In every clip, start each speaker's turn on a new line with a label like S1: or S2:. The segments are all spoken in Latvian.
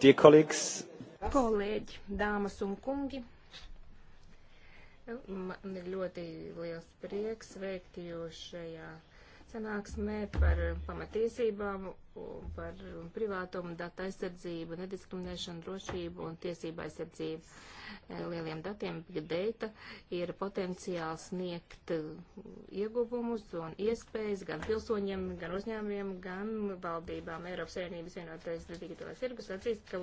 S1: Tie kolēģis.
S2: Kolēģi, dāmas un kungi, man ir ļoti liels prieks veikt jūs šajā sanāksmē par pamatiesībām par privātumu, data aizsardzību, nediskriminēšanu, drošību un tiesību aizsardzību. E, lieliem datiem big data ir potenciāls sniegt uh, ieguvumus un iespējas gan pilsoņiem, gan uzņēmumiem, gan valdībām. Eiropas Savienības vienotais digitālais tirgus atzīst, ka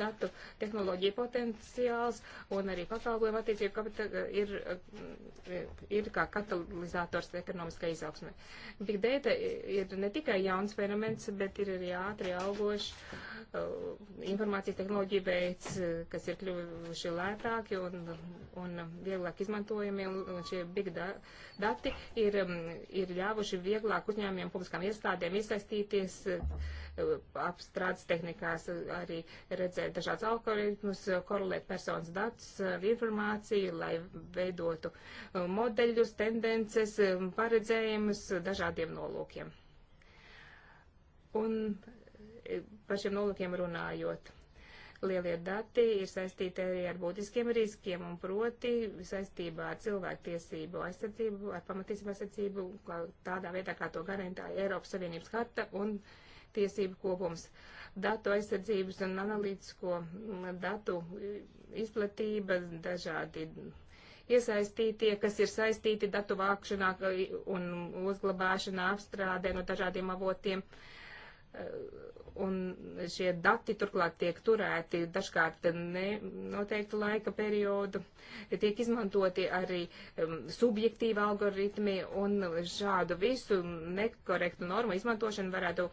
S2: datu tehnoloģija potenciāls un arī pakalpojumu attīstību ir, uh, ir kā katalizators ekonomiskai izaugsmē. Big data ir ne tikai jauns fenomens, bet bet ir arī ātri augošs uh, informācijas tehnoloģija veids, uh, kas ir kļuvuši lētāki un, un vieglāk izmantojami, un šie big da dati ir, um, ir ļāvuši vieglāk uzņēmiem, publiskām iestādēm iesaistīties uh, apstrādes tehnikās, arī redzēt dažādas algoritmus, korelēt personas datus ar informāciju, lai veidotu uh, modeļus, tendences, um, paredzējumus dažādiem nolūkiem. Un e, par šiem nolūkiem runājot, lielie dati ir saistīti arī ar būtiskiem riskiem un proti saistībā ar cilvēktiesību aizsardzību, ar pamatīsību aizsardzību, tādā vietā, kā to garantēja Eiropas Savienības harta un tiesību kopums. Datu aizsardzības un analītisko datu izplatība, dažādi iesaistītie, kas ir saistīti datu vākšanā un uzglabāšanā, apstrādē no dažādiem avotiem. Uh, Un šie dati turklāt tiek turēti dažkārt nenoteiktu laika periodu, tiek izmantoti arī um, subjektīvi algoritmi, un šādu visu nekorektu normu izmantošanu varētu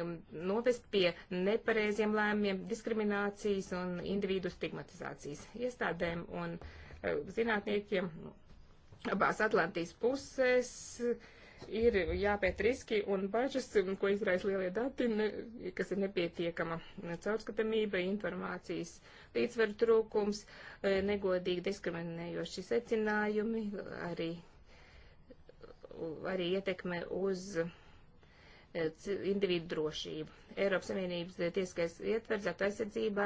S2: um, novest pie nepareiziem lēmumiem, diskriminācijas un individu stigmatizācijas iestādēm un uh, zinātniekiem abās Atlantijas pusēs ir jāpēt riski un bažas, ko izraisa lielie dati, ne, kas ir nepietiekama caurskatamība, informācijas līdzsveru trūkums, e, negodīgi diskriminējoši secinājumi, arī, arī ietekme uz E, individu drošību. Eiropas Savienības e, tiesiskais ietvers datu aizsardzībā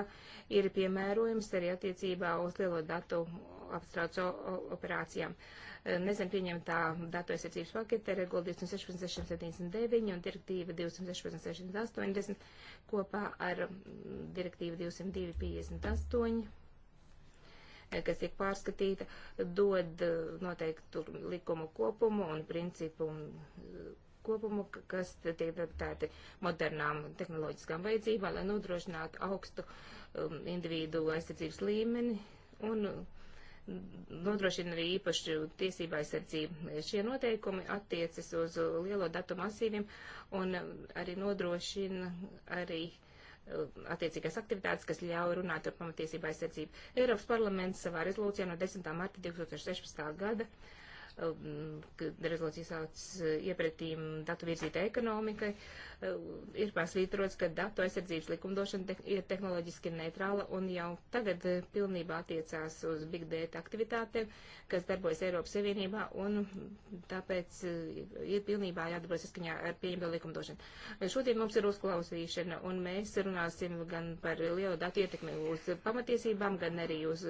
S2: ir piemērojams arī attiecībā uz lielo datu apstrādes operācijām. E, Nesen pieņemtā datu aizsardzības pakete regula 216.679 un direktīva 216.680 kopā ar direktīvu 202.58 kas tiek pārskatīta, dod noteiktu likumu kopumu un principu kopumu, kas tiek adaptēti modernām tehnoloģiskām vajadzībām, lai nodrošinātu augstu um, individu aizsardzības līmeni un mm, nodrošina arī īpašu tiesību aizsardzību. Šie noteikumi attiecas uz lielo datu masīviem un um, arī nodrošina arī um, attiecīgās aktivitātes, kas ļauj runāt par pamatiesību aizsardzību. Eiropas parlaments savā rezolūcijā no 10. marta 2016. gada uh, rezolūcija sauc eh, iepratīm datu virzīta ekonomikai, eh, ir pasvītrots, ka datu aizsardzības likumdošana te ir tehnoloģiski neitrāla un jau tagad eh, pilnībā attiecās uz big data aktivitātēm, kas darbojas Eiropas Savienībā un tāpēc ir pilnībā jādarbojas saskaņā ar pieņemto likumdošanu. Šodien mums ir uzklausīšana un mēs runāsim gan par lielu datu ietekmi uz pamatiesībām, gan arī uz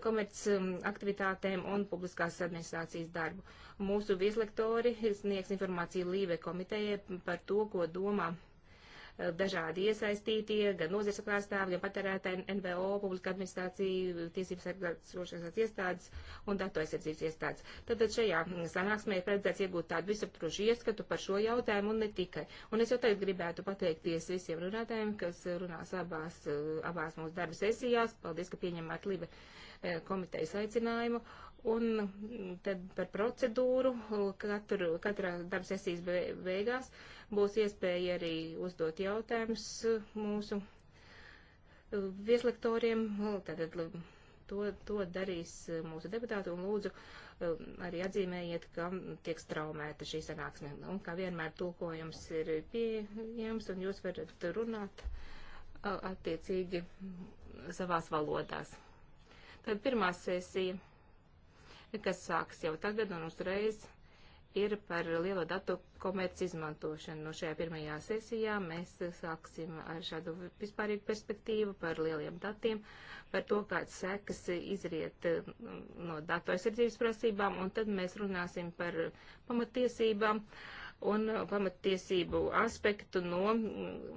S2: komerc mm, aktivitātēm un publiskās administrācijas darbu. Mūsu vieslektori sniegs informāciju Līve komitejai par to, ko domā eh, dažādi iesaistītie, gan nozares pārstāvji, gan patērētāji, NVO, publiska administrācija, tiesības sargāšanas iestādes un datu aizsardzības iestādes. Tātad šajā sanāksmē ir paredzēts iegūt tādu visaptrušu ieskatu par šo jautājumu un ne tikai. Un es jau tagad gribētu pateikties visiem runātājiem, kas runās abās, eh, abās mūsu darba sesijās. Paldies, ka pieņemāt Libe eh, komitejas aicinājumu. Un tad par procedūru katru, katrā darba sesijas beigās būs iespēja arī uzdot jautājumus mūsu vieslektoriem. Tātad to, to darīs mūsu deputāti un lūdzu um, arī atzīmējiet, ka tiek straumēta šī sanāksme. Un kā vienmēr tulkojums ir pieejams un jūs varat runāt attiecīgi savās valodās. Tad pirmā sesija kas sāks jau tagad un uzreiz ir par lielo datu komerci izmantošanu. No šajā pirmajā sesijā mēs sāksim ar šādu vispārīgu perspektīvu par lieliem datiem, par to, kāds sekas izriet mm, no datu aizsardzības prasībām, un tad mēs runāsim par pamatiesībām. Uh, un pamattiesību aspektu no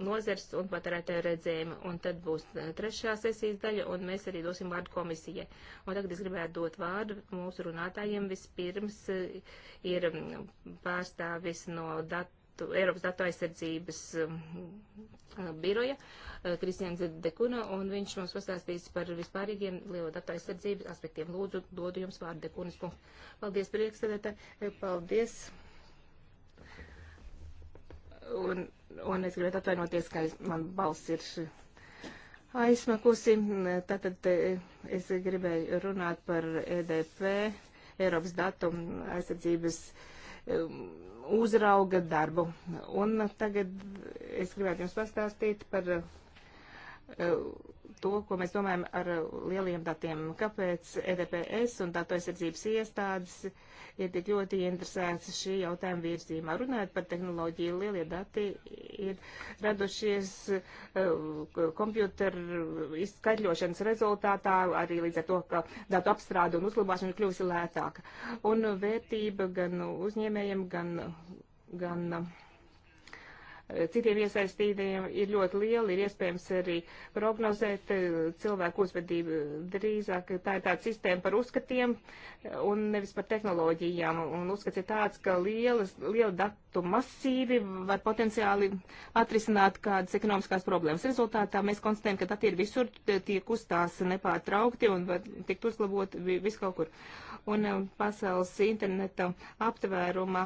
S2: nozars un patērētāju redzējuma. Un tad būs trešā sesijas daļa, un mēs arī dosim vārdu komisijai. Un tagad es gribētu dot vārdu mūsu runātājiem. Vispirms eh, ir mm, pārstāvis no datu, Eiropas datu aizsardzības mm, biroja, eh, Kristians Dekuna, un viņš mums pastāstīs par vispārīgiem lielo datu aizsardzības aspektiem. Lūdzu, dodu jums vārdu Dekunas punktu. Paldies, priekšsēdētāji. Paldies. Un, un es gribētu atvainoties, ka es, man balss ir aizmakusi. Tātad es gribēju runāt par EDP, Eiropas datu aizsardzības um, uzrauga darbu. Un tagad es gribētu jums pastāstīt par uh, to, ko mēs domājam ar lieliem datiem. Kāpēc EDPS un datu aizsardzības iestādes ir tik ļoti interesētas šī jautājuma virzībā? Runājot par tehnoloģiju, lielie dati ir radušies uh, kompjuteru izskaidrošanas rezultātā, arī līdz ar to, ka datu apstrāde un uzglabāšana ir kļuvusi lētāka. Un vērtība gan uzņēmējiem, gan. gan citiem iesaistītajiem ir ļoti liela, ir iespējams arī prognozēt eh, cilvēku uzvedību drīzāk. Tā ir tāda sistēma par uzskatiem eh, un nevis par tehnoloģijām. Un uzskats ir tāds, ka lielas, liela datu masīvi var potenciāli atrisināt kādas ekonomiskās problēmas. Rezultātā mēs konstatējam, ka dati ir visur, tiek uzstās nepārtraukti un var tikt uzlabot visu kaut kur. Un eh, pasaules interneta aptvēruma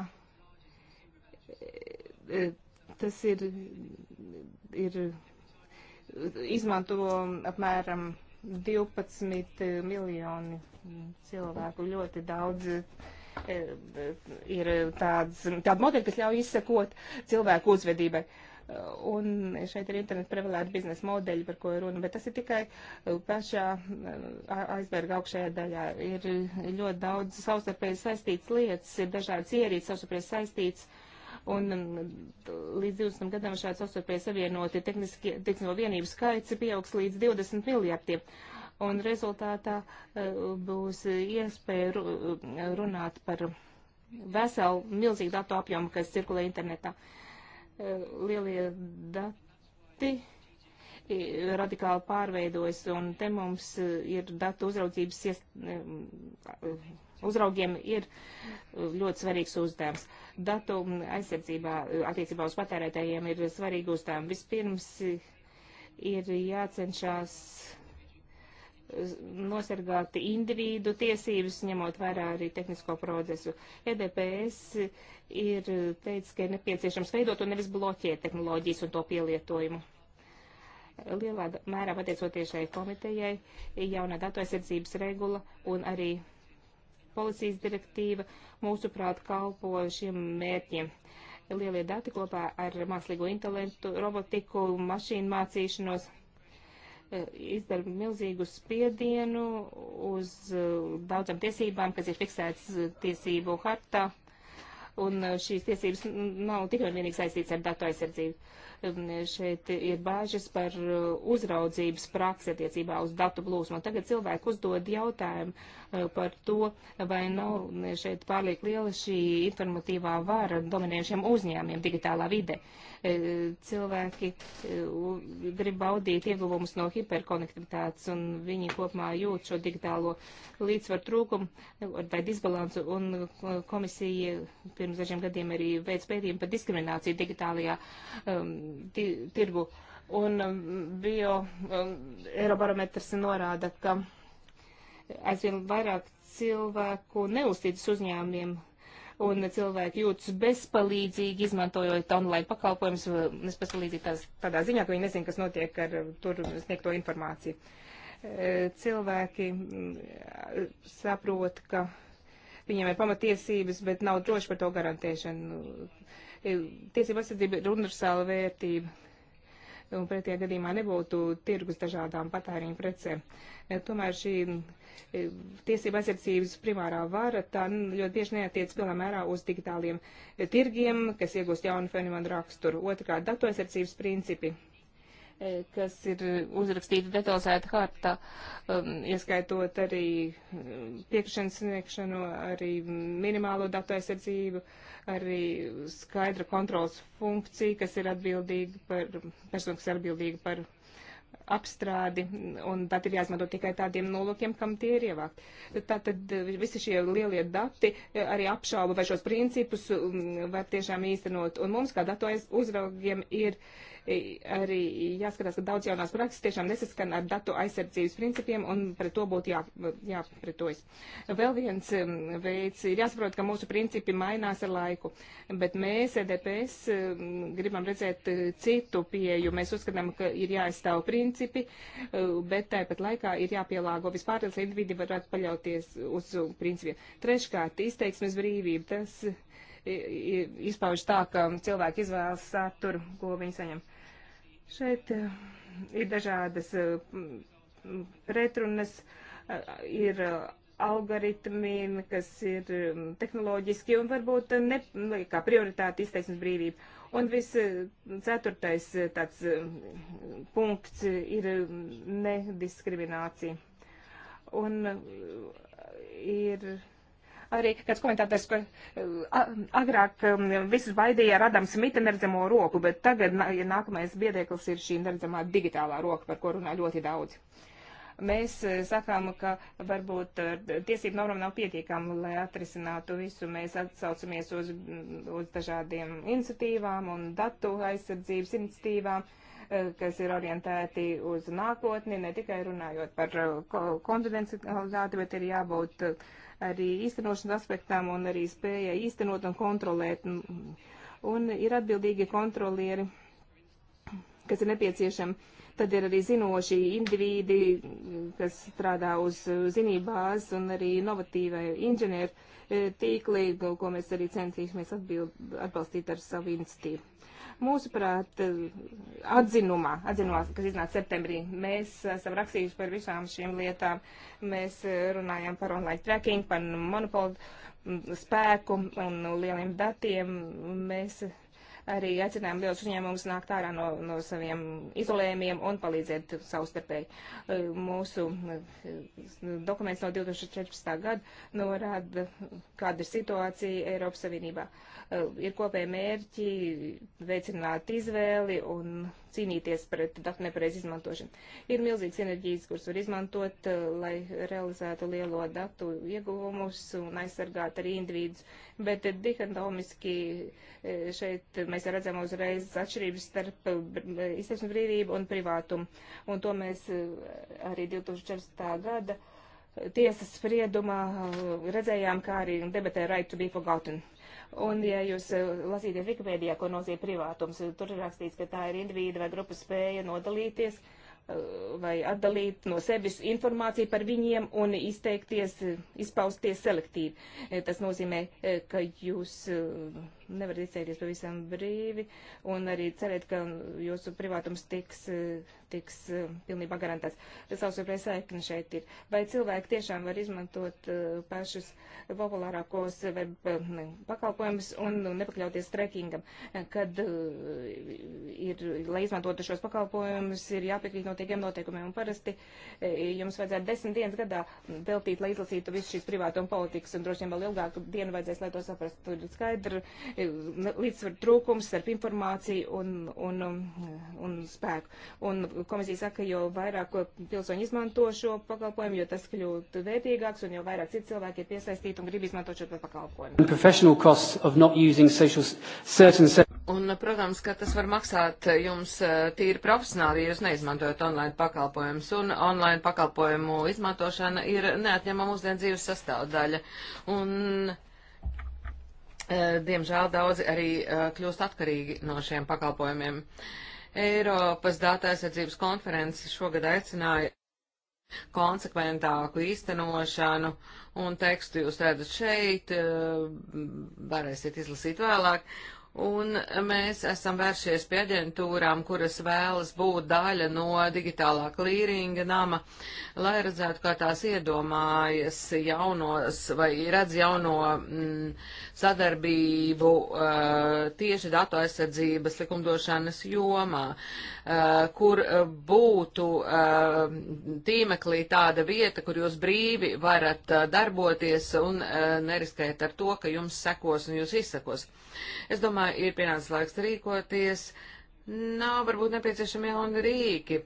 S2: tas ir, ir izmanto apmēram 12 miljoni cilvēku. Ļoti daudz e, ir tāds, tāda modeļa, kas ļauj izsekot cilvēku uzvedībai. Un šeit ir interneta privilēta biznesa modeļi, par ko ir runa, bet tas ir tikai pašā e, aizberga augšējā daļā. Ir ļoti daudz savstarpēji saistīts lietas, ir dažādas ierīces savstarpēji saistīts. Uh, un um, līdz 20 gadam šāds savstarpēji savienoti tehnisko vienību skaits pieaugs līdz 20 miljardiem. Un rezultātā uh, būs iespēja uh, runāt par veselu milzīgu datu apjomu, kas cirkulē internetā. Uh, lielie dati radikāli pārveidojas, un te mums ir datu uzraudzības iest um, Uzraugiem ir uh, ļoti svarīgs uzdevums. Datu aizsardzībā uh, attiecībā uz patērētājiem ir svarīgi uzdevumi. Vispirms uh, ir jācenšas nosargāt individu tiesības, ņemot vērā arī tehnisko procesu. EDPS ir teicis, ka ir nepieciešams veidot un nevis bloķēt tehnoloģijas un to pielietojumu. Lielā mērā pateicoties šai komitejai, jaunā datu aizsardzības regula un arī policijas direktīva mūsuprāt kalpo šiem mērķiem. Lielie dati kopā ar mākslīgo intelektu, robotiku, mašīnu mācīšanos e, izdara milzīgu spiedienu uz e, daudzām tiesībām, kas ir fiksētas e, tiesību hartā, un šīs tiesības nav tikai un vienīgi saistīts ar datu aizsardzību. Šeit ir bāžas par uh, uzraudzības praksi attiecībā uz datu plūsmu. Tagad cilvēki uzdod jautājumu uh, par to, vai nav šeit pārliek liela šī informatīvā vara dominējušiem uzņēmiem digitālā vide. Uh, cilvēki grib baudīt ieguvumus no hiperkonektivitātes un viņi kopumā jūt šo digitālo līdzsvaru trūkumu vai disbalansu un komisija pirms dažiem gadiem arī veids pētījumu par diskrimināciju digitālajā um, tirgu. Un um, bio um, Eirobarometrs norāda, ka aizvien vairāk cilvēku neusticas uzņēmumiem un cilvēki jūtas bezpalīdzīgi, izmantojot online pakalpojumus, bezpalīdzīgi tās, tādā ziņā, ka viņi nezin, kas notiek ar tur sniegto informāciju. E, cilvēki mm, saprot, ka viņiem ir pamatiesības, bet nav droši par to garantēšanu. E, tiesība aizsardzība ir universāla vērtība. Un pretējā gadījumā nebūtu tirgus dažādām patēriņu precēm. E, tomēr šī e, tiesība aizsardzības primārā vara tā ļoti bieži neatiec pilnā mērā uz digitāliem tirgiem, kas iegūst jaunu fenomenu raksturu. Otrkārt, datu aizsardzības principi kas ir uzrakstīti detalizēti hartā, um, ieskaitot arī um, piekrišanas sniegšanu, arī minimālo datu aizsardzību, arī skaidra kontrols funkcija, kas ir atbildīga par, personu, kas ir atbildīga par apstrādi, un dati ir jāizmanto tikai tādiem nolūkiem, kam tie ir ievākti. Tātad uh, visi šie lielie dati uh, arī apšauba, vai šos principus um, var tiešām īstenot, un mums kā datu uzraugiem ir arī jāskatās, ka daudz jaunās prakses tiešām nesaskan ar datu aizsardzības principiem un pret to būtu jā, jāpretojas. Vēl viens um, veids ir jāsaprot, ka mūsu principi mainās ar laiku, bet mēs EDPS um, gribam redzēt uh, citu pieju. Mēs uzskatām, ka ir jāaizstāv principi, uh, bet tāpat laikā ir jāpielāgo vispār, lai individi varētu paļauties uz principiem. Treškārt, izteiksmes brīvība. Tas izpauž tā, ka cilvēki izvēlas saturu, ko viņi saņem. Šeit eh, ir dažādas eh, pretrunas, eh, ir algoritmi, kas ir mm, tehnoloģiski un varbūt ne, kā prioritāte izteiksmes brīvība. Un viss ceturtais tāds mm, punkts ir mm, nediskriminācija. Un ir arī kāds komentētājs, ka eh, agrāk um, visus baidīja ar Adam Smita neredzamo roku, bet tagad nākamais biedēklis ir šī neredzamā digitālā roka, par ko runā ļoti daudz. Mēs eh, sakām, ka varbūt eh, tiesību normam nav pietiekama, lai atrisinātu visu. Mēs atsaucamies uz, uz dažādiem iniciatīvām un datu aizsardzības iniciatīvām kas ir orientēti uz nākotni, ne tikai runājot par konfidencialitāti, bet ir jābūt uh, arī īstenošanas aspektām un arī spējai īstenot un kontrolēt. Un, un ir atbildīgi kontrolieri, kas ir nepieciešami. Tad ir arī zinoši indivīdi, kas strādā uz zinību bāzes un arī inovatīvai inženieru eh, tīklī, ko mēs arī censīsimies atbild, atbalstīt ar savu institīvu. Mūsuprāt, atzinumā, atzinumā, kas iznāca septembrī, mēs esam rakstījuši par visām šīm lietām. Mēs runājām par online tracking, par monopolu spēku un lieliem datiem. Mēs arī aicinām lielus uzņēmumus nākt ārā no, no saviem izolējumiem un palīdzēt savstarpēji. E, mūsu e, dokuments no 2014. gada norāda, kāda ir situācija Eiropas Savienībā. E, ir kopēji mērķi veicināt izvēli un cīnīties pret datu nepareiz izmantošanu. Ir milzīgs enerģijas, kuras var izmantot, lai realizētu lielo datu ieguvumus un aizsargāt arī individus bet dihandomiski e, šeit mēs redzam uzreiz atšķirības starp e, izteiksmes brīvību un privātumu. Un to mēs e, arī 2014. gada tiesas spriedumā redzējām, kā arī debatē Right to be forgotten. Un, ja jūs lasīties Wikipēdijā, ko nozīmē privātums, tur ir rakstīts, ka tā ir individu vai grupas spēja nodalīties. Uh, vai atdalīt no sevis informāciju par viņiem un izteikties, izpausties selektīvi. E, tas nozīmē, e, ka jūs e, nevarat izteikties pavisam brīvi un arī cerēt, ka jūsu privātums tiks tiks e, pilnībā garantēts. Savstarpēji saikni šeit ir. Vai cilvēki tiešām var izmantot e, pašus populārākos web e, pakalpojumus un nepakļauties trekingam? Kad ir, lai izmantotu šos pakalpojumus, ir jāpiekrīt noteikiem noteikumiem un parasti jums vajadzētu desmit dienas gadā veltīt, lai izlasītu visu šīs privāto un politikas un droši vien vēl ilgāku dienu vajadzēs, lai to saprastu. Tur ir skaidri līdzsvar trūkums starp informāciju un, un, un spēku. Un komisija saka, jo vairāk pilsoņi izmanto šo pakalpojumu, jo tas kļūt vērtīgāks un jo vairāk citi cilvēki ir piesaistīti un grib izmantot šo pakalpojumu.
S1: Social...
S3: Un, protams, ka tas var maksāt jums eh, tīri profesionāli, ja jūs neizmantojat online pakalpojumus. Un online pakalpojumu izmantošana ir neatņemama mūsdienu dzīves sastāvdaļa. Un, eh, Diemžēl daudzi arī eh, kļūst atkarīgi no šiem pakalpojumiem. Uh, Eiropas data aizsardzības konferences šogad aicināja konsekventāku īstenošanu, un tekstu jūs redzat šeit, eh, varēsiet izlasīt vēlāk, Un mēs esam vēršies pie aģentūrām, kuras vēlas būt daļa no digitālā klīringa nama, lai redzētu, kā tās iedomājas jaunos vai redz jauno mm, sadarbību uh, tieši datu aizsardzības likumdošanas jomā. Uh, Eh, kur eh, būtu eh, tīmeklī tāda vieta, kur jūs brīvi varat darboties un neriskēt ar to, ka jums sekos un jūs izsekos. Es domāju, ir pienācis laiks rīkoties. Nav varbūt nepieciešami jauni rīki.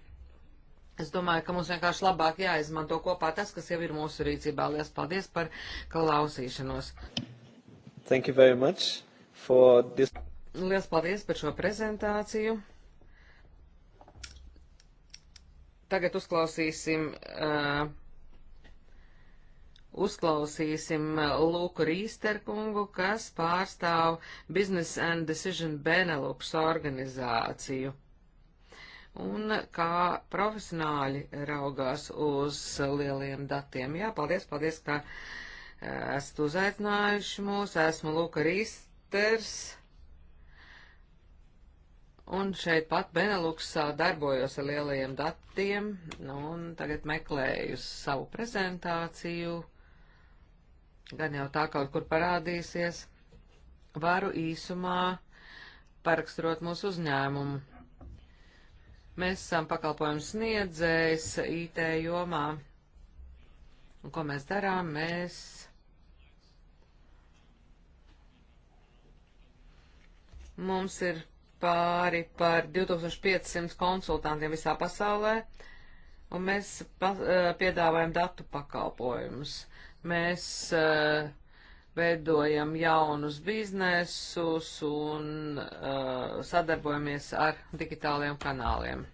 S3: Es domāju, ka mums vienkārši labāk jāizmanto kopā tas, kas jau ir mūsu rīcībā. Lielas paldies par klausīšanos.
S1: Thank you very much for this.
S3: Lielas paldies par šo prezentāciju. Tagad uzklausīsim, uh, uzklausīsim Lūku Rīsterkungu, kas pārstāv Business and Decision Benelux organizāciju. Un kā profesionāļi raugās uz lieliem datiem. Jā, paldies, paldies, ka esat uzaicinājuši mūs. Esmu Lūka Rīsters Un šeit pat Beneluksā darbojos ar lielajiem datiem, nu, un tagad meklēju savu prezentāciju, gan jau tā kaut kur parādīsies, varu īsumā paraksturot mūsu uzņēmumu. Mēs esam pakalpojums sniedzējs IT jomā, un ko mēs darām, mēs mums ir pāri par 2500 konsultantiem visā pasaulē, un mēs pa, eh, piedāvājam datu pakalpojumus. Mēs uh, veidojam jaunus biznesus un uh, sadarbojamies ar digitāliem kanāliem.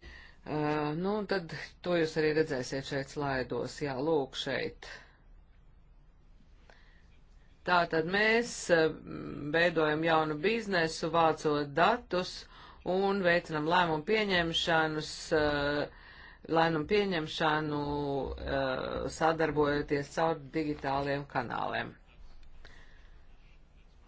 S3: Uh, nu, tad to jūs arī redzēsiet šeit slaidos. Jā, lūk, šeit. Uh, Tātad mēs eh, veidojam jaunu biznesu, vācot datus un veicinam lēmumu pieņemšanas, eh, lēmumu pieņemšanu eh, sadarbojoties caur digitāliem kanāliem.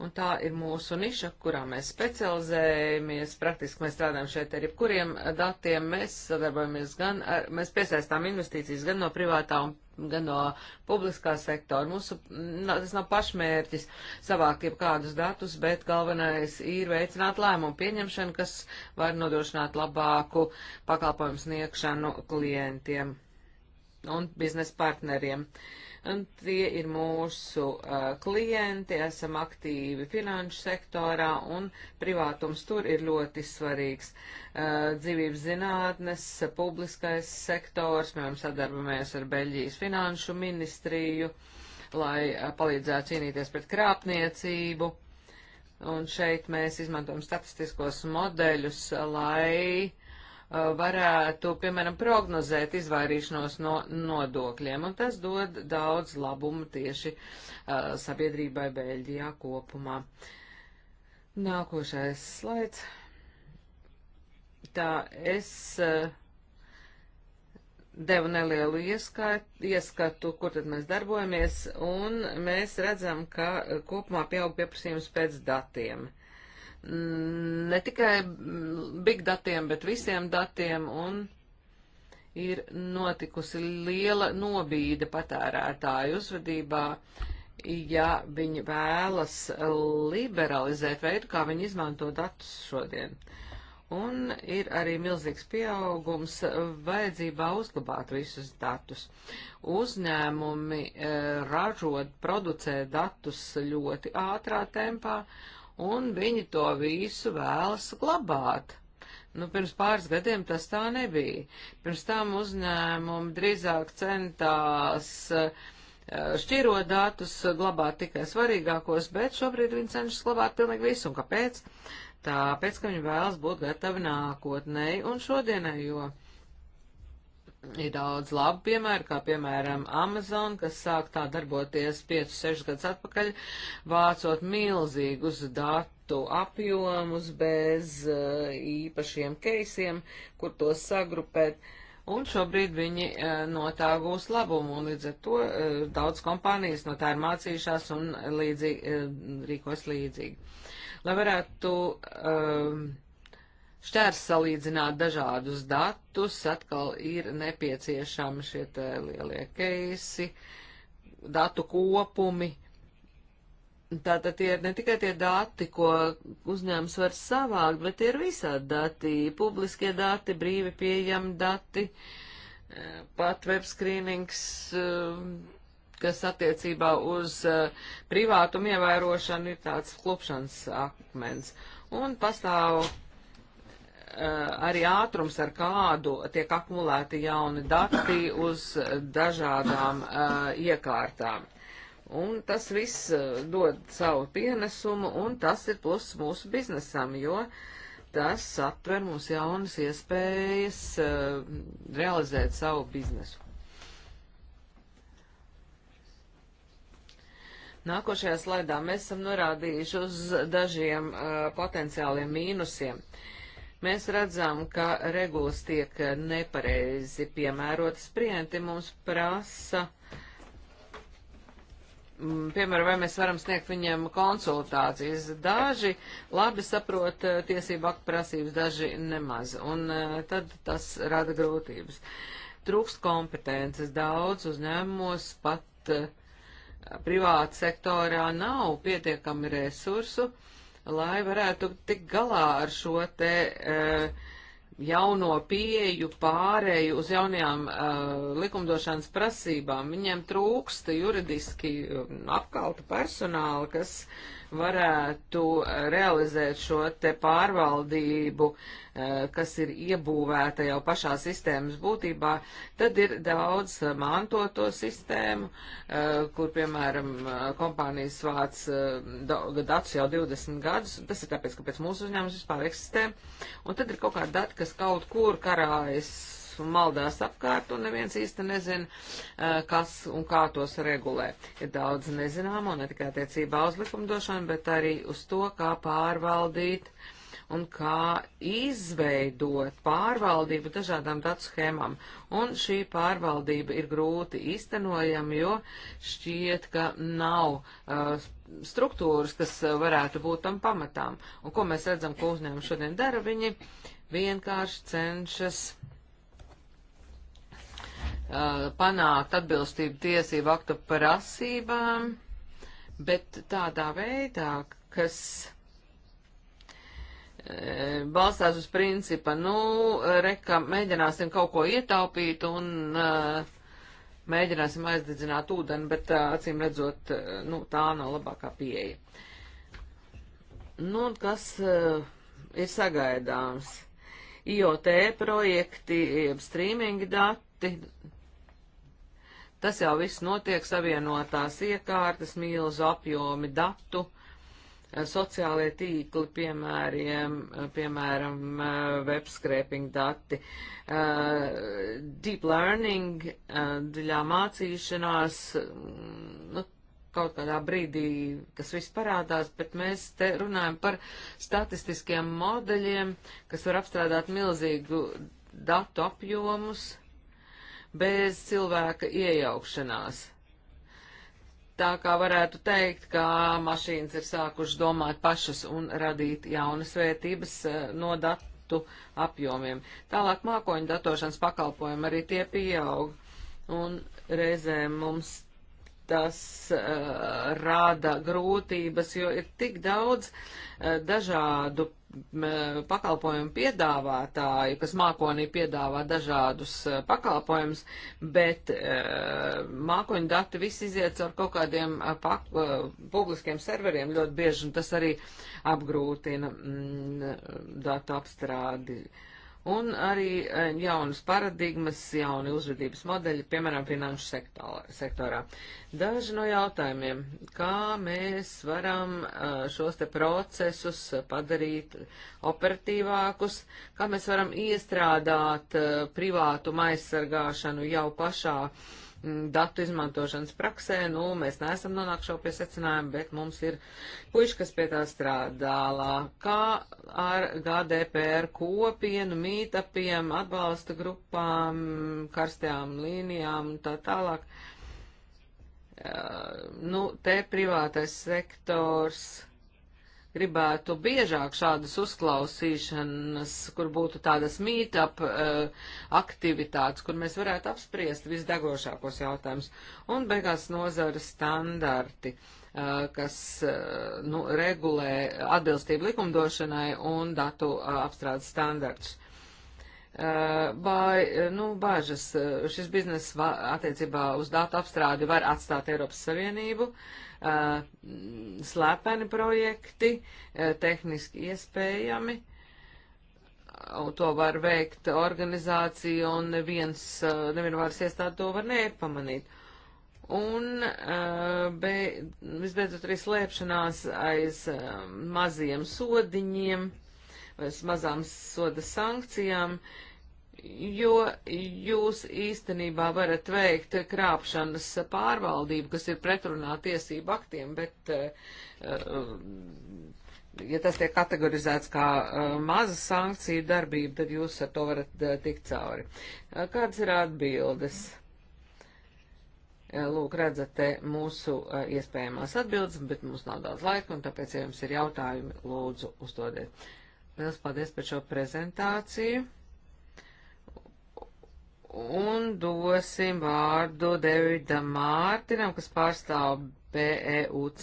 S3: Un tā ir mūsu niša, kurā mēs specializējamies. Praktiski mēs strādājam šeit ar jebkuriem datiem. Mēs sadarbojamies gan ar, mēs piesaistām investīcijas gan no privātā un gan no publiskā sektora. Mūsu, nā, tas nav pašmērķis savākt jebkādus datus, bet galvenais ir veicināt lēmumu pieņemšanu, kas var nodrošināt labāku pakalpojumu sniegšanu klientiem un biznesa partneriem. Uh, Un tie ir mūsu uh, klienti, esam aktīvi finanšu sektorā un privātums tur ir ļoti svarīgs. Uh, dzīvības zinātnes, publiskais sektors, mēs sadarbamies ar Beļģijas finanšu ministriju, lai uh, palīdzētu cīnīties pret krāpniecību. Un šeit mēs izmantojam statistiskos modeļus, lai uh, Uh, varētu, piemēram, prognozēt izvairīšanos no nodokļiem, un tas dod daudz labumu tieši uh, sabiedrībai Beļģijā kopumā. Nākošais slaids. Tā es uh, devu nelielu ieskait, ieskatu, kur tad mēs darbojamies, un mēs redzam, ka kopumā pieaug pieprasījums pēc datiem. Mm, ne tikai big datiem, bet visiem datiem, un ir notikusi liela nobīde patērētāju uzvedībā, ja viņi vēlas liberalizēt veidu, kā viņi izmanto datus šodien. Un ir arī milzīgs pieaugums vajadzībā uzglabāt visus datus. Uzņēmumi eh, ražot, producē datus ļoti ātrā tempā, un viņi to visu vēlas glabāt. Nu, pirms pāris gadiem tas tā nebija. Pirms tam uzņēmumi drīzāk centās eh, šķirot datus, glabāt tikai svarīgākos, bet šobrīd viņi cenšas glabāt pilnīgi visu. Un kāpēc? Tāpēc, ka viņi vēlas būt gatavi nākotnēji un šodienai, jo uh, Ir daudz labu piemēru, kā piemēram Amazon, kas sāk tā darboties 5-6 gadus atpakaļ, vācot milzīgus datu apjomus bez uh, īpašiem keisiem, kur tos sagrupēt. Un šobrīd viņi uh, no tā gūs labumu, un līdz ar to uh, daudz kompānijas no tā ir mācījušās un līdzīgi, rīkos līdzīgi. Lai varētu uh, šķērs salīdzināt dažādus datus, atkal ir nepieciešami šie lielie keisi, datu kopumi. Tātad tie ir ne tikai tie dati, ko uzņēmums var savākt, bet ir visādi dati, publiskie dati, brīvi pieejami dati, e, pat web screenings, e, kas attiecībā uz e, privātumu ievērošanu ir tāds klupšanas akmens. Un pastāv Eh, arī ātrums, ar kādu tiek akumulēti jauni dati uz dažādām eh, iekārtām. Un tas viss eh, dod savu pienesumu, un tas ir pluss mūsu biznesam, jo tas atver mums jaunas iespējas realizēt savu biznesu. Nākošajā slaidā mēs esam norādījuši uz dažiem uh, potenciāliem mīnusiem. Uh, Mēs redzam, ka regulas tiek nepareizi piemērotas. Klienti mums prasa, mm, piemēram, vai mēs varam sniegt viņiem konsultācijas. Daži labi saprot eh, tiesību aktu prasības, daži nemaz. Un eh, tad tas rada grūtības. Trūkst kompetences daudz uzņēmumos, pat eh, privāta sektorā nav pietiekami resursu lai varētu tik galā ar šo te uh, jauno pieju, pārēju uz jaunajām uh, likumdošanas prasībām. Viņiem trūksta juridiski eh, apkalta personāla, kas uh, varētu eh, realizēt šo te pārvaldību, eh, kas ir iebūvēta jau pašā sistēmas būtībā, tad ir daudz eh, mantoto sistēmu, kur, piemēram, kompānijas vāc datus jau 20 gadus, tas ir tāpēc, ka pēc mūsu uzņēmums vispār eksistē, un tad ir kaut kādi dati, kas kaut kur karājas un maldās apkārt, un neviens īsti nezina, eh, kas un kā tos regulē. Ir daudz nezināmo, ne tikai attiecībā uz likumdošanu, bet arī uz to, kā pārvaldīt un kā izveidot pārvaldību dažādām datu schēmām. Un šī pārvaldība ir grūti iztenojama, jo šķiet, ka nav uh, struktūras, kas varētu būt tam pamatām. Un ko mēs redzam, ko uzņēmumi šodien dara, viņi vienkārši cenšas uh, Uh, panākt atbilstību tiesību aktu prasībām, bet tādā veidā, kas uh, balstās uz principa, nu, reka, mēģināsim kaut ko ietaupīt un uh, mēģināsim aizdedzināt ūdeni, bet uh, acīm redzot, uh, nu, tā nav labākā pieeja. Nu, un kas uh, ir sagaidāms? IoT projekti, streamingi dati, Tas jau viss notiek savienotās iekārtas, mīlzu apjomi datu, eh, sociālie tīkli, piemēriem, eh, piemēram, eh, webscraping dati, deep learning, dziļā mācīšanās, mm, nu, kaut kādā brīdī, kas viss parādās, bet mēs te runājam par statistiskiem modeļiem, kas var apstrādāt milzīgu datu apjomus, bez cilvēka iejaukšanās. Tā kā varētu teikt, ka mašīnas ir sākušas domāt pašas un radīt jaunas vērtības eh, no datu apjomiem. Tālāk mākoņu datošanas pakalpojumi arī tie pieaug. Un reizēm mums tas uh, eh, rada grūtības, jo ir tik daudz uh, dažādu pakalpojumu piedāvātāju, kas mākonī piedāvā dažādus eh, pakalpojumus, bet mākoņu dati viss iziet ar kaut kādiem pak, publiskiem serveriem ļoti bieži, un tas arī apgrūtina mm, datu apstrādi. Uh, un arī eh, jaunas paradigmas, jauni uzvedības modeļi, piemēram, finanšu sektorā. sektorā. Daži no jautājumiem, kā mēs varam eh, šos te procesus padarīt operatīvākus, kā mēs varam iestrādāt eh, privātu aizsargāšanu jau pašā uh, Mm, datu izmantošanas praksē, nu, mēs neesam nonākuši jau pie secinājuma, bet mums ir puiši, kas pie tā strādā, kā ar GDPR kopienu, mītapiem, atbalsta grupām, karstajām līnijām un tā tālāk. Uh, nu, te privātais sektors gribētu biežāk šādas uzklausīšanas, kur būtu tādas meet-up uh, aktivitātes, kur mēs varētu apspriest visdegošākos jautājumus. Un beigās nozara standarti, uh, kas uh, nu, regulē atbilstību likumdošanai un datu apstrādes standarts. Bāj, nu, bāžas, šis biznes attiecībā uz datu apstrādi var atstāt Eiropas Savienību. Uh, slepeni projekti, tehniski iespējami. To var veikt organizācija un neviens, neviena varas iestāde to var nepamanīt. Un be, visbeidzot arī slēpšanās aiz maziem sodiņiem, aiz mazām soda sankcijām, uh, jo jūs īstenībā varat veikt krāpšanas pārvaldību, kas ir pretrunā tiesību aktiem, bet, eh, eh, ja tas tiek kategorizēts kā eh, maza sankcija darbība, tad jūs ar to varat tikt cauri. Kādas ir atbildes? Lūk, redzat te mūsu iespējamās atbildes, bet mums nav daudz laika, un tāpēc, ja jums ir jautājumi, lūdzu uzdodiet. Liels paldies par šo prezentāciju. Un dosim vārdu Davidam Mārtinam, kas pārstāv BEUC,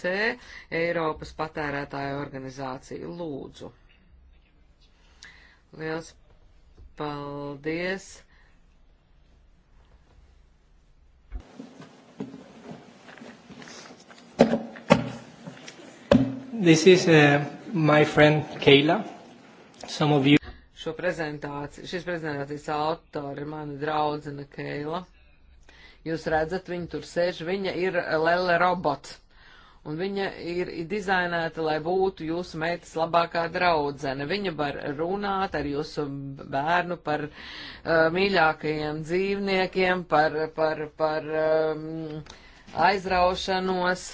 S3: Eiropas patērētāju organizāciju. Lūdzu. Liels paldies.
S1: This is uh, my friend Kayla. Some of you
S3: šo prezentāciju. Šīs prezentācijas autori ir mana draudzene Keila. Jūs redzat, viņa tur sēž, viņa ir Lele robots. Un viņa ir dizainēta, lai būtu jūsu meitas labākā draudzene. Viņa var runāt ar jūsu bērnu par uh, mīļākajiem dzīvniekiem, par, par, par um, aizraušanos.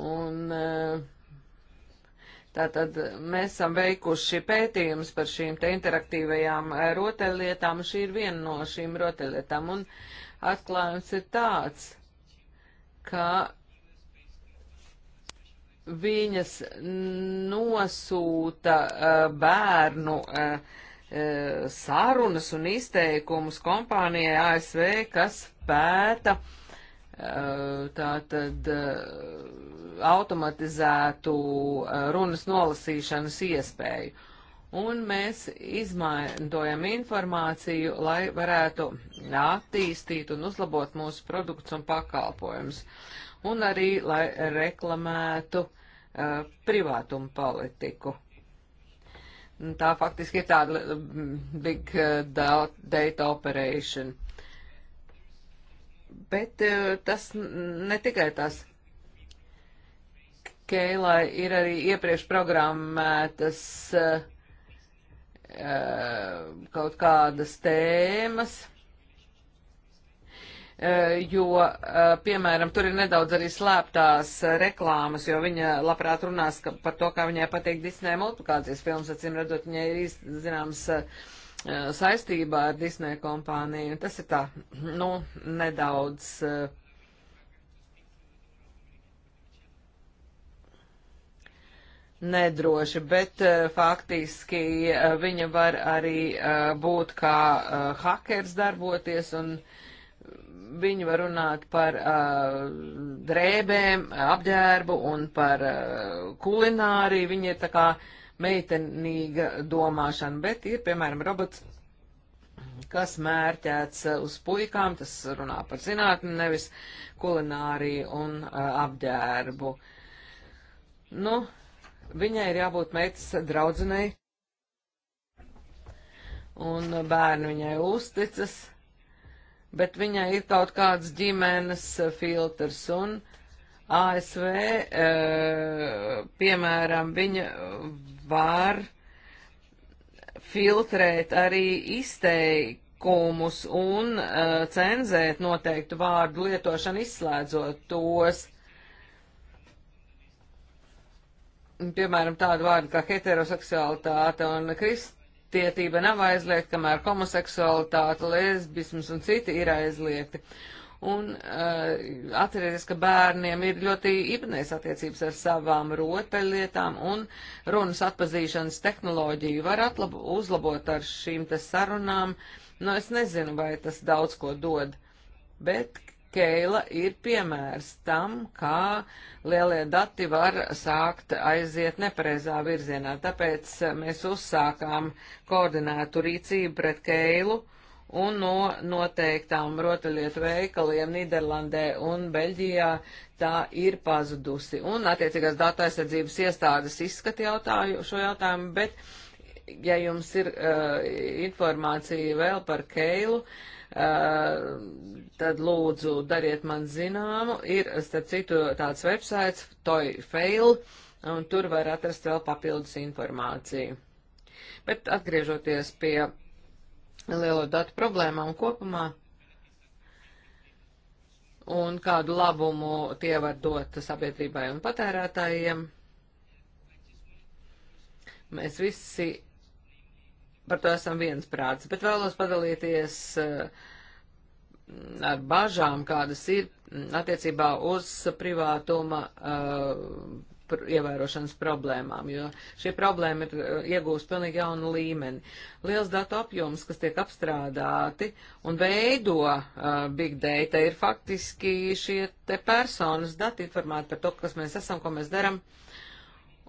S3: Un uh, Tātad mēs esam veikuši pētījumus par šīm te interaktīvajām eh, rotaļlietām, un šī ir viena no šīm rotaļlietām, un atklājums ir tāds, ka viņas nosūta eh, bērnu eh, sarunas un izteikumus kompānijai ASV, kas pēta uh, Eh, tātad eh, automatizētu eh, runas nolasīšanas iespēju. Un mēs izmantojam informāciju, lai varētu attīstīt un uzlabot mūsu produktus un pakalpojumus. Un arī, lai reklamētu uh, privātumu politiku. Tā faktiski ir tāda big data operation. Bet eh, tas ne tikai tas. Keilai ir arī iepriekš programmētas uh, kaut kādas tēmas, uh, jo, uh, piemēram, tur ir nedaudz arī slēptās reklāmas, jo viņa labprāt runās ka, par to, kā viņai patīk Disney multiplikācijas filmas, acīm redzot, viņai ir zināms uh, Eh, saistībā ar Disney kompāniju. Tas ir tā, nu, nedaudz. Eh, nedroši, bet eh, faktiski viņa var arī būt kā hakers darboties un viņi var runāt par uh, drēbēm, apģērbu un par uh, kulināriju. Viņi ir tā kā uh, meitenīga domāšana, bet ir, piemēram, robots, kas mērķēts uh, uz puikām, tas runā par zinātni, nevis kulināriju un uh, apģērbu. Nu, viņai ir jābūt meitas draudzenei, un bērni viņai uzticas, bet viņai ir kaut kāds ģimenes uh, filtrs, un uh, ASV, eh, piemēram, viņa var filtrēt arī izteikumus un eh, cenzēt noteiktu vārdu lietošanu, izslēdzot tos. Piemēram, tādu vārdu kā heteroseksualitāte un kristietība nav aizliegta, kamēr homoseksualitāte, lesbisms un citi ir aizliegti. Uh, Un uh, atcerieties, ka bērniem ir ļoti ibnēs attiecības ar savām rotaļlietām, un runas atpazīšanas tehnoloģiju var atlabo, uzlabot ar šīm te sarunām. Nu, es nezinu, vai tas daudz ko dod, bet Keila ir piemērs tam, kā lielie dati var sākt aiziet nepareizā virzienā. Tāpēc mēs uzsākām koordinētu rīcību pret Keilu un no noteiktām rotaļlietu veikaliem Niderlandē un Beļģijā tā ir pazudusi. Un attiecīgās datu aizsardzības iestādes izskata jautāju, šo jautājumu, bet ja jums ir uh, informācija vēl par Keilu, Uh, tad lūdzu dariet man zināmu, ir, starp citu, tāds websites, toyfail, un tur var atrast vēl papildus informāciju. Bet atgriežoties pie lielo datu problēmām kopumā un kādu labumu tie var dot sabiedrībai un patērētājiem. Mēs visi par to esam viensprāts, bet vēlos padalīties eh, ar bažām, kādas ir mm, attiecībā uz privātuma uh, pr ievērošanas problēmām, jo šī problēma ir eh, iegūst pilnīgi jaunu līmeni. Liels datu apjoms, kas tiek apstrādāti un veido uh, big data, ir faktiski šie te personas dati informēti par to, kas mēs esam, ko mēs daram. Uh,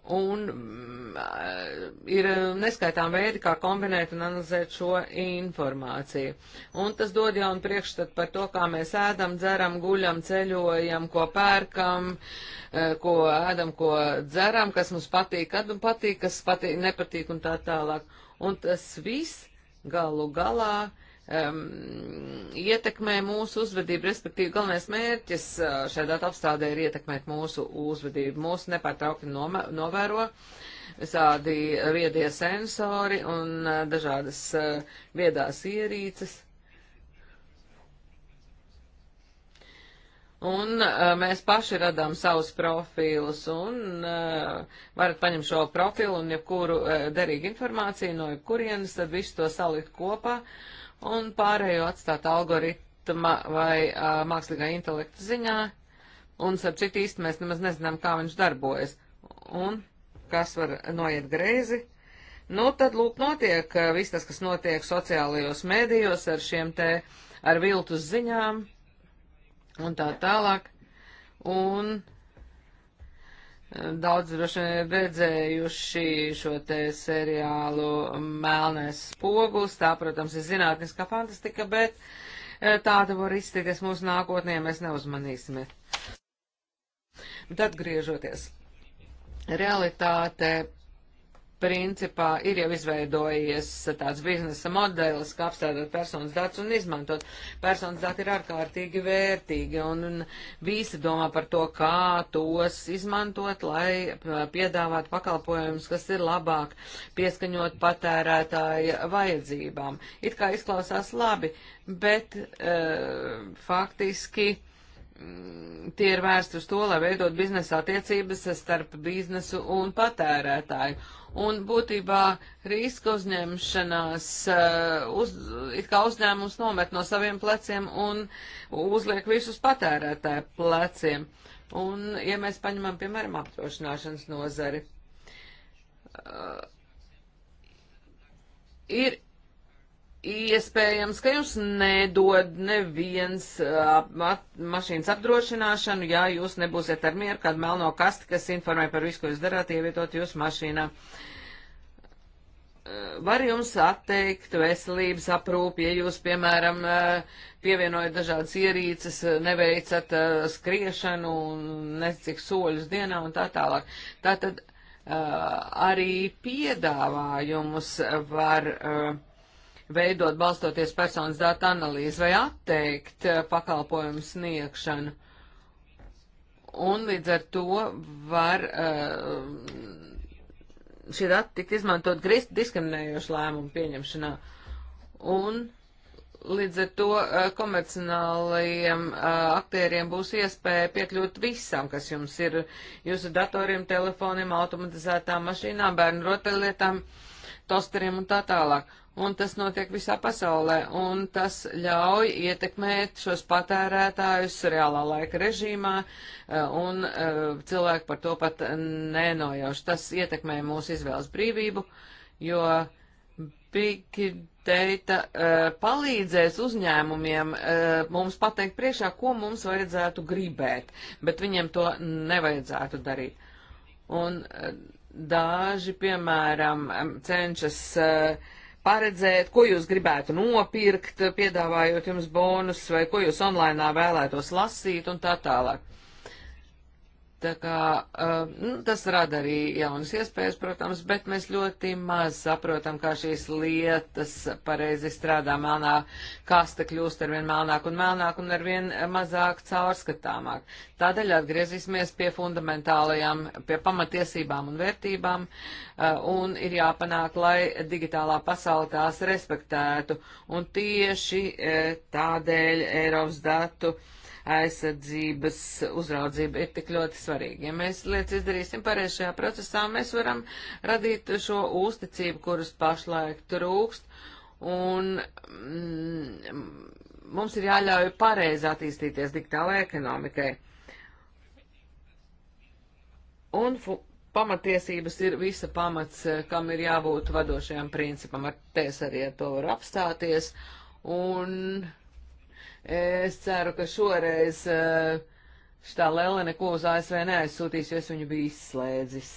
S3: Un mm, ir neskaitām veidi, kā kombinēt un analizēt šo informāciju. Un tas dod jaunu priekšstatu par to, kā mēs ēdam, dzeram, guļam, ceļojam, ko pērkam, eh, ko ēdam, ko dzeram, kas mums patīk, kad mums patīk, kas patīk, nepatīk un tā tālāk. Un tas viss galu galā uh, um, ietekmē mūsu uzvedību, respektīvi galvenais mērķis uh, šai datu apstādē ir ietekmēt mūsu uzvedību. Mūsu nepārtraukti novēro visādi viedie sensori un uh, dažādas uh, viedās ierīces. Un uh, mēs paši radām savus profilus, un uh, varat paņemt šo profilu un jebkuru uh, derīgu informāciju no jebkurienes, tad visu to salikt kopā. Uh, un pārējo atstāt algoritma vai uh, mākslīgā intelekta ziņā, un starp citu īsti mēs nemaz nezinām, kā viņš darbojas, un kas var noiet greizi. Nu, tad lūk notiek viss tas, kas notiek sociālajos mēdījos ar šiem te ar viltus ziņām un tā tālāk. Un Daudz droši vien ir redzējuši šo te seriālu Melnēs spogulis. Tā, protams, ir zinātniska fantastika, bet eh, tāda var iztikas mūsu nākotnē, mēs neuzmanīsimies. Bet atgriežoties realitāte principā ir jau izveidojies tāds biznesa modelis, kā apstrādāt personas datus un izmantot. Personas dati ir ārkārtīgi vērtīgi un, un visi domā par to, kā tos izmantot, lai uh, piedāvātu pakalpojumus, kas ir labāk pieskaņot patērētāja vajadzībām. It kā izklausās labi, bet e, faktiski Mm, tie ir vērsti uz to, lai veidot biznesa attiecības starp biznesu un patērētāju. Un būtībā riska uzņemšanās eh, uz, it kā uzņēmums nomet no saviem pleciem un uzliek visus patērētāju pleciem. Un, ja mēs paņemam, piemēram, apdrošināšanas nozari, uh, ir Iespējams, ka jums nedod neviens uh, ap, mašīnas apdrošināšanu, ja jūs nebūsiet ar mieru kādu melno kasti, kas informē par visu, ko jūs darāt, ievietot jūsu mašīnā. Uh, var jums atteikt veselības aprūpi, ja jūs, piemēram, uh, pievienojat dažādas ierīces, neveicat skriešanu, necik soļus dienā un tā tālāk. Tātad arī piedāvājumus var veidot balstoties personas datu analīzi vai atteikt eh, pakalpojumu sniegšanu. Un līdz ar to var eh, šie dati tikt izmantot diskriminējošu lēmumu pieņemšanā. Un Līdz ar to eh, komercionālajiem aktieriem būs iespēja piekļūt visam, kas jums ir jūsu datoriem, telefoniem, automatizētām mašīnām, bērnu rotaļlietām, tosteriem un tā tālāk un tas notiek visā pasaulē, un tas ļauj ietekmēt šos patērētājus reālā laika režīmā, eh, un eh, cilvēki par to pat nenojauš. Tas ietekmē mūsu izvēles brīvību, jo big data eh, palīdzēs uzņēmumiem mums pateikt priekšā, ko mums vajadzētu gribēt, bet viņiem to nevajadzētu darīt. Un daži, piemēram, cenšas uh, paredzēt, ko jūs gribētu nopirkt, piedāvājot jums bonus, vai ko jūs online vēlētos lasīt un tā tālāk. Tā kā uh, nu, tas rada arī jaunas iespējas, protams, bet mēs ļoti maz saprotam, kā šīs lietas pareizi strādā melnā kasta kļūst arvien melnāk un melnāk un arvien mazāk caurskatāmāk. Tādēļ atgriezīsimies pie fundamentālajām, pie pamatiesībām un vērtībām uh, un ir jāpanāk, lai digitālā pasaule tās respektētu. Un tieši uh, tādēļ Eiropas datu. Uh, aizsardzības uzraudzība ir tik ļoti svarīga. Ja mēs lietas izdarīsim pareizi šajā procesā, mēs varam radīt šo uzticību, kuras pašlaik trūkst, un mm, mums ir jāļauj pareizi attīstīties digitālajai ekonomikai. Un pamatiesības ir visa pamats, kam ir jābūt vadošajam principam. Ar tēs arī ar to var apstāties. Un Es ceru, ka šoreiz eh, šitā lele neko uz ASV neaizsūtīs, jo es viņu biju izslēdzis.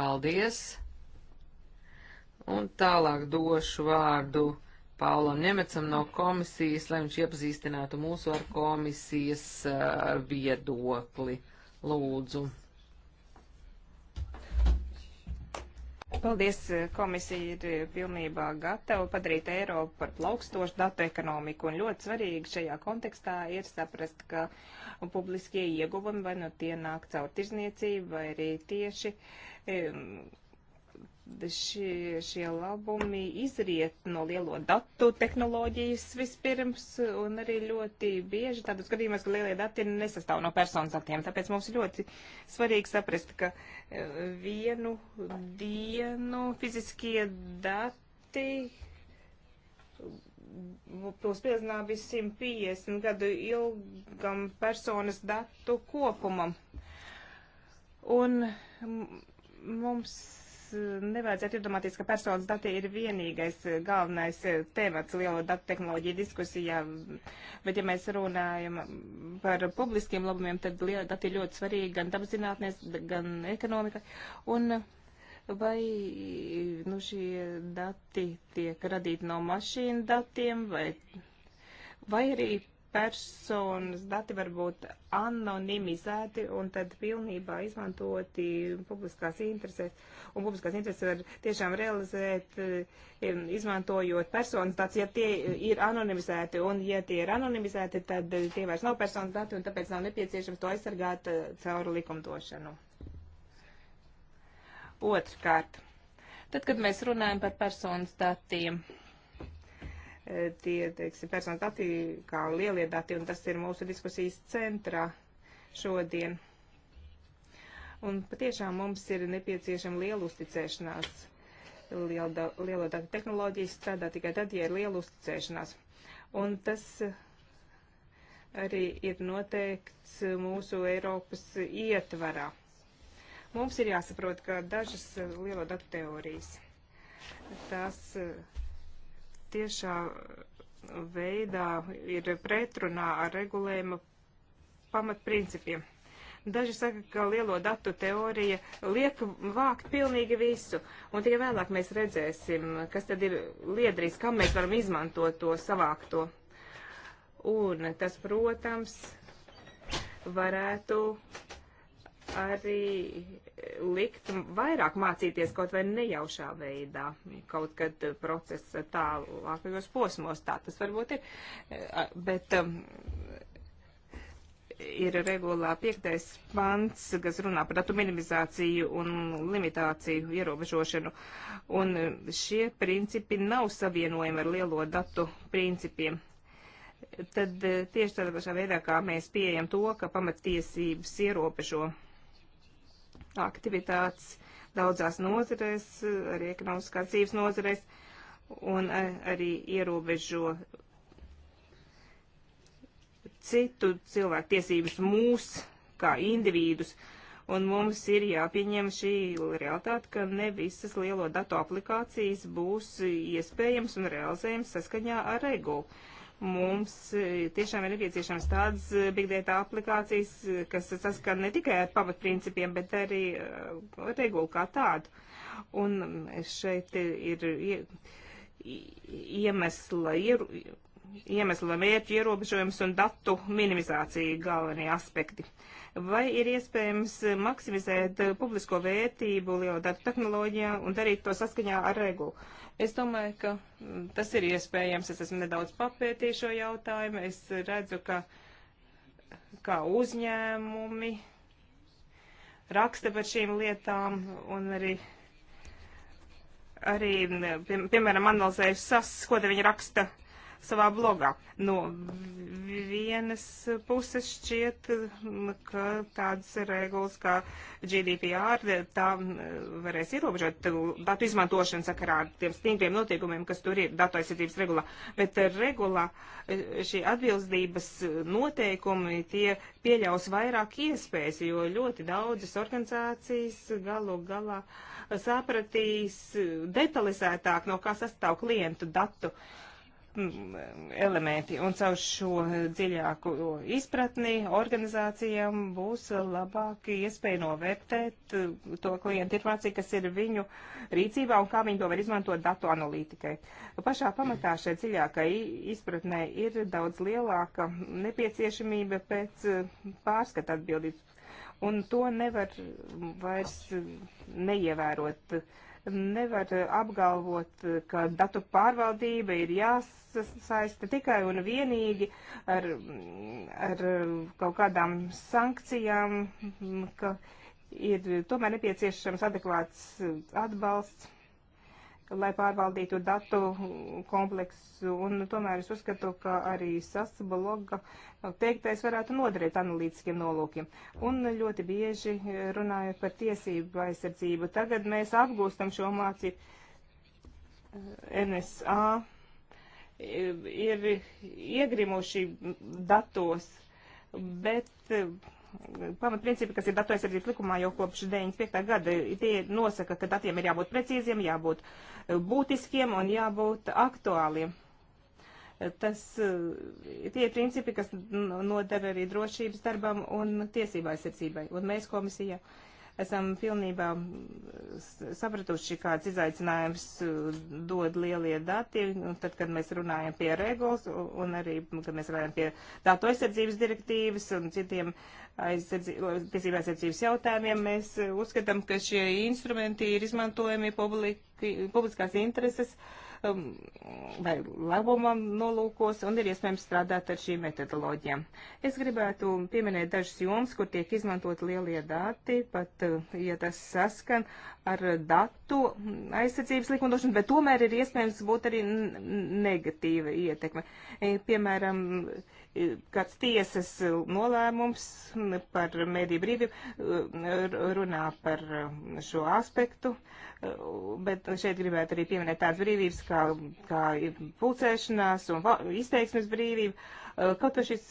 S3: Paldies! Un tālāk došu vārdu Paulam Ņemecam no komisijas, lai viņš iepazīstinātu mūsu ar komisijas eh, viedokli. Lūdzu!
S2: Paldies, eh, komisija ir eh, pilnībā gatava padarīt Eiropu par plaukstošu datu ekonomiku, un ļoti svarīgi šajā kontekstā ir saprast, ka publiskie ieguvumi vai nu tie nāk caur tirzniecību, vai arī tieši. Um, šie, šie labumi izriet no lielo datu tehnoloģijas vispirms, un arī ļoti bieži tādos gadījumos, ka lielie dati nesastāv no personas datiem. Tāpēc mums ļoti svarīgi saprast, ka e, vienu dienu fiziskie dati būs piezināmi 150 gadu ilgam personas datu kopumam. Un mums nevajadzētu iedomāties, ka personas dati ir vienīgais eh, galvenais eh, temats lielo datu tehnoloģiju diskusijā, bet ja mēs runājam mm, par publiskiem labumiem, tad dati ir ļoti svarīgi gan dabaszinātnēs, gan ekonomika. Un eh, vai nu, šie dati tiek radīti no mašīnu datiem vai, vai arī personas dati var būt anonimizēti un tad pilnībā izmantoti publiskās intereses. Un publiskās intereses var tiešām realizēt, eh, izmantojot personas datus, ja tie ir anonimizēti. Un ja tie ir anonimizēti, tad tie vairs nav personas dati un tāpēc nav nepieciešams to aizsargāt eh, caur likumdošanu. Otrkārt, tad, kad mēs runājam par personas datiem tie, teiksim, personas dati kā lielie dati, un tas ir mūsu diskusijas centrā šodien. Un patiešām mums ir nepieciešama liela uzticēšanās. Liela, lielo datu tehnoloģijas strādā tikai tad, ja ir liela uzticēšanās. Un tas arī ir noteikts mūsu Eiropas ietvarā. Mums ir jāsaprot, ka dažas lielo datu teorijas, tās tiešā veidā ir pretrunā ar regulējuma pamatprincipiem. Daži saka, ka lielo datu teorija liek vākt pilnīgi visu, un tikai vēlāk mēs redzēsim, kas tad ir liedrīs, kam mēs varam izmantot to savākto. Un tas, protams, varētu arī eh, likt vairāk mācīties kaut vai nejaušā veidā, kaut kad eh, procesa tālākajos posmos, tā tas varbūt ir, eh, bet um, ir regulā piektais pants, kas runā par datu minimizāciju un limitāciju ierobežošanu, un šie principi nav savienojami ar lielo datu principiem. Tad tieši tādā pašā veidā, kā mēs pieejam to, ka pamatiesības ierobežo aktivitātes daudzās nozarēs, arī ekonomiskā dzīves nozarēs, un arī ierobežo citu cilvēku tiesības mūs kā individus. Un mums ir jāpieņem šī realitāte, ka ne visas lielo datu aplikācijas būs iespējams un realizējams saskaņā ar regulu. Uh, mums e, tiešām ir nepieciešams tādas e, big data aplikācijas, e, kas saskan ne tikai ar pamatprincipiem, bet arī regulu kā tādu. Un šeit ir iemesla, iemesla mērķi ierobežojums un datu minimizācija galvenie aspekti. Uh, Vai ir iespējams maksimizēt publisko vērtību lielo datu tehnoloģijā un darīt to saskaņā ar regulu? Es domāju, ka mm, tas ir iespējams. Es esmu nedaudz papētījis šo jautājumu. Es redzu, ka kā uzņēmumi raksta par šīm lietām un arī, arī pie, piemēram, analizējuši sas, ko te viņi raksta savā blogā. No nu, vienas puses šķiet, ka tādas regulas kā GDPR tā varēs ierobežot datu izmantošanu sakarā ar tiem stingriem noteikumiem, kas tur ir datu aizsardzības regulā. Bet regulā e, šī atbilstības noteikumi tie pieļaus vairāk iespējas, jo ļoti daudzas organizācijas galu galā sapratīs detalizētāk, no kā sastāv klientu datu. Uh, elementi. Un caur šo dziļāku izpratni organizācijām būs labāk iespēja novērtēt uh, to klientu informāciju, kas ir viņu rīcībā un kā viņi to var izmantot datu analītikai. Pašā pamatā šai dziļākai izpratnē ir daudz lielāka nepieciešamība pēc uh, pārskata atbildības. Un to nevar vairs uh, neievērot. Uh, nevar eh, apgalvot, eh, ka datu pārvaldība ir jāsasaista tikai un vienīgi ar, ar eh, kaut kādām sankcijām, ka ir tomēr nepieciešams adekvāts atbalsts lai pārvaldītu datu kompleksu, un tomēr es uzskatu, ka arī SAS bloga teiktais varētu noderēt analītiskiem nolūkiem. Un ļoti bieži runājot par tiesību aizsardzību, tagad mēs apgūstam šo mācību NSA, ir iegrimuši datos, bet pamatprincipi, kas ir datu aizsardzības likumā jau kopš 95. gada, tie nosaka, ka datiem ir jābūt precīziem, jābūt eh, būtiskiem un jābūt aktuāliem. Tas, eh, tie ir principi, kas nodara arī drošības darbam un tiesībā aizsardzībai. Un mēs komisija esam pilnībā mm, sapratuši, kāds izaicinājums eh, dod lielie dati. Un tad, kad mēs runājam pie regulas un arī, kad mēs runājam pie datu aizsardzības direktīvas un citiem tiesībā aizsardzības jautājumiem, mēs eh, uzskatām, ka šie instrumenti ir izmantojami publiki, publiskās intereses um, vai labumam nolūkos un ir iespējams strādāt ar šīm metodoloģijām. Es gribētu pieminēt dažas jomas, kur tiek izmantot lielie dati, pat, eh, ja tas saskan ar datu aizsardzības likumdošanu, bet tomēr ir iespējams būt arī negatīva ietekme. E, piemēram, e, kāds tiesas nolēmums par mediju brīvību e, runā par šo aspektu, bet šeit gribētu arī pieminēt tādas brīvības kā, kā pulcēšanās un izteiksmes brīvība. Kaut arī šis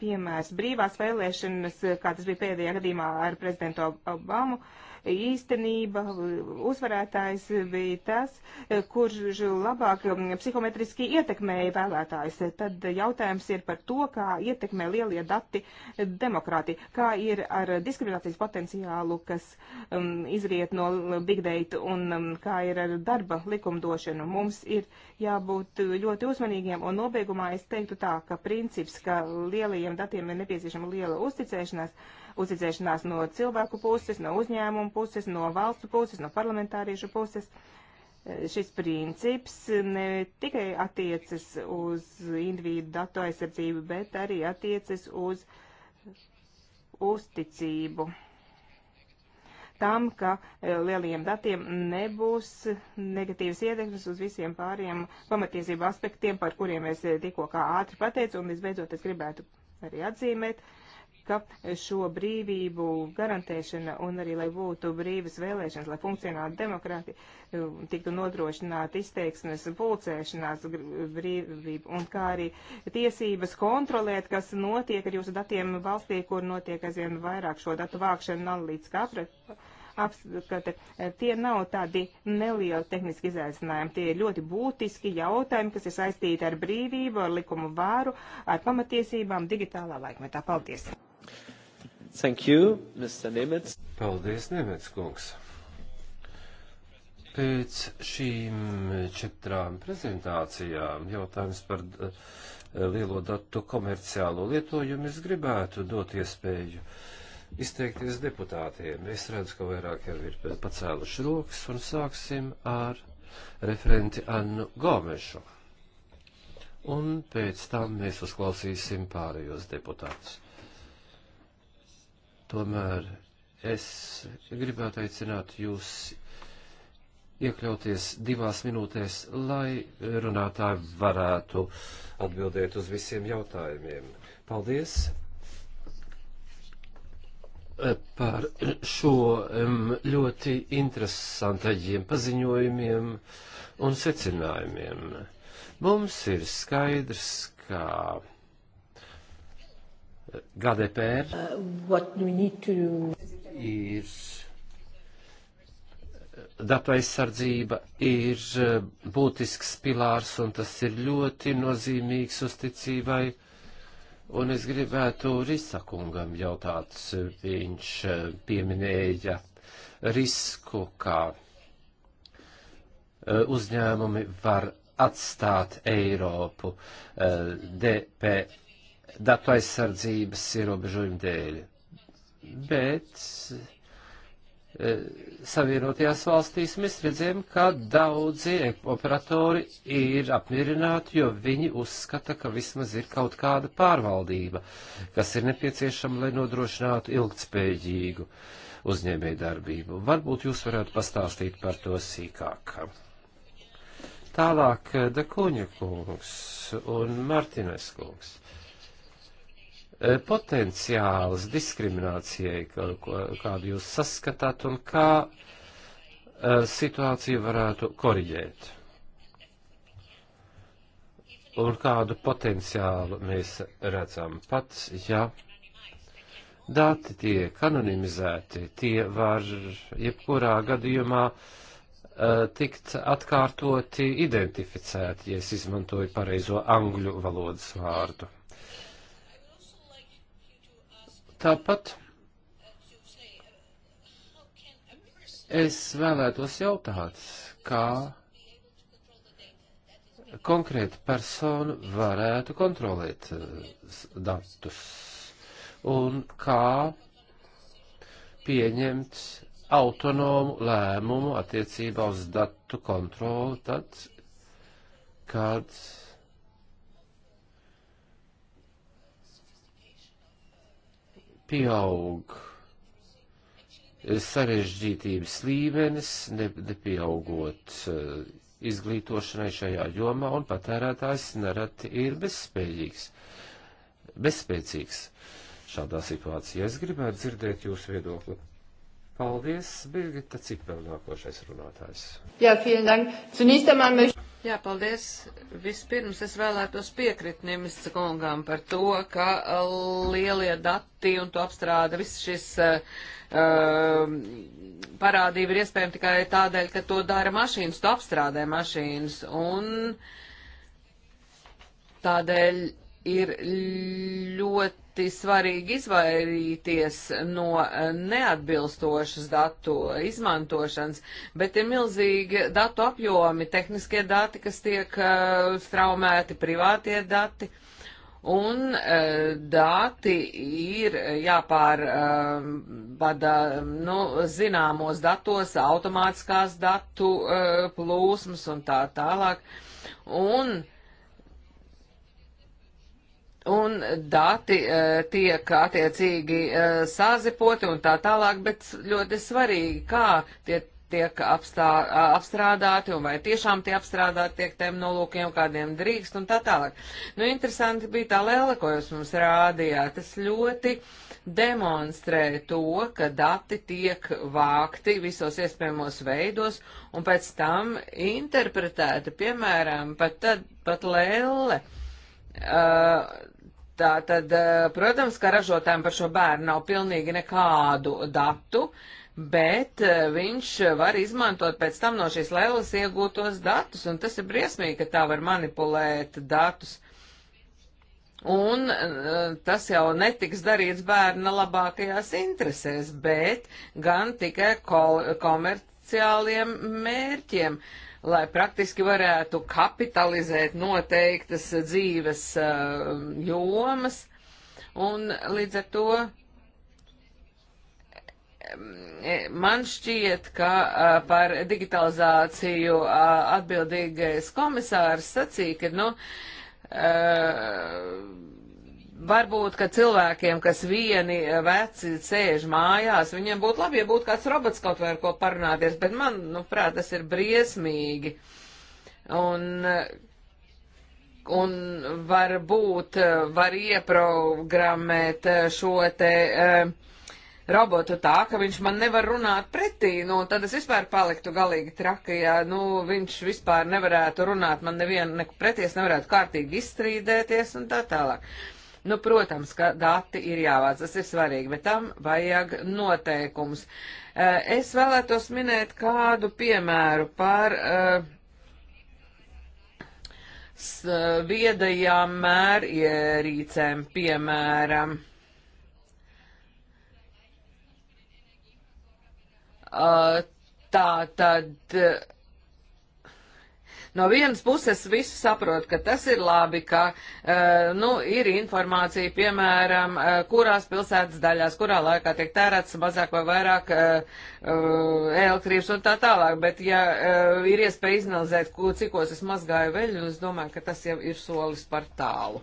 S2: piemērs brīvās vēlēšanas, kā tas bija pēdējā gadījumā ar prezidentu Obamu, uh, īstenība, uzvarētājs bija tas, kurš labāk um, psihometriski ietekmēja vēlētājs. Tad jautājums ir par to, kā ietekmē lielie dati demokrātiju, kā ir ar diskriminācijas potenciālu, kas um, izriet no big data un um, kā ir ar darba likumdošanu. Mums ir jābūt ļoti uzmanīgiem un nobeigumā es teiktu tā, ka princips, ka lielajiem datiem ir nepieciešama liela uzticēšanās, uh, uzticēšanās no cilvēku puses, no uzņēmumu puses, no valstu puses, no parlamentāriešu puses. Eh, šis princips eh, ne tikai attiecas uz individu datu aizsardzību, bet arī attiecas uz uzticību tam, ka eh, lielajiem datiem nebūs negatīvas ietekmes uz visiem pāriem pamatiesību aspektiem, par kuriem es tikko kā ātri pateicu, un visbeidzot es gribētu arī atzīmēt, uh, ka šo brīvību garantēšana un arī, lai būtu brīvas vēlēšanas, lai funkcionētu demokrāti, um, tiktu nodrošināta izteiksmes pulcēšanās brīvība un kā arī tiesības kontrolēt, kas notiek ar jūsu datiem valstī, kur notiek aizvien vairāk šo datu vākšana analītiska aprakta apskate, tie nav tādi nelieli tehniski izaicinājumi. Tie ir ļoti būtiski jautājumi, kas ir saistīti ar brīvību, ar likumu vāru, ar pamatiesībām digitālā laikmetā. Paldies!
S1: Thank you, Mr. Nemets. Paldies, Nemets kungs. Pēc šīm četrām prezentācijām jautājums par eh, lielo datu komerciālo lietojumu es gribētu dot iespēju izteikties deputātiem. Es redzu, ka vairāk jau ir pacēluši rokas un sāksim ar referenti Annu Gomešu. Un pēc tam mēs uzklausīsim pārējos deputātus. Tomēr es gribētu aicināt jūs iekļauties divās minūtēs, lai runātāji varētu atbildēt uz visiem jautājumiem. Paldies par šo ļoti interesantajiem paziņojumiem un secinājumiem. Mums ir skaidrs, ka GDPR uh, ir uh, datu aizsardzība ir uh, būtisks pilārs un tas ir ļoti nozīmīgs uzticībai. Un es gribētu Risakungam jautāt, viņš uh, pieminēja risku, kā uzņēmumi var atstāt Eiropu DPR datu aizsardzības ierobežojumu dēļ. Bet e, Savienotajās valstīs mēs redzējām, ka daudzi operatori ir apmierināti, jo viņi uzskata, ka vismaz ir kaut kāda pārvaldība, kas ir nepieciešama, lai nodrošinātu ilgtspējīgu uzņēmēju darbību. Varbūt jūs varētu pastāstīt par to sīkāk. Tālāk Dakuņa kungs un Martines kungs. E, potenciāls diskriminācijai, kādu jūs saskatāt, un kā e, situāciju varētu koriģēt? Un kādu potenciālu mēs redzam pats, ja dati tiek anonimizēti, tie var jebkurā gadījumā e, tikt atkārtoti identificēti, ja es izmantoju pareizo angļu valodas vārdu. Tāpat es vēlētos jautāt, kā konkrēta persona varētu kontrolēt eh, datus un kā pieņemt autonomu lēmumu attiecībā uz datu kontroli tad, kad pieaug sarežģītības līmenis, ne, nepieaugot eh, izglītošanai šajā jomā, un patērētājs nereti ir bezspējīgs, bezspēcīgs. Šādā situācijā es gribētu dzirdēt jūsu viedokli Paldies, Birgita Cipel, nākošais
S3: runātājs. Jā, vielen dank. Zunīst, man mēs. Jā, paldies. Vispirms es vēlētos piekrist Nimis kungam par to, ka uh, lielie dati un to apstrāda viss šis uh, um, parādība ir iespējama tikai tādēļ, ka to dara mašīnas, to apstrādē mašīnas. Un tādēļ ir ļoti ļoti svarīgi izvairīties no neatbilstošas datu izmantošanas, bet ir milzīgi datu apjomi, tehniskie dati, kas tiek uh, straumēti, privātie dati. Un uh, dati ir jāpārbada eh, uh, nu, zināmos datos, automātiskās datu uh, plūsmas un tā tālāk. Un uh, un dati eh, tiek attiecīgi eh, sazipoti un tā tālāk, bet ļoti svarīgi, kā tie tiek apstā, apstrādāti un vai tiešām tie apstrādāti tiek tiem nolūkiem, kādiem drīkst un tā tālāk. Nu, interesanti bija tā lēle, ko jūs mums rādījāt. Tas ļoti demonstrē to, ka dati tiek vākti visos iespējamos veidos un pēc tam interpretēti, piemēram, pat tad, pat lēle. Uh, Tā tad, eh, protams, ka ražotājiem par šo bērnu nav pilnīgi nekādu datu, bet eh, viņš var izmantot pēc tam no šīs lēlas iegūtos datus, un tas ir briesmīgi, ka tā var manipulēt datus. Un eh, tas jau netiks darīts bērna labākajās interesēs, bet gan tikai komerciāliem mērķiem. Uh, lai praktiski varētu kapitalizēt noteiktas dzīves uh, jomas, un līdz ar to eh, man šķiet, ka uh, par digitalizāciju uh, atbildīgais komisārs sacīja, ka, nu, Varbūt, ka cilvēkiem, kas vieni eh, veci sēž mājās, viņiem būtu labi, ja būtu kāds robots kaut vai ar ko parunāties, bet man, nu, prāt, tas ir briesmīgi. Un, un varbūt eh, var ieprogrammēt eh, šo te robotu tā, ka viņš man nevar runāt pretī, nu, tad es vispār paliktu galīgi traki, ja, nu, viņš vispār nevarētu runāt, man nevienu, ne pretī es nevarētu kārtīgi izstrīdēties un tā tālāk. Uh, Nu, protams, ka dati ir jāvāc, tas ir svarīgi, bet tam vajag noteikumus. Eh, es vēlētos minēt kādu piemēru par eh, viedajām mērierīcēm, piemēram. Eh, tā tad No vienas puses visu saprot, ka tas ir labi, ka uh, nu, ir informācija, piemēram, uh, kurās pilsētas daļās, kurā laikā tiek tērēts mazāk vai vairāk uh, elektrības un tā tālāk, bet ja ir iespēja izanalizēt, cikos es mazgāju veļu, un es domāju, ka tas jau ir solis par tālu.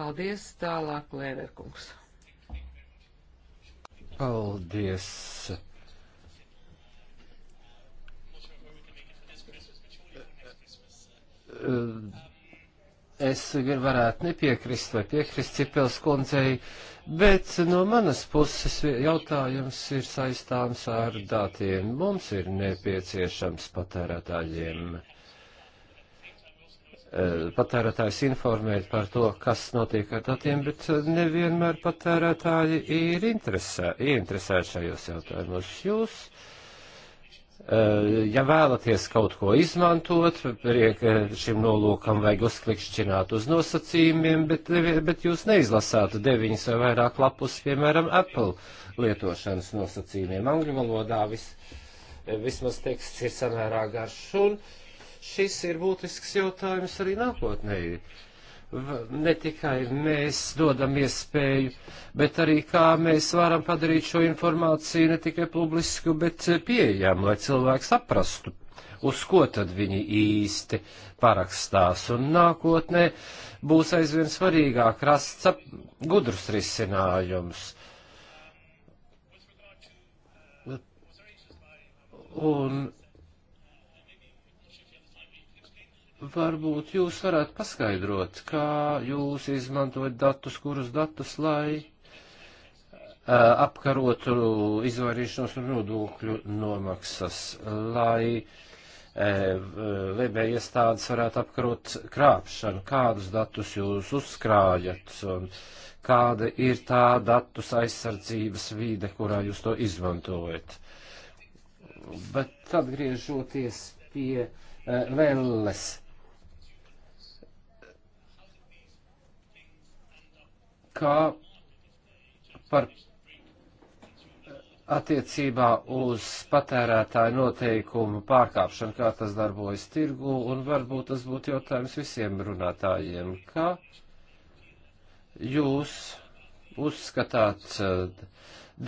S3: Paldies, tālāk, Lēverkungs.
S1: Paldies Eh, es varētu nepiekrist vai piekrist Cipels kundzei, bet no manas puses jautājums ir saistāms ar datiem. Mums ir nepieciešams patērētājiem eh, patērētājs informēt par to, kas notiek ar datiem, bet nevienmēr patērētāji ir interesē, interesēti šajos jautājumos. Jūs uh, Eh, ja vēlaties kaut ko izmantot, priek eh, šim nolūkam vajag uzklikšķināt uz nosacījumiem, bet, eh, bet jūs neizlasāt deviņas vai vairāk lapus, piemēram, Apple lietošanas nosacījumiem. Angļu valodā vis, vismaz teksts ir samērā garš, un šis ir būtisks jautājums arī nākotnēji ne tikai mēs dodam iespēju, bet arī kā mēs varam padarīt šo informāciju ne tikai publisku, bet pieejamu, lai cilvēki saprastu, uz ko tad viņi īsti parakstās. Un nākotnē būs aizvien svarīgāk rast gudrus risinājumus. Un Varbūt jūs varētu paskaidrot, kā jūs izmantojat datus, kurus datus, lai uh, apkarotu izvairīšanos no nodokļu nomaksas, lai uh, VB iestādes varētu apkarot krāpšanu, kādus datus jūs uzkrājat un kāda ir tā datus aizsardzības vīde, kurā jūs to izmantojat. Bet atgriežoties pie uh, Velles kā par attiecībā uz patērētāju noteikumu pārkāpšanu, kā tas darbojas tirgu, un varbūt tas būtu jautājums visiem runātājiem, kā jūs uzskatāt eh,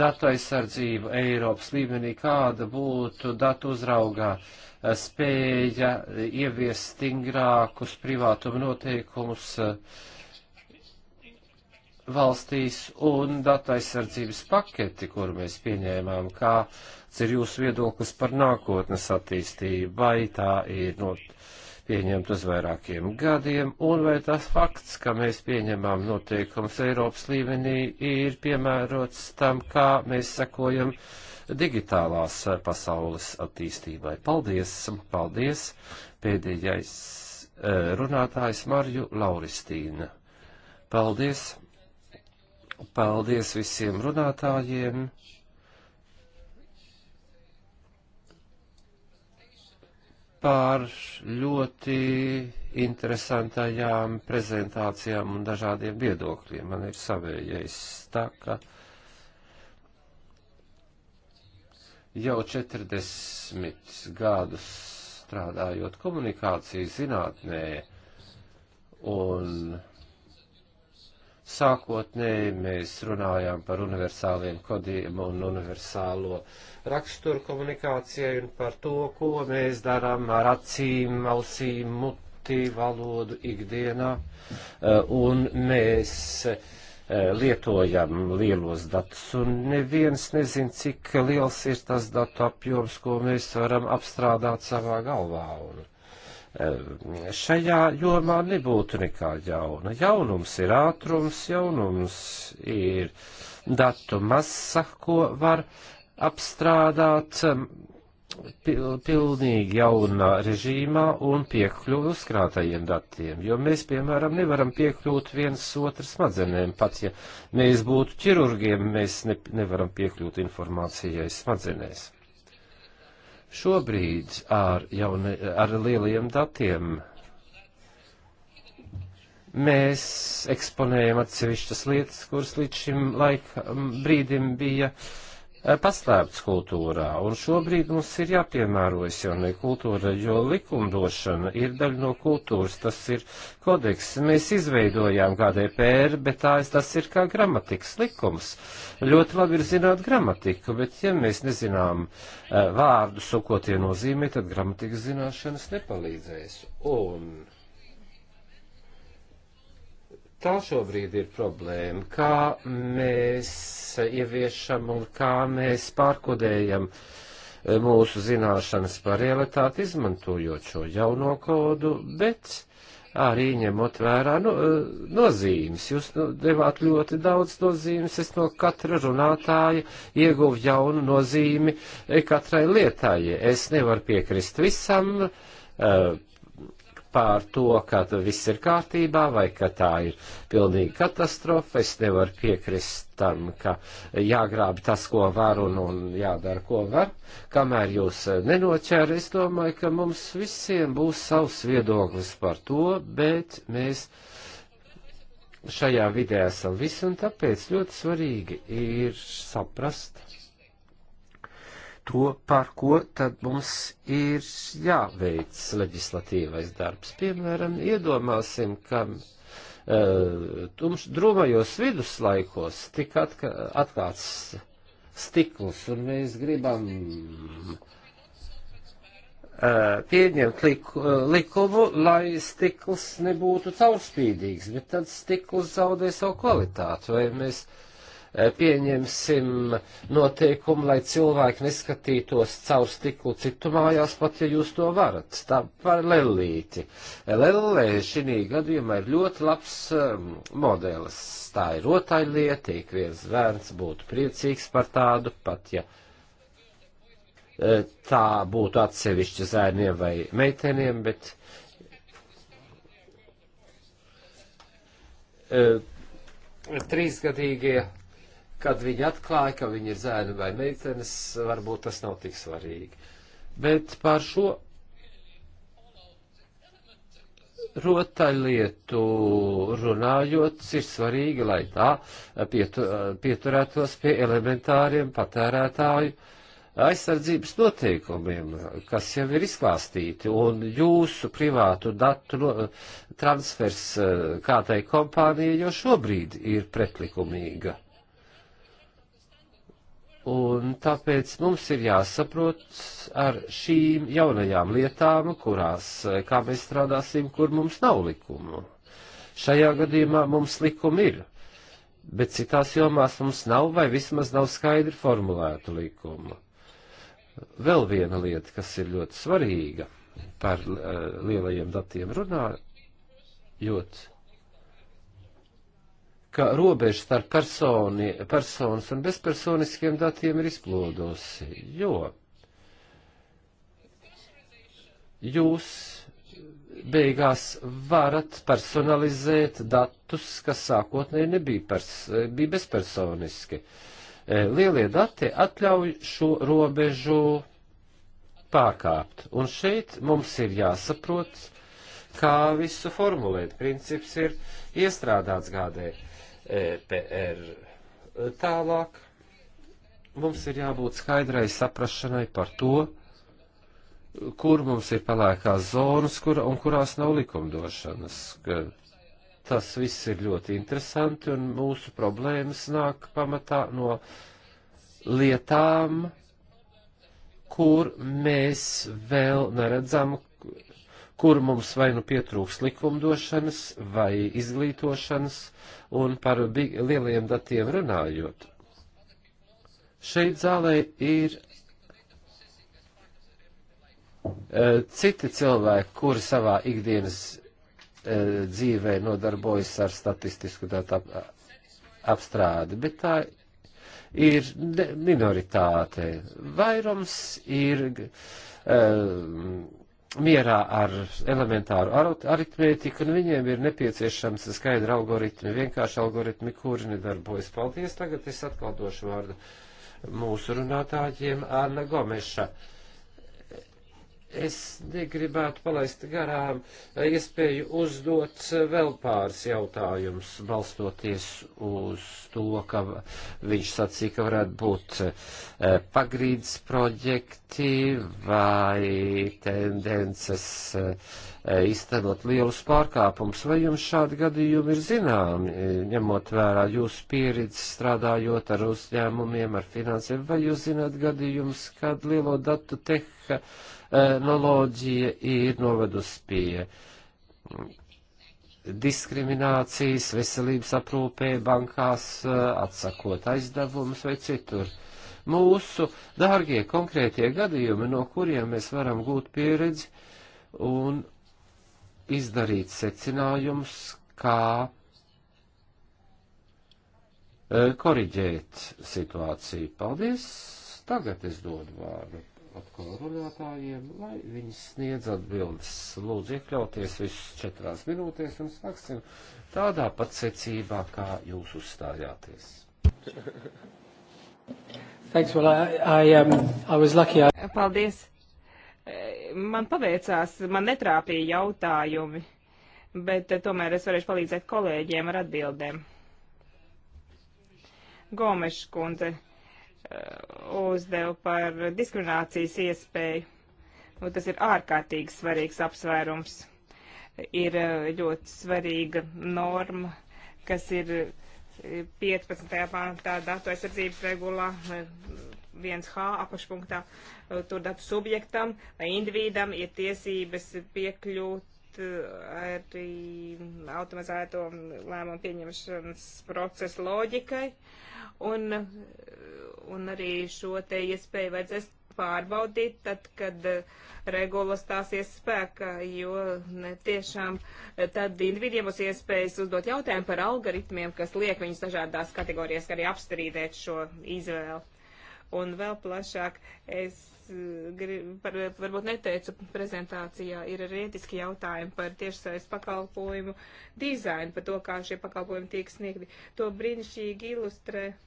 S1: datu aizsardzību Eiropas līmenī, kāda būtu datu uzraugā eh, spēja eh, ieviest stingrākus privātuma noteikumus, uh, valstīs un datu aizsardzības paketi, kur mēs pieņēmām, kāds ir jūsu viedoklis par nākotnes attīstību, vai tā ir no pieņemt uz vairākiem gadiem, un vai tas fakts, ka mēs pieņemām noteikums Eiropas līmenī, ir piemērots tam, kā mēs sekojam digitālās pasaules attīstībai. Paldies, paldies, pēdējais eh, runātājs Marju Lauristīna. Paldies! Paldies visiem runātājiem. par ļoti interesantajām prezentācijām un dažādiem viedokļiem. Man ir savējais tā, ka jau 40 gadus strādājot komunikācijas zinātnē un Sākotnēji mēs runājām par universāliem kodiem un universālo raksturu komunikācijai un par to, ko mēs darām ar acīm, ausīm, muti, valodu ikdienā. Eh, un mēs eh, lietojam lielos datus, un neviens nezin, cik liels ir tas datu apjoms, ko mēs varam apstrādāt savā galvā. Un, šajā jomā nebūtu nekā jauna. Jaunums ir ātrums, jaunums ir datu masa, ko var apstrādāt pilnīgi jaunā režīmā un piekļuvi uzkrātajiem datiem, jo mēs, piemēram, nevaram piekļūt viens otru smadzenēm. Pat ja mēs būtu ķirurgiem, mēs ne, nevaram piekļūt informācijai smadzenēs. Šobrīd ar, jauni, ar lieliem datiem mēs eksponējam atsevišķas lietas, kuras līdz šim laika brīdim bija uh, Eh, paslēpts kultūrā, un šobrīd mums ir jāpiemērojas jaunai kultūra, jo likumdošana ir daļa no kultūras, tas ir kodeks. Mēs izveidojām GDPR, bet tā, tas ir kā gramatikas likums. Ļoti labi ir zināt gramatiku, bet ja mēs nezinām eh, vārdus un ko tie nozīmē, tad gramatikas zināšanas nepalīdzēs. Un Tā šobrīd ir problēma, kā mēs ieviešam un kā mēs pārkodējam e, mūsu zināšanas par realitāti, izmantojot šo jauno kodu, bet arī ņemot vērā no, nu, e, nozīmes. Jūs nu, devāt ļoti daudz nozīmes, es no katra runātāja ieguvu jaunu nozīmi e, katrai lietai. Es nevaru piekrist visam, pār to, ka viss ir kārtībā vai ka tā ir pilnīga katastrofa. Es nevaru piekrist tam, ka jāgrābi tas, ko var un, un jādara, ko var. Kamēr jūs nenoķēra, es domāju, ka mums visiem būs savs viedoklis par to, bet mēs šajā vidē esam visi un tāpēc ļoti svarīgi ir saprast to, par ko tad mums ir jāveic leģislatīvais darbs. Piemēram, iedomāsim, ka uh, tums drūmajos viduslaikos tika atka, atklāts stiklus, un mēs gribam eh, pieņemt liku, likumu, lai stikls nebūtu caurspīdīgs, bet tad stikls zaudē savu kvalitāti, vai mēs uh, pieņemsim noteikumu, lai cilvēki neskatītos caur stiklu citu mājās, pat ja jūs to varat. Tā par lellīti. Lellē šī gadījumā ir ļoti labs um, modelis. Tā ir rotaļlieta, ik viens bērns būtu priecīgs par tādu, pat ja e, tā būtu atsevišķa zēniem vai meiteniem, bet uh, trīsgadīgie kad viņi atklāja, ka viņi ir zēni vai meitenes, varbūt tas nav tik svarīgi. Bet pār šo rotaļlietu runājot, ir svarīgi, lai tā pietu, pieturētos pie elementāriem patērētāju aizsardzības noteikumiem, kas jau ir izklāstīti, un jūsu privātu datu transfers kādai kompānijai jau šobrīd ir pretlikumīga Un tāpēc mums ir jāsaprot ar šīm jaunajām lietām, kurās, eh, kā mēs strādāsim, kur mums nav likumu. Šajā gadījumā mums likumi ir, bet citās jomās mums nav vai vismaz nav skaidri formulētu likumu. Vēl viena lieta, kas ir ļoti svarīga par uh, lielajiem datiem runājot ka robeža starp personi, personas un bezpersoniskiem datiem ir izplodusi, jo jūs beigās varat personalizēt datus, kas sākotnēji nebija pers bija bezpersoniski. E, lielie dati atļauj šo robežu pārkāpt, un šeit mums ir jāsaprot, kā visu formulēt. Princips ir iestrādāts gādē. E. EPR. Tālāk mums ir jābūt skaidrai saprašanai par to, kur mums ir palēkās zonas kur, un kurās nav likumdošanas. Tas viss ir ļoti interesanti un mūsu problēmas nāk pamatā no lietām, kur mēs vēl neredzam, kur mums vai nu pietrūks likumdošanas vai izglītošanas, un par lieliem datiem runājot. Šeit zālē ir uh, citi cilvēki, kuri savā ikdienas uh, dzīvē nodarbojas ar statistisku datu ap, apstrādi, bet tā ir minoritāte. Vairums ir. Uh, mierā ar elementāru aritmētiku, un viņiem ir nepieciešams skaidri algoritmi, vienkārši algoritmi, kuri nedarbojas. Paldies, tagad es atkal došu vārdu mūsu runātājiem Anna Gomeša. Uh, Es negribētu palaist garām eh, iespēju uzdot eh, vēl pāris jautājumus, balstoties uz to, ka viņš sacīja, ka varētu būt eh, pagrīdes projekti vai tendences iztenot lielus pārkāpumus. Vai jums šādi gadījumi ir zināmi, ņemot vērā jūsu pieredzi strādājot ar uzņēmumiem, ar finansēm, vai jūs zināt gadījumus, kad lielo datu teha analoģija eh, ir novedusi pie diskriminācijas veselības aprūpē, bankās, eh, atsakot aizdevumus vai citur. Mūsu dārgie konkrētie gadījumi, no kuriem mēs varam gūt pieredzi un izdarīt secinājumus, kā eh, koriģēt situāciju. Paldies! Tagad es dodu vārdu atkal runātājiem, lai viņi sniedz atbildes. Lūdzu, iekļauties visus četrās minūtēs un sāksim tādā pat secībā, kā jūs uzstājāties. Thanks, well, I, I, um, I was lucky. I...
S2: Paldies. Man paveicās, man netrāpīja jautājumi, bet eh, tomēr es varēšu palīdzēt kolēģiem ar atbildēm. Gomeša kundze uzdevu par diskriminācijas iespēju. Nu, tas ir ārkārtīgi svarīgs apsvērums. Ir eh, ļoti svarīga norma, kas ir 15. Eh, pāntā datu aizsardzības regulā 1H eh, apakšpunktā. Tur datu subjektam vai individam ir tiesības piekļūt arī automatizēto lēmumu pieņemšanas procesu loģikai. Un un arī šo te iespēju vajadzēs pārbaudīt, tad, kad eh, regula stāsies spēkā, jo ne tiešām eh, tad individiem būs iespējas uzdot jautājumu par algoritmiem, kas liek viņus dažādās kategorijās arī apstrīdēt šo izvēlu. Un vēl plašāk, es eh, grib, par, varbūt neteicu prezentācijā, ir arī etiski jautājumi par tiešsaistes pakalpojumu dizainu, par to, kā šie pakalpojumi tiek sniegti. To brīnišķīgi ilustrē uh,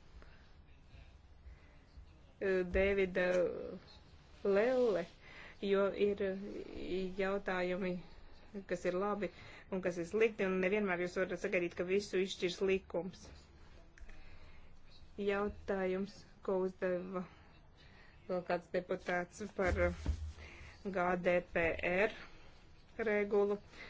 S2: Dēvida Lelle, jo ir jautājumi, kas ir labi un kas ir slikti, un nevienmēr jūs varat sagaidīt, ka visu izšķirs likums. Jautājums, ko uzdeva vēl kāds deputāts par GDPR regulu. Uh,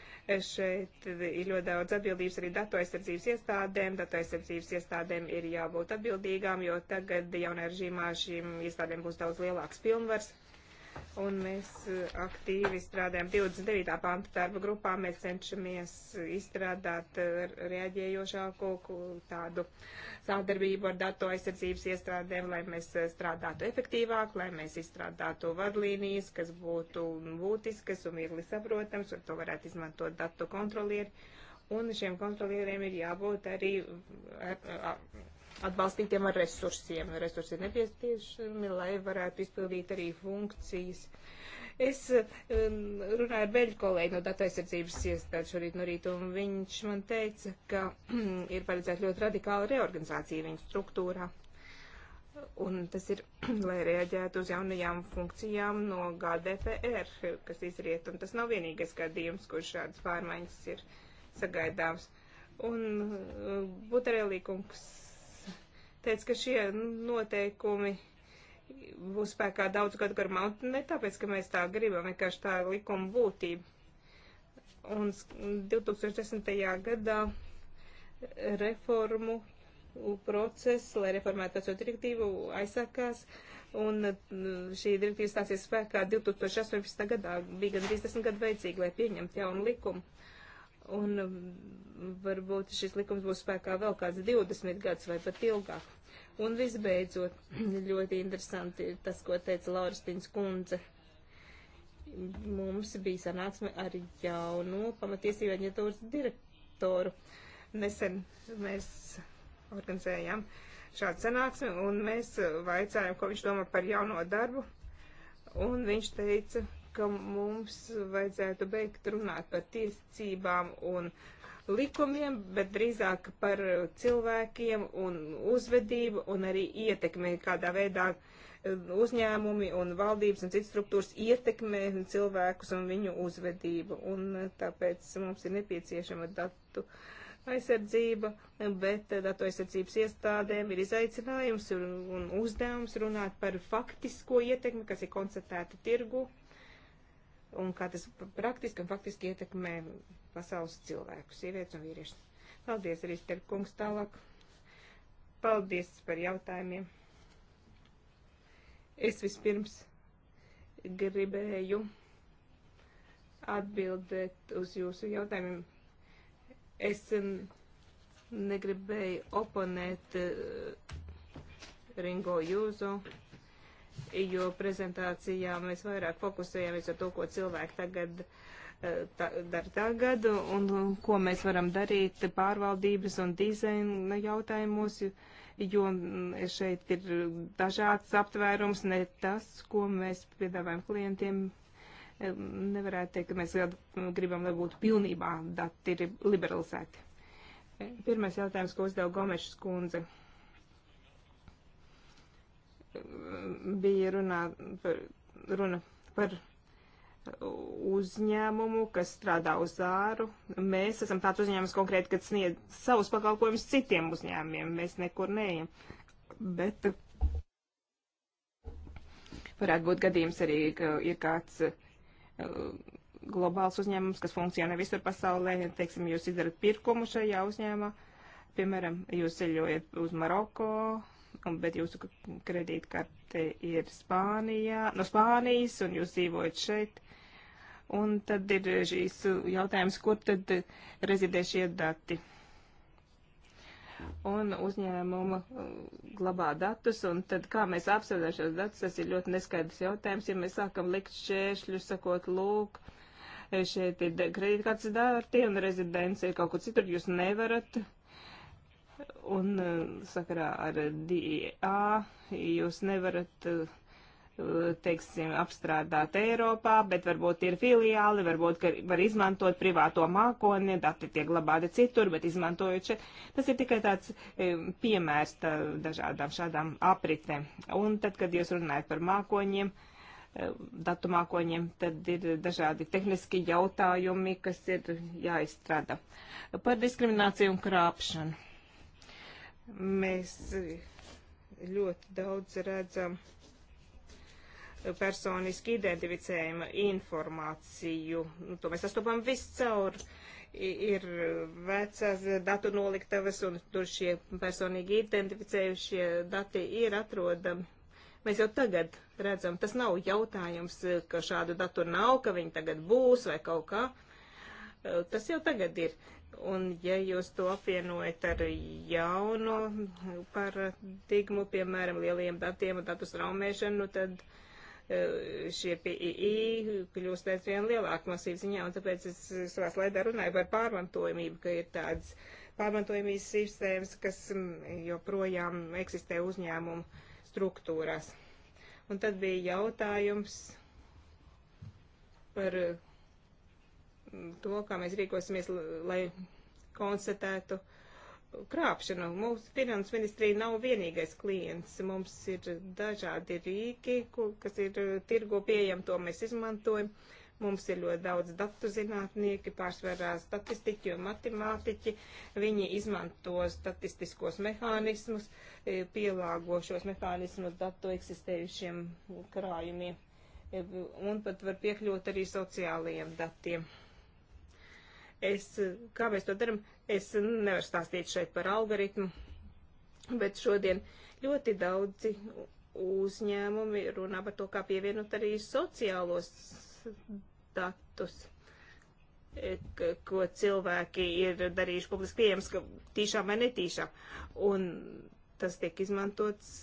S2: Šeit ir ļoti daudz atbildības arī datu aizsardzības iestādēm. Datu aizsardzības iestādēm ir jābūt atbildīgām, jo tagad jaunā režīmā šīm iestādēm būs daudz lielāks pilnvars un mēs eh, aktīvi strādājam 29. panta darba grupā. Mēs cenšamies izstrādāt eh, reaģējošāku tādu sadarbību ar datu aizsardzības iestādēm, lai mēs eh, strādātu efektīvāk, lai mēs izstrādātu vadlīnijas, kas būtu būtiskas un viegli saprotams, un to varētu izmantot datu kontrolieri. Un šiem kontrolieriem ir jābūt arī ar, ar, ar, atbalstītiem ar resursiem. Resursi ir nepieciešami, lai varētu izpildīt arī funkcijas. Es um, runāju ar beļu kolēģi no datu aizsardzības iestādes šorīt no rīta, un viņš man teica, ka um, ir paredzēta ļoti radikāla reorganizācija viņu struktūrā. Un tas ir, lai reaģētu uz jaunajām funkcijām no GDPR, kas izriet, un tas nav vienīgais gadījums, kur šādas pārmaiņas ir sagaidāms. Un uh, Butarelī kungs teica, ka šie noteikumi būs spēkā daudz gadu garumā, un ne tāpēc, ka mēs tā gribam, vienkārši tā ir likuma būtība. Un 2010. gadā reformu process, lai reformētu veco direktīvu, aizsākās, un mm, šī direktīva stāsies spēkā 2018. gadā. Bija gan 30 gadu vajadzīgi, lai pieņemtu jaunu likumu un um, varbūt šis likums būs spēkā vēl kāds 20 gadus vai pat ilgāk. Un visbeidzot, ļoti interesanti tas, ko teica Lauristins kundze. Mums bija sanāksme ar jaunu pamatiesību aģentūras direktoru. Nesen mēs organizējām šādu sanāksmi un mēs vaicājām, ko viņš domā par jauno darbu. Un viņš teica, ka mums vajadzētu beigt runāt par tiesībām un likumiem, bet drīzāk par cilvēkiem un uzvedību un arī ietekmi, kādā veidā eh, uzņēmumi un valdības un citas struktūras ietekmē cilvēkus un viņu uzvedību. Un eh, tāpēc mums ir nepieciešama datu aizsardzība, bet eh, datu aizsardzības iestādēm ir izaicinājums un uzdevums runāt par faktisko ietekmi, kas ir koncentrēta tirgu un kā tas praktiski un faktiski ietekmē pasaules cilvēkus, sievietes un vīriešus. Paldies, Rīster kungs, tālāk. Paldies par jautājumiem. Es vispirms gribēju atbildēt uz jūsu jautājumiem. Es negribēju oponēt eh, Ringo Jūzo jo prezentācijā mēs vairāk fokusējamies ar to, ko cilvēki tagad eh, ta, dara tagad un, un ko mēs varam darīt pārvaldības un dizaina jautājumos, jo mm, šeit ir dažāds aptvērums, ne tas, ko mēs piedāvājam klientiem. Eh, nevarētu teikt, ka mēs gribam, lai būtu pilnībā dati liberalizēti. Eh, pirmais jautājums, ko uzdeva Gomešs kundze. Uh, bija runā par, runa par uzņēmumu, kas strādā uz āru. Mēs esam tāds uzņēmums konkrēti, kad sniedz savus pakalpojumus citiem uzņēmumiem. Mēs nekur neejam. Bet varētu būt gadījums arī, ka ir kāds uh, globāls uzņēmums, kas funkcionē visur pasaulē. Teiksim, jūs izdarat pirkumu šajā uzņēmumā. Piemēram, jūs ceļojat uz Maroko, bet jūsu kredītkarte ir Spānijā, no Spānijas un jūs dzīvojat šeit. Un tad ir šīs jautājums, kur tad rezidē šie dati. Un uzņēmuma uh, glabā datus, un tad kā mēs apsargājam šos datus, tas ir ļoti neskaidrs jautājums, ja mēs sākam likt šķēršļus, sakot, lūk, šeit ir kredītkartes dārti un rezidents ir kaut kur citur, jūs nevarat uh, Un eh, sakarā ar DA e jūs nevarat, eh, teiksim, apstrādāt Eiropā, bet varbūt ir filiāli, varbūt var izmantot privāto mākoni, dati tiek glabāti citur, bet izmantojot šeit. Tas ir tikai tāds eh, piemērs tā, dažādām šādām apritēm. Un tad, kad jūs runājat par mākoņiem, datu mākoņiem, tad ir dažādi tehniski jautājumi, kas ir jāizstrāda. Par diskrimināciju un krāpšanu Mēs ļoti daudz redzam eh, personiski identificējama informāciju. Nu, to mēs sastopam viscaur. Ir eh, vecās datu noliktavas, un tur šie personīgi identificējušie dati ir atrodami. Mēs jau tagad redzam, tas nav jautājums, eh, ka šādu datu nav, ka viņi tagad būs vai kaut kā. Tas jau tagad ir. Un, ja jūs to apvienojat ar jauno paradigmu, piemēram, lieliem datiem un datu straumēšanu, nu tad e, šie PII kļūst aizvien lielāka masīva ziņā, un tāpēc es savā slaidā runāju par pārmantojamību, ka ir tādas pārmantojamības sistēmas, kas joprojām eksistē uzņēmumu struktūrās. Un tad bija jautājums par to, kā mēs rīkosimies, lai konstatētu krāpšanu. Mūsu finanses ministrija nav vienīgais klients. Mums ir dažādi rīki, kas ir uh, tirgo pieejami, to mēs izmantojam. Mums ir ļoti daudz datu zinātnieki, pārsvarā statistiķi un matemātiķi. Viņi izmanto statistiskos mehānismus, e, pielāgo šos mehānismus datu eksistējušiem krājumiem. E, un pat var piekļūt arī sociālajiem datiem. Es, kā mēs to darām, es nevaru stāstīt šeit par algoritmu, bet šodien ļoti daudzi uzņēmumi runā par to, kā pievienot arī sociālos datus, ko cilvēki ir darījuši publiski pieejams, ka tīšām vai netīšām. Un tas tiek izmantots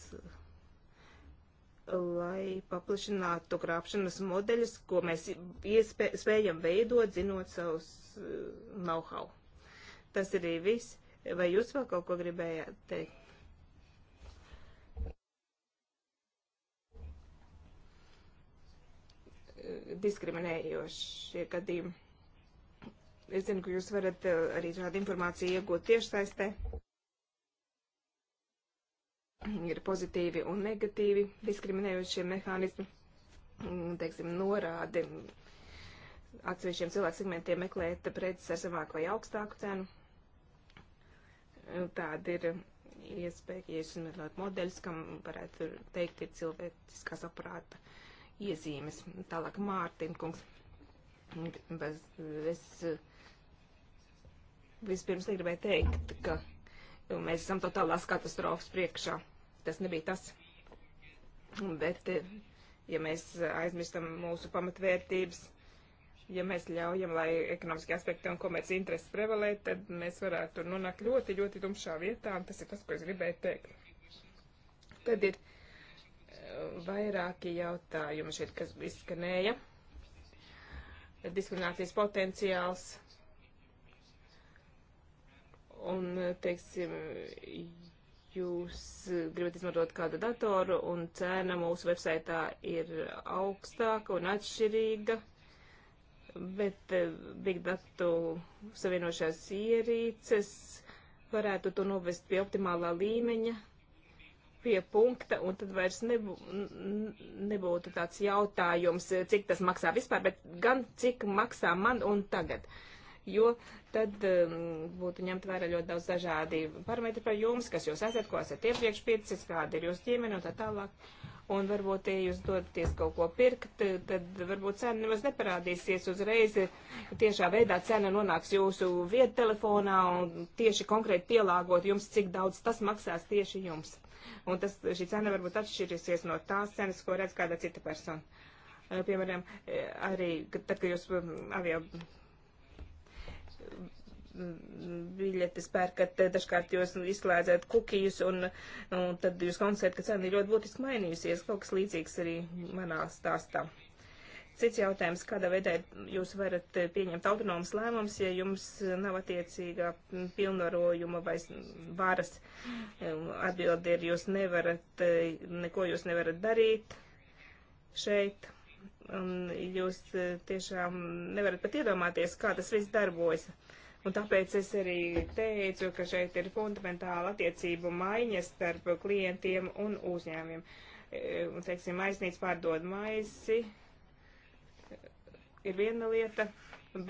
S2: lai paplašinātu krāpšanas modeļus, ko mēs iespē, spējam veidot, zinot savus uh, know-how. Tas arī viss. Vai jūs vēl kaut ko gribējāt teikt? Diskriminējošie gadījumi. Es zinu, ka jūs varat uh, arī šādu informāciju iegūt tiešsaistē ir pozitīvi un negatīvi diskriminējošie mehānismi, teiksim, norādi atsevišķiem cilvēku segmentiem meklēt preces ar zemāku vai augstāku cenu. Tāda ir iespēja, ja izmantot modeļus, kam varētu teikt ir cilvēciskā saprāta iezīmes. Tālāk Mārtiņkungs. Es vispirms negribēju teikt, ka Mēs esam totālās katastrofas priekšā. Tas nebija tas. Bet, eh, ja mēs aizmirstam mūsu pamatvērtības, ja mēs ļaujam, lai ekonomiski aspekti un komerci intereses prevalē, tad mēs varētu nonākt ļoti, ļoti tumšā vietā, un tas ir tas, ko es gribēju teikt. Tad ir eh, vairāki jautājumi šeit, kas izskanēja. Diskriminācijas potenciāls un, teiksim, jūs gribat izmantot kādu datoru un cena mūsu websaitā ir augstāka un atšķirīga, bet eh, big datu savienošās ierīces varētu to novest pie optimālā līmeņa, pie punkta, un tad vairs nebū, nebūtu tāds jautājums, cik tas maksā vispār, bet gan cik maksā man un tagad. Jo uh, tad um, būtu ņemt vērā ļoti daudz dažādi parametri par jums, kas jūs esat, ko esat iepriekš pircis, kāda ir jūsu ģimene un tā tālāk. Un varbūt, ja jūs dodaties kaut ko pirkt, tad varbūt cena nemaz neparādīsies uzreiz. Tiešā veidā cena nonāks jūsu viedtelefonā un tieši konkrēti pielāgot jums, cik daudz tas maksās tieši jums. Un tas, šī cena varbūt atšķirsies no tās cenas, ko redz kāda cita persona. Piemēram, arī, tad, kad jūs um, avio biļetes pērkat, dažkārt jūs izslēdzat kukijus, un, un tad jūs konstatējat, ka cena ir ļoti būtiski mainījusies. Kaut kas līdzīgs arī manā stāstā. Cits jautājums, kādā veidā jūs varat pieņemt autonomas lēmumus, ja jums nav attiecīgā pilnvarojuma vai varas atbildi ir, jūs nevarat, neko jūs nevarat darīt šeit un jūs tiešām nevarat pat iedomāties, kā tas viss darbojas. Un tāpēc es arī teicu, ka šeit ir fundamentāla attiecību maiņa starp klientiem un uzņēmiem. E, un, teiksim, maisnīca pārdod maisi ir viena lieta,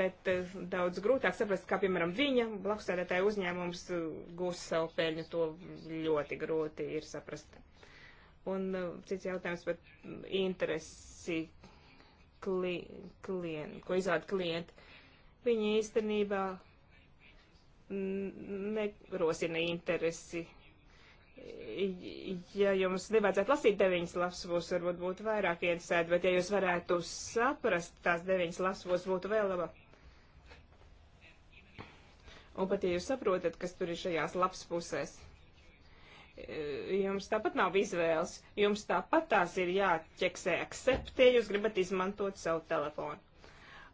S2: bet e, daudz grūtāk saprast, kā, piemēram, viņa blakusēdētāja uzņēmums e, gūs savu peļņu. To ļoti grūti ir saprast. Un cits jautājums par interesi, kli, klien, ko izrāda klienti. Viņi īstenībā nerosina interesi. Ja jums nevajadzētu lasīt deviņas lasvos, varbūt būtu vairāk interesēti, bet ja jūs varētu saprast tās deviņas lasvos, būtu vēl labāk. Un pat ja jūs saprotat, kas tur ir šajās labs pusēs, jums tāpat nav izvēles. Jums tāpat tās ir jāķeksē accept, ja jūs gribat izmantot savu telefonu.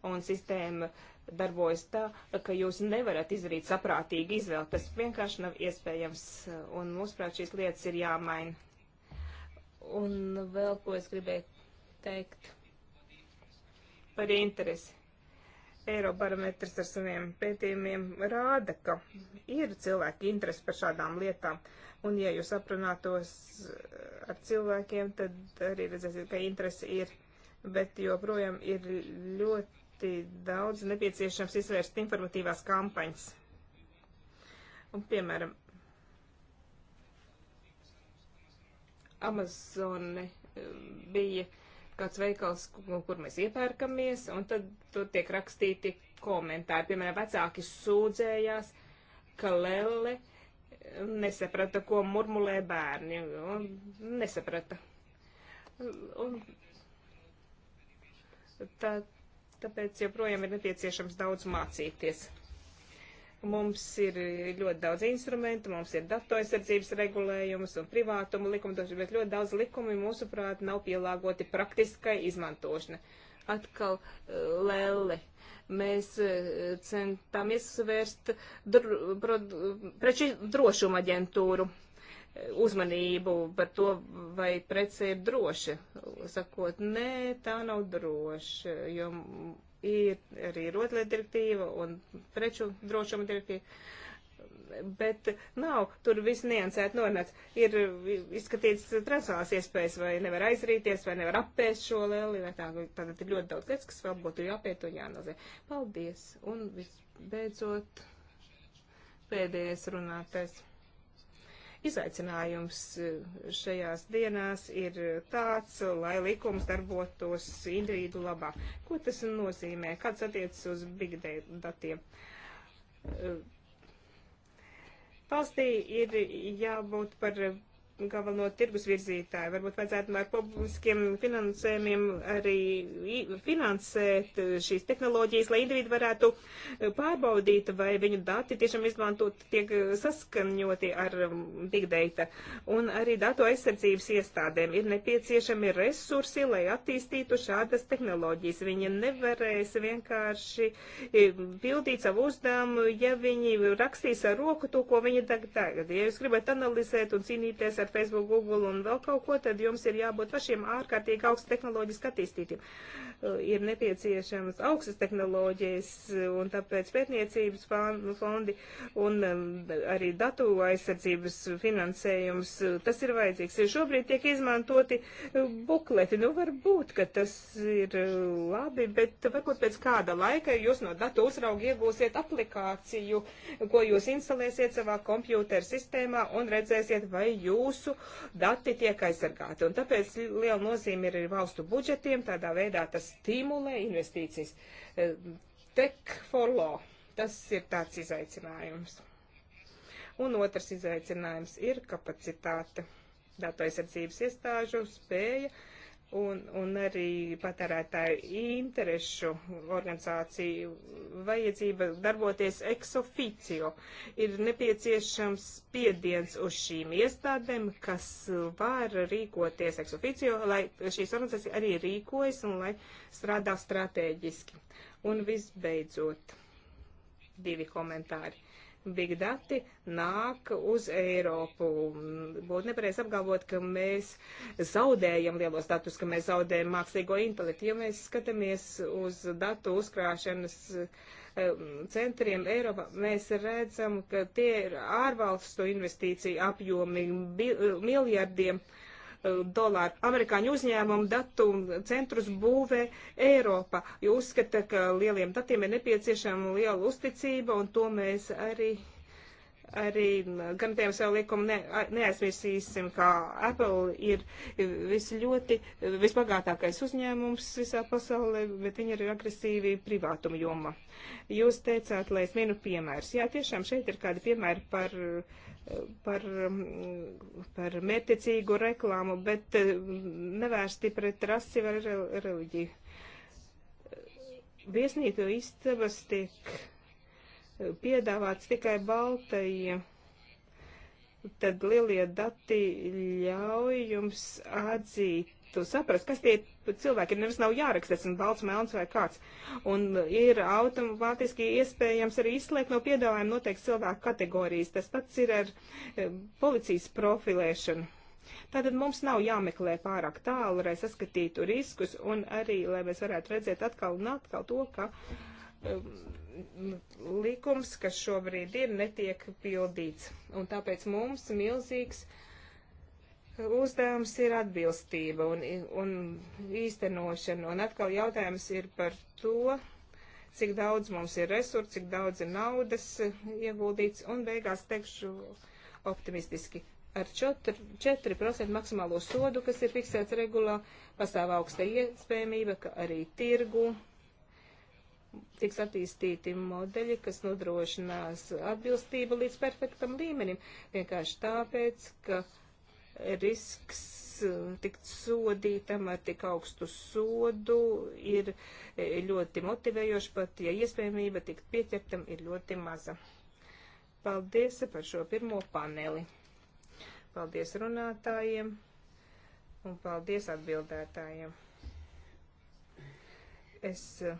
S2: Un sistēma uh, darbojas tā, ka jūs nevarat izdarīt saprātīgu izvēli. Tas vienkārši nav iespējams, un mūsuprāt šīs lietas ir jāmaina. Un vēl ko es gribēju teikt par interesi. Eirobarometrs ar saviem pētījumiem rāda, ka ir cilvēki interesi par šādām lietām, un ja jūs aprunātos ar cilvēkiem, tad arī redzēsiet, ka interesi ir, bet joprojām ir ļoti ļoti daudz nepieciešams izvērst informatīvās kampaņas. Un, piemēram, Amazone eh, bija kāds veikals, kur mēs iepērkamies, un tad tur tiek rakstīti komentāri. Piemēram, vecāki sūdzējās, ka Lelle eh, nesaprata, ko murmulē bērni, un nesaprata. Un tad tāpēc joprojām ir nepieciešams daudz mācīties. Mums ir ļoti daudz instrumentu, mums ir datu aizsardzības regulējums un privātuma likumdošana, bet ļoti daudz likumi, mūsuprāt, nav pielāgoti praktiskai izmantošana. Atkal eh, lēle. Mēs eh, centāmies vērst dr, pro, preču drošuma aģentūru uzmanību par to, vai prece ir droša. Sakot, nē, tā nav droša, jo ir arī rotlietu direktīva un preču drošuma direktīva. Bet nav, tur viss niansēt norunāts. Ir izskatīts transversālās iespējas, vai nevar aizrīties, vai nevar apēst šo leli, vai tā. Tātad ir ļoti daudz lietas, kas vēl būtu jāpēt un jānozē. Paldies! Un visbeidzot, pēdējais runātais. Izaicinājums eh, šajās dienās ir eh, tāds, lai likums darbotos individu labā. Ko tas nozīmē? Kāds attiecas uz big datiem? Eh, Valstī ir jābūt par galveno tirgus virzītāji. Varbūt vajadzētu ar publiskiem finansējumiem arī finansēt šīs tehnoloģijas, lai individu varētu e, pārbaudīt, vai viņu dati tiešām izmantot tiek saskaņoti ar um, big data. Un arī datu aizsardzības iestādēm ir nepieciešami resursi, lai attīstītu šādas tehnoloģijas. Viņi nevarēs vienkārši e, pildīt savu uzdevumu, ja viņi rakstīs ar roku to, ko viņi tagad. Ja jūs gribat analizēt un cīnīties ar ar Facebook, Google un vēl kaut ko, tad jums ir jābūt pašiem ārkārtīgi augsts tehnoloģiski attīstītiem. Uh, ir nepieciešams augstas tehnoloģijas un tāpēc pētniecības fondi un um, arī datu aizsardzības finansējums. Uh, tas ir vajadzīgs. Šobrīd tiek izmantoti uh, bukleti. Nu, varbūt, ka tas ir labi, bet varbūt pēc kāda laika jūs no datu uzrauga iegūsiet aplikāciju, ko jūs instalēsiet savā kompjūtera sistēmā un redzēsiet, vai jūs mūsu dati tiek aizsargāti. Un tāpēc liela nozīme ir valstu budžetiem, tādā veidā tas stimulē investīcijas. Eh, Tech for law. Tas ir tāds izaicinājums. Un otrs izaicinājums ir kapacitāte. Datu aizsardzības iestāžu spēja uh, un, un arī patērētāju interešu organizāciju vajadzība darboties ex officio. Ir nepieciešams spiediens uz šīm iestādēm, kas var rīkoties ex officio, lai šīs organizācijas arī rīkojas un lai strādā strateģiski. Un visbeidzot, divi komentāri big dati nāk uz Eiropu. Būtu nepareizi apgalvot, ka mēs zaudējam lielo status, ka mēs zaudējam mākslīgo intelektu. Ja mēs skatāmies uz datu uzkrāšanas um, centriem Eiropā, mēs redzam, ka tie ir ārvalstu investīciju apjomi miljardiem. Uh, Eh, dolāru. Amerikāņu uzņēmumu datu centrus būvē Eiropā, jo uzskata, ka lieliem datiem ir nepieciešama liela uzticība, un to mēs arī arī gan tiem sev likumu ne, neaizmirsīsim, ka Apple ir vis ļoti visbagātākais uzņēmums visā pasaulē, bet viņi ir agresīvi privātuma joma. Jūs teicāt, lai es vienu piemērs. Jā, tiešām šeit ir kādi piemēri par uh, par, mm, par mērķiecīgu reklāmu, bet mm, nevērsti pret rasi vai reliģiju. Viesnīto istabas tiek piedāvāts tikai baltajiem. Tad lielie dati ļauj jums atzīt varētu saprast, kas tie cilvēki ir. Nevis nav jāraksta, esmu balts, melns vai kāds. Un ir automātiski iespējams arī izslēgt no piedāvājuma noteikts cilvēku kategorijas. Tas pats ir ar e, policijas profilēšanu. Tātad mums nav jāmeklē pārāk tālu, lai saskatītu riskus un arī, lai mēs varētu redzēt atkal un atkal to, ka um, likums, kas šobrīd ir, netiek pildīts. Un tāpēc mums milzīgs uh, uzdevums ir atbilstība un, un īstenošana. Un atkal jautājums ir par to, cik daudz mums ir resursu, cik daudz ir naudas ieguldīts. Un beigās teikšu optimistiski. Ar 4%, 4 maksimālo sodu, kas ir fiksēts regulā, pastāv augsta iespējamība, ka arī tirgu tiks attīstīti modeļi, kas nodrošinās atbilstību līdz perfektam līmenim. Vienkārši tāpēc, ka uh, risks eh, tikt sodītam ar tik augstu sodu ir eh, ļoti motivējoši, pat ja iespējamība tikt pieķertam ir ļoti maza. Paldies par šo pirmo paneli. Paldies runātājiem un paldies atbildētājiem. Es eh,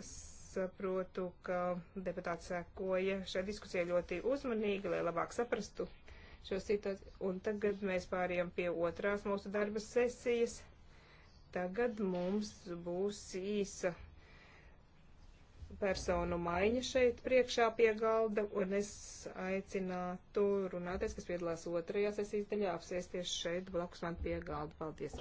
S2: saprotu, ka deputāts sekoja šai diskusijai ļoti uzmanīgi, lai labāk saprastu šo situāciju. Un tagad mēs pārējām pie otrās mūsu darba sesijas. Tagad mums būs īsa personu maiņa šeit priekšā pie galda, un es aicinātu runāties, kas piedalās otrajā sesijas daļā, apsēsties šeit blakus man pie galda. Paldies!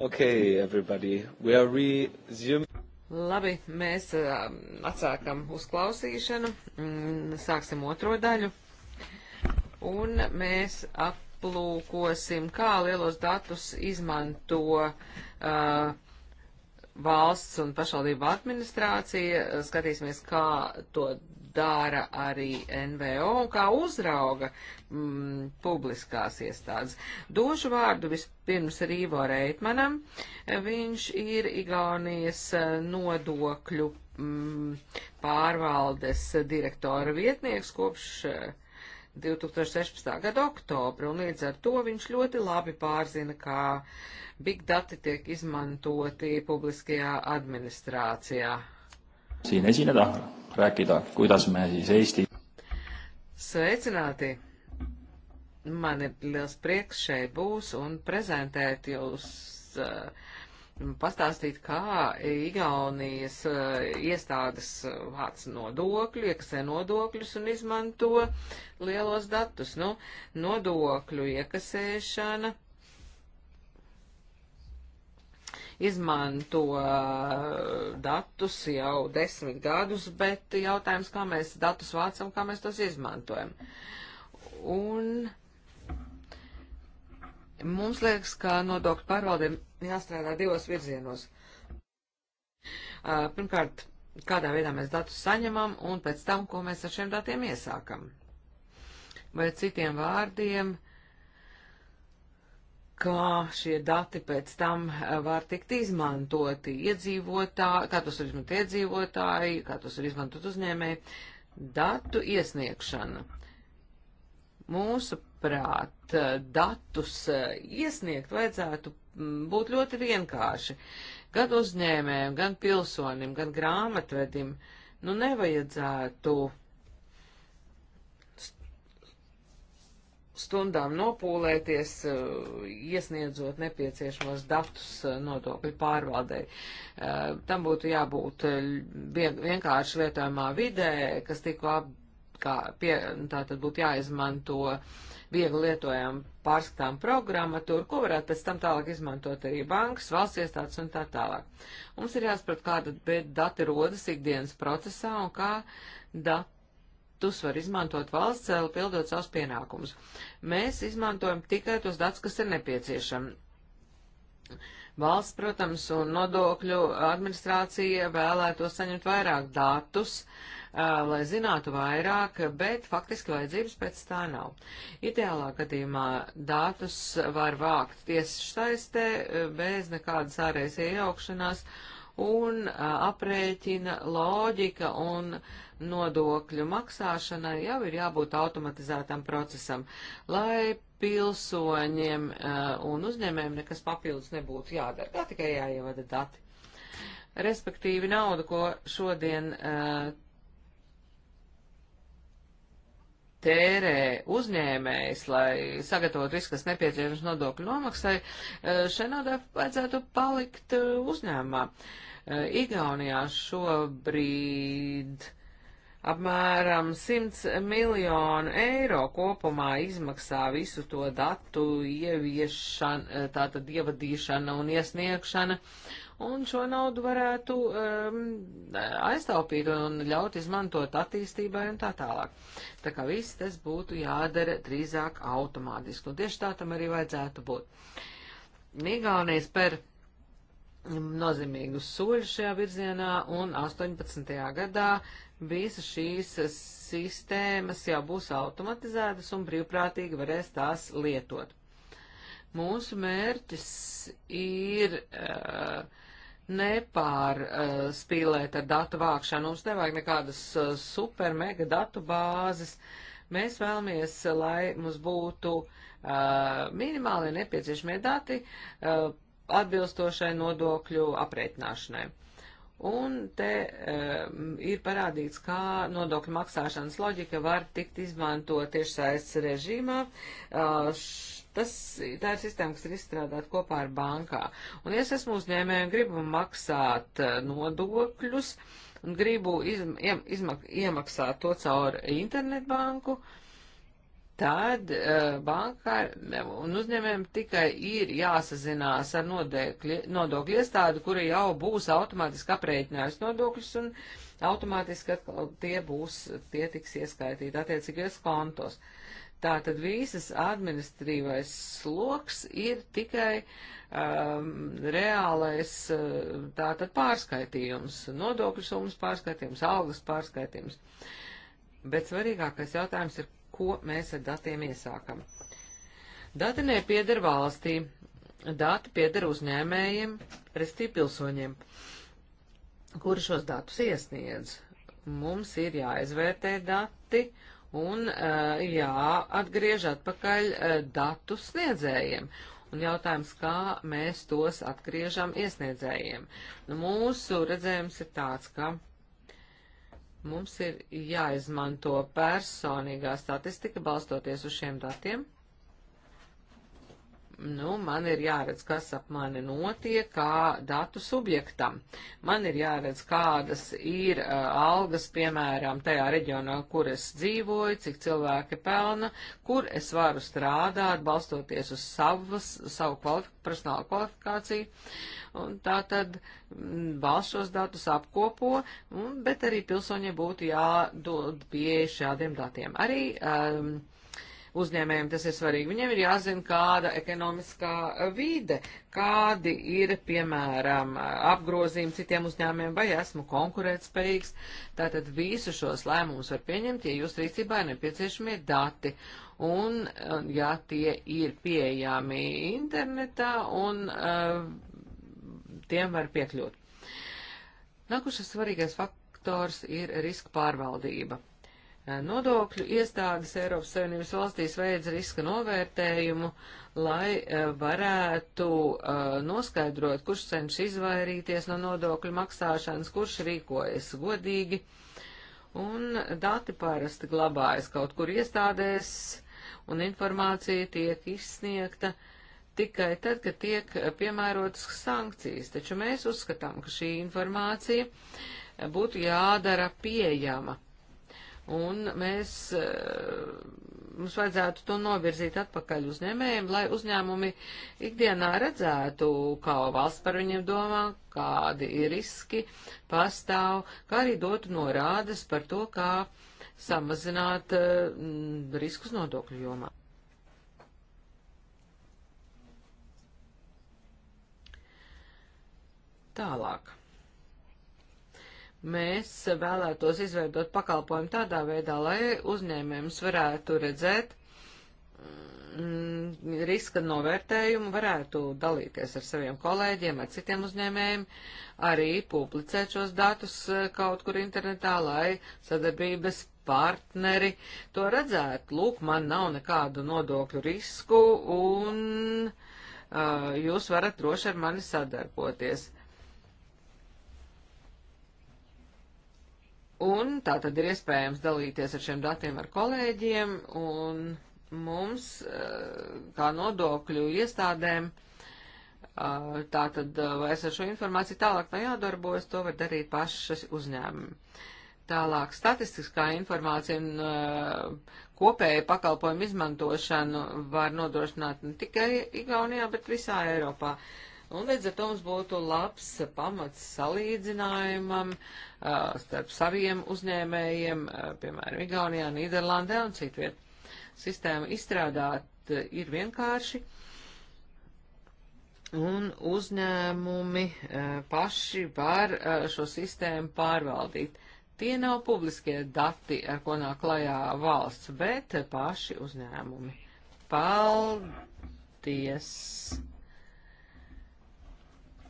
S1: Okay, everybody, we are resume.
S3: Labi, mēs uh, atsākam uzklausīšanu, mm, sāksim otro daļu, un mēs aplūkosim, kā lielos datus izmanto uh, valsts un pašvaldību administrācija, skatīsimies, kā to dara arī NVO un kā uzrauga mm, publiskās iestādes. Došu vārdu vispirms Rīvo Reitmanam. Viņš ir Igaunijas eh, nodokļu mm, pārvaldes direktora vietnieks kopš 2016. Eh, gada oktobra, un līdz ar to viņš ļoti labi pārzina, kā big dati tiek izmantoti publiskajā administrācijā
S2: siin esineda,
S1: rääkida, kuidas me siis Eesti.
S3: sveicināti! Man ir liels prieks šeit būs un prezentēt jūs, eh, pastāstīt, kā Igaunijas eh, iestādes vāc nodokļu, iekasē nodokļus un izmanto lielos datus. Nu, nodokļu iekasēšana izmanto uh, datus jau desmit gadus, bet jautājums, kā mēs datus vācam, kā mēs tos izmantojam. Un mums liekas, ka nodokļu pārvaldēm jāstrādā divos virzienos. Uh, pirmkārt, kādā veidā mēs datus saņemam un pēc tam, ko mēs ar šiem datiem iesākam. Vai citiem vārdiem, kā šie dati pēc tam eh, var tikt izmantoti iedzīvotāji, kā tos var izmantot iedzīvotāji, kā tos var izmantot uzņēmēji. Datu iesniegšana. Mūsuprāt, eh, datus eh, iesniegt vajadzētu mm, būt ļoti vienkārši. Gan uzņēmējiem, gan pilsonim, gan grāmatvedim, nu nevajadzētu uh, stundām nopūlēties, eh, iesniedzot nepieciešamos datus eh, nodokļu pārvaldei. Eh, tam būtu jābūt vienkārši lietojumā vidē, kas tikko ap, kā pie, tā tad būtu jāizmanto viegli lietojama pārskatām programmatūra, ko varētu pēc tam tālāk izmantot arī bankas, valsts iestādes un tā tālāk. Mums ir jāsaprot, kāda dati rodas ikdienas procesā un kā dati datus var izmantot valsts, pildot savus pienākumus. Mēs izmantojam tikai tos datus, kas ir nepieciešami. Valsts, protams, un nodokļu administrācija vēlētos saņemt vairāk datus, lai zinātu vairāk, bet faktiski vajadzības pēc tā nav. Ideālā gadījumā datus var vākt tiesas saistē bez nekādas ārējas iejaukšanās un aprēķina loģika un uh, nodokļu maksāšanai jau ir jābūt automatizētam procesam, lai pilsoņiem eh, un uzņēmējiem nekas papildus nebūtu jādara, kā tikai jāievada dati. Respektīvi nauda, ko šodien eh, tērē uzņēmējs, lai sagatavotu visu, kas nepieciešams nodokļu nomaksai, eh, šai naudai vajadzētu palikt uzņēmumā. Igaunijā šobrīd uh, Apmēram 100 miljonu eiro kopumā izmaksā visu to datu ieviešana, tātad ievadīšana un iesniegšana, un šo naudu varētu um, aiztaupīt un ļaut izmantot attīstībai un tā tālāk. Tā kā viss tas būtu jādara drīzāk automātiski, un tieši tā tam arī vajadzētu būt. Nīgaunies par nozīmīgus soļus šajā virzienā, un 18. gadā visas šīs sistēmas jau būs automatizētas un brīvprātīgi varēs tās lietot. Mūsu mērķis ir uh, eh, nepārspīlēt eh, uh, ar datu vākšanu. Mums nevajag nekādas uh, super mega datu bāzes. Mēs vēlamies, lai mums būtu minimāli nepieciešamie dati atbilstošai nodokļu aprēķināšanai. Un te um, ir parādīts, kā nodokļu maksāšanas loģika var tikt izmantot tiešsaistes režīmā. Uh, š, tas, tā ir sistēma, kas ir izstrādāta kopā ar bankā. Un ja es esmu uzņēmējiem, gribu maksāt uh, nodokļus un gribu izm, iem, izmak, iemaksāt to caur internetbanku, uh, tad uh, bankā un uzņēmējiem tikai ir jāsazinās ar nodēkļi, nodokļu iestādi, kura jau būs automātiski aprēķinājusi nodokļus un automātiski atkal tie būs, tie tiks ieskaitīti attiecīgajos kontos. Tātad visas administrīvais sloks ir tikai um, reālais eh, tātad pārskaitījums, nodokļu summas pārskaitījums, algas pārskaitījums. Bet svarīgākais jautājums ir, ko mēs ar datiem iesākam. Dati nepieder valstī, dati pieder uzņēmējiem, restīvi pilsoņiem, kuri šos datus iesniedz. Mums ir jāizvērtē dati un uh, jāatgriež atpakaļ uh, datu sniedzējiem. Un jautājums, kā mēs tos atgriežam iesniedzējiem. Nu, mūsu redzējums ir tāds, ka Mums ir jāizmanto personīgā statistika balstoties uz šiem datiem nu, man ir jāredz, kas ap mani notiek, kā datu subjektam. Man ir jāredz, kādas ir uh, algas, piemēram, tajā reģionā, kur es dzīvoju, cik cilvēki pelna, kur es varu strādāt, balstoties uz savas, savu kvalif profesionālu kvalifikāciju. Un tā tad valsts mm, šos datus apkopo, un, bet arī pilsoņiem būtu jādod pieeja šādiem datiem. Arī um, uzņēmējiem tas ir svarīgi. Viņiem ir jāzina, kāda ekonomiskā vide, kādi ir, piemēram, apgrozījumi citiem uzņēmējiem, vai esmu konkurētspējīgs. Tātad visu šos lēmumus var pieņemt, ja jūs rīcībā ir nepieciešamie dati. Un, ja tie ir pieejami internetā un uh, tiem var piekļūt. Nākošais svarīgais faktors ir riska pārvaldība. Nodokļu iestādes Eiropas Savienības valstīs veids riska novērtējumu, lai e, varētu e, noskaidrot, kurš cenš izvairīties no nodokļu maksāšanas, kurš rīkojas godīgi, un dati parasti glabājas kaut kur iestādēs, un informācija tiek izsniegta tikai tad, kad tiek piemērotas sankcijas, taču mēs uzskatām, ka šī informācija būtu jādara pieejama Un mēs, eh, mums vajadzētu to novirzīt atpakaļ uzņēmējiem, lai uzņēmumi ikdienā redzētu, kā valsts par viņiem domā, kādi ir riski pastāv, kā arī dotu norādes par to, kā samazināt uh, riskus nodokļu jomā. Tālāk mēs vēlētos izveidot pakalpojumu tādā veidā, lai uzņēmējums varētu redzēt mm, riska novērtējumu, varētu dalīties ar saviem kolēģiem, ar citiem uzņēmējiem, arī publicēt šos datus eh, kaut kur internetā, lai sadarbības partneri to redzētu. Lūk, man nav nekādu nodokļu risku un uh, jūs varat droši ar mani sadarboties. Uh, Un tā tad ir iespējams dalīties ar šiem datiem ar kolēģiem, un mums, eh, kā nodokļu iestādēm, eh, tā tad eh, vairs ar šo informāciju tālāk nav jādarbojas, to var darīt pašas uzņēmumi. Tālāk statistiskā informācija un kopēja pakalpojumu izmantošanu var nodrošināt ne tikai Igaunijā, bet visā Eiropā. Uh, Un līdz ar to mums būtu labs pamats salīdzinājumam uh, starp saviem uzņēmējiem, uh, piemēram, Igaunijā, Nīderlandē un citviet. Sistēmu izstrādāt uh, ir vienkārši, un uzņēmumi uh, paši var uh, šo sistēmu pārvaldīt. Tie nav publiskie dati, ar ko nāk klajā valsts, bet paši uzņēmumi. Paldies!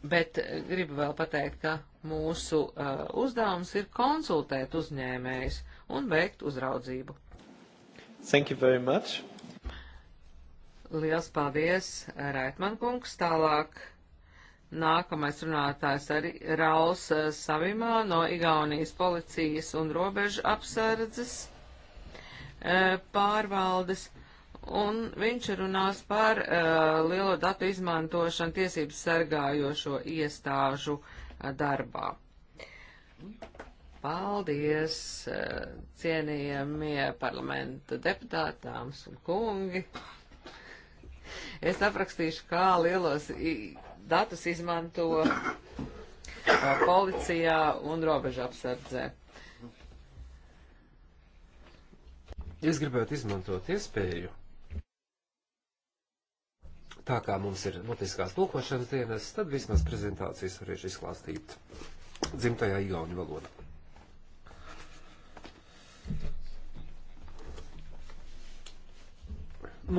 S3: Bet eh, gribu vēl pateikt, ka mūsu uh, uzdevums ir konsultēt uzņēmējs un veikt uzraudzību. Thank you very much. Liels paldies, Raitman kungs. Tālāk nākamais runātājs arī Rauls eh, Savimā no Igaunijas policijas un robežu apsardzes pārvaldes un viņš runās par uh, lielo datu izmantošanu tiesības sargājošo iestāžu uh, darbā. Paldies, uh, cienījamie parlamenta deputātāms un kungi. Es aprakstīšu, kā lielos datus izmanto uh, policijā un robeža apsardzē.
S1: Es gribētu izmantot iespēju tā kā mums ir mutiskās tulkošanas dienas, tad vismaz prezentācijas varēšu izklāstīt dzimtajā igauņu valodā.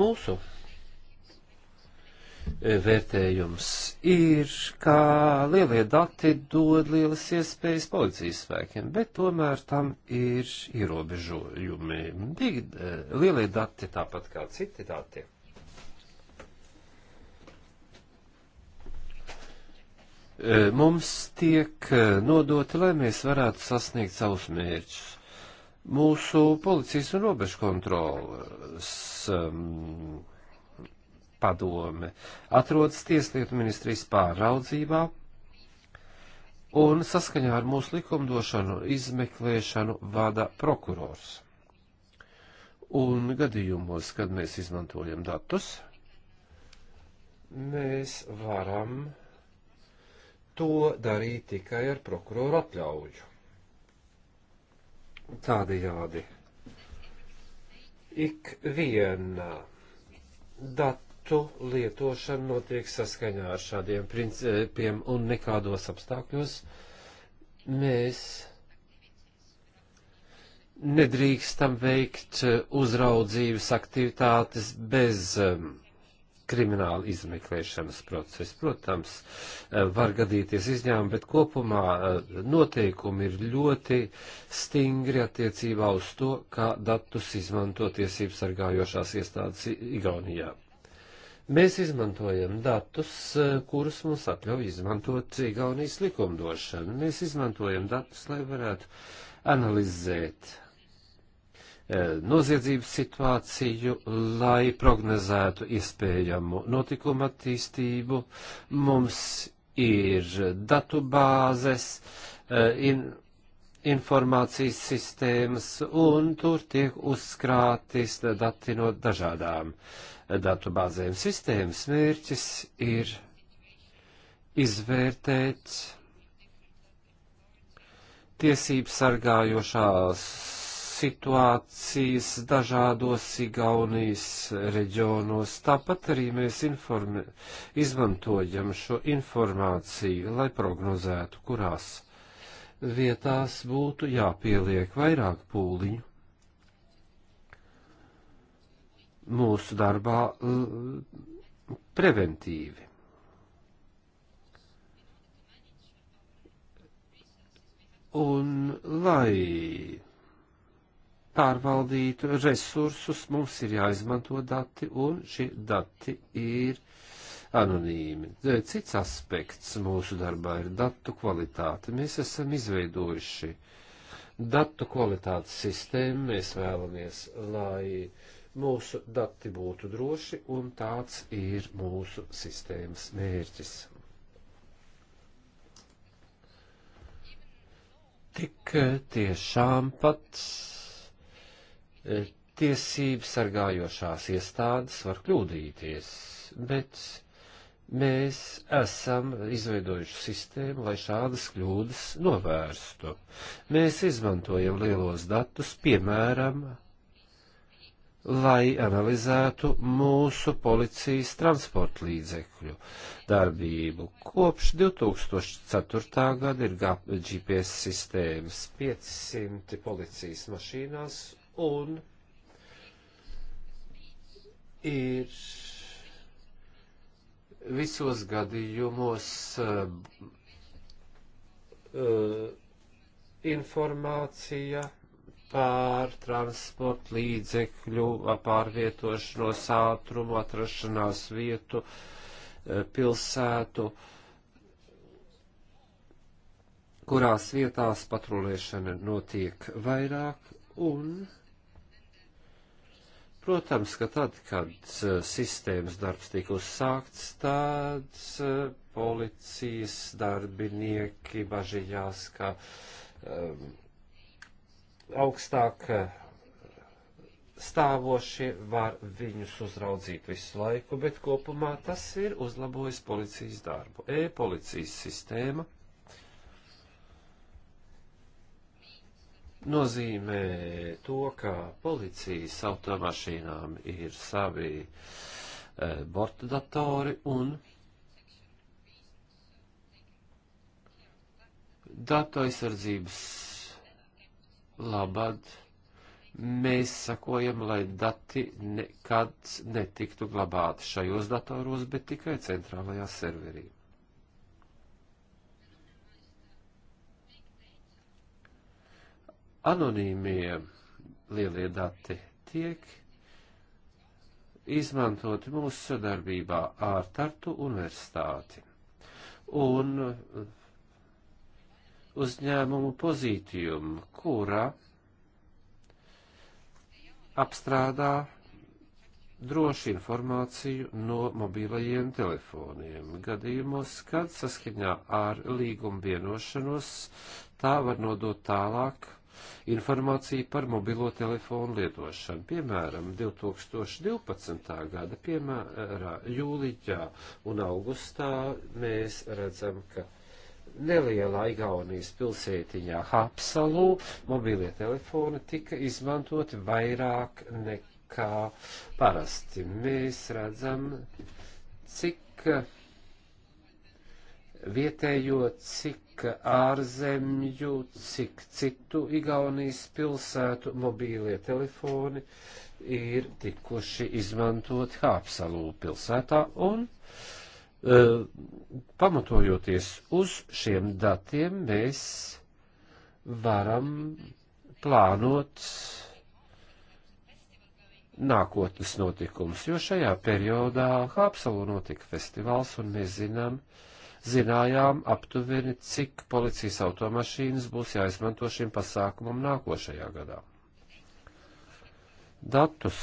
S1: Mūsu e, vērtējums ir, ka lielie dati dod lielas iespējas policijas spēkiem, bet tomēr tam ir ierobežojumi. Big, e, lielie dati tāpat kā citi dati E, mums tiek e, nodoti, lai mēs varētu sasniegt savus mērķus. Mūsu policijas un robežu kontrolas um, padome atrodas Tieslietu ministrijas pāraudzībā un saskaņā ar mūsu likumdošanu izmeklēšanu vada prokurors. Un gadījumos, kad mēs izmantojam datus, mēs varam to darīja tikai ar prokuroru atļauju. Tādējādi ik viena datu lietošana notiek saskaņā ar šādiem principiem un nekādos apstākļos mēs nedrīkstam veikt uzraudzības aktivitātes bez um, krimināla izmeklēšanas process. Protams, eh, var gadīties izņēmumi, bet kopumā eh, noteikumi ir ļoti stingri attiecībā uz to, kā datus izmanto tiesības sargājošās iestādes Igaunijā. Mēs izmantojam datus, eh, kurus mums atļauj izmantot Igaunijas likumdošana. Mēs izmantojam datus, lai varētu analizēt E, noziedzības situāciju, lai prognozētu iespējamu notikumu attīstību. Mums ir datubāzes, e, in, informācijas sistēmas, un tur tiek uzkrātis dati no dažādām e, datubāzēm. Sistēmas mērķis ir izvērtēt tiesību sargājošās situācijas dažādos Igaunijas reģionos. Tāpat arī mēs informē, izmantojam šo informāciju, lai prognozētu, kurās vietās būtu jāpieliek vairāk pūliņu. mūsu darbā preventīvi. Un lai pārvaldītu resursus, mums ir jāizmanto dati, un šie dati ir anonīmi. Cits aspekts mūsu darbā ir datu kvalitāte. Mēs esam izveidojuši datu kvalitātes sistēmu, mēs vēlamies, lai mūsu dati būtu droši, un tāds ir mūsu sistēmas mērķis. Tik tiešām pats Eh, tiesību sargājošās iestādes var kļūdīties, bet mēs esam izveidojuši sistēmu, lai šādas kļūdas novērstu. Mēs izmantojam lielos datus, piemēram, lai analizētu mūsu policijas transporta līdzekļu darbību. Kopš 2004. gada ir GPS sistēmas 500 policijas mašīnās un ir visos gadījumos uh, uh, informācija par transporta līdzekļu pārvietošanos ātrumu, atrašanās vietu, uh, pilsētu, kurās vietās patrulēšana notiek vairāk un Protams, ka tad, kad eh, sistēmas darbs tika uzsākts, tāds eh, policijas darbinieki bažījās, ka um, augstāk stāvošie var viņus uzraudzīt visu laiku, bet kopumā tas ir uzlabojis policijas darbu. E-policijas sistēma nozīmē to, ka policijas automašīnām ir savi e, bortdatori un datu aizsardzības labad mēs sakojam, lai dati nekad netiktu glabāti šajos datoros, bet tikai centrālajā serverī. anonīmie lielie dati tiek izmantoti mūsu sadarbībā ar Tartu universitāti un uzņēmumu pozītījumu, kurā apstrādā droši informāciju no mobilajiem telefoniem. Gadījumos, kad saskaņā ar līgumu vienošanos tā var nodot tālāk informāciju par mobilo telefonu lietošanu. Piemēram, 2012. gada piemērā jūlijā un augustā mēs redzam, ka nelielā Igaunijas pilsētiņā Hapsalū mobilie telefoni tika izmantoti vairāk nekā parasti. Mēs redzam, cik vietējo, cik ārzemju, cik citu Igaunijas pilsētu mobīlie telefoni ir tikuši izmantoti Hāpsalū pilsētā un e, pamatojoties uz šiem datiem mēs varam plānot nākotnes notikums, jo šajā periodā Hāpsalu notika festivāls un mēs zinām, uh, zinājām aptuveni, cik policijas automašīnas būs jāizmanto šim pasākumam nākošajā gadā. Datus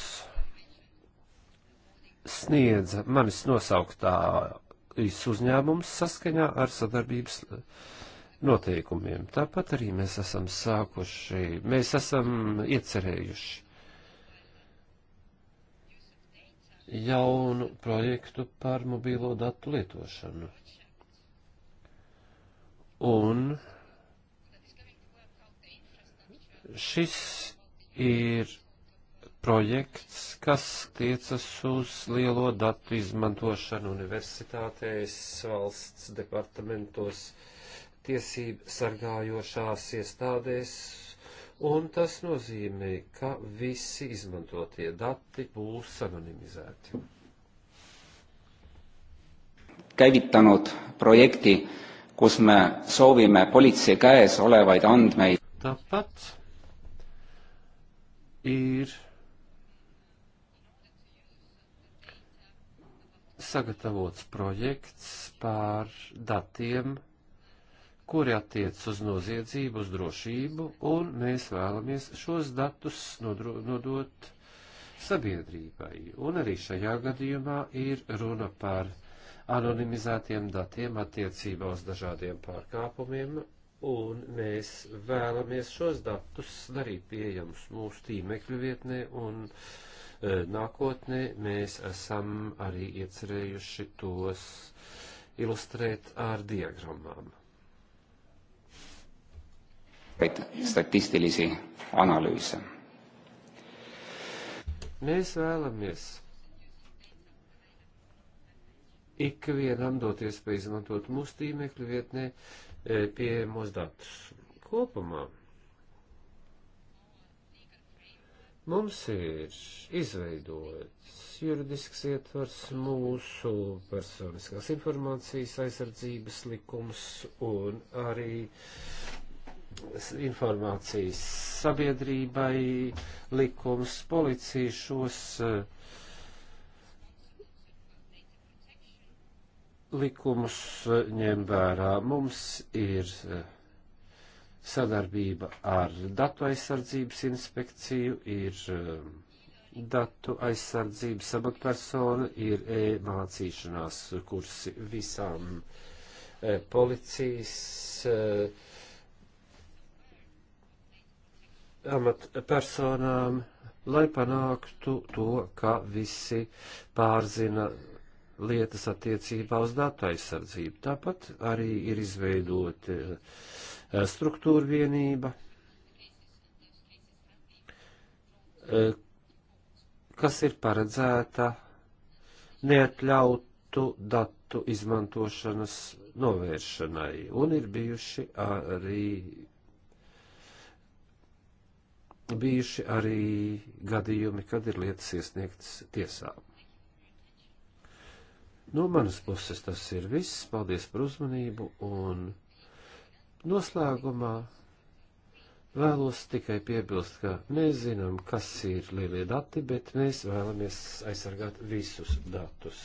S1: sniedza manis nosauktājs uzņēmums saskaņā ar sadarbības noteikumiem. Tāpat arī mēs esam sākuši, mēs esam iecerējuši jaunu projektu par mobīlo datu lietošanu. Un šis ir projekts, kas tiecas uz lielo datu izmantošanu universitātēs, valsts departamentos, tiesību sargājošās iestādēs, un tas nozīmē, ka visi izmantotie dati būs anonimizēti. Käivitanud projekti kus me soovime politsei käes olevaid andmeid. Tāpat ir sagatavots projekts pār datiem, kuri attiec uz noziedzību, uz drošību, un mēs vēlamies šos datus nodro, nodot sabiedrībai. Un arī šajā gadījumā ir runa par anonimizētiem datiem attiecībā uz dažādiem pārkāpumiem, un mēs vēlamies šos datus darīt pieejamus mūsu tīmekļu vietnē, un e, nākotnē mēs esam arī iecerējuši tos ilustrēt ar diagrammām. Statistilisi analīze. Mēs vēlamies ikvienam dot iespēju izmantot mūsu tīmekļu vietnē pieejamos datus. Kopumā Mums ir izveidots juridisks ietvars mūsu personiskās informācijas aizsardzības likums un arī informācijas sabiedrībai likums. Policija šos uh, likumus eh, ņem vērā. Mums ir eh, sadarbība ar datu aizsardzības inspekciju, ir eh, datu aizsardzības amatpersona, ir e-mācīšanās kursi visām policijas amatpersonām, lai panāktu to, ka visi pārzina lietas attiecībā uz datu aizsardzību. Tāpat arī ir izveidota eh, struktūra vienība, eh, kas ir paredzēta neatļautu datu izmantošanas novēršanai, un ir bijuši arī, bijuši arī gadījumi, kad ir lietas iesniegtas tiesām. No manas puses tas ir viss. Paldies par uzmanību un noslēgumā Vēlos tikai piebilst, ka mēs zinām, kas ir lielie dati, bet mēs vēlamies aizsargāt visus datus.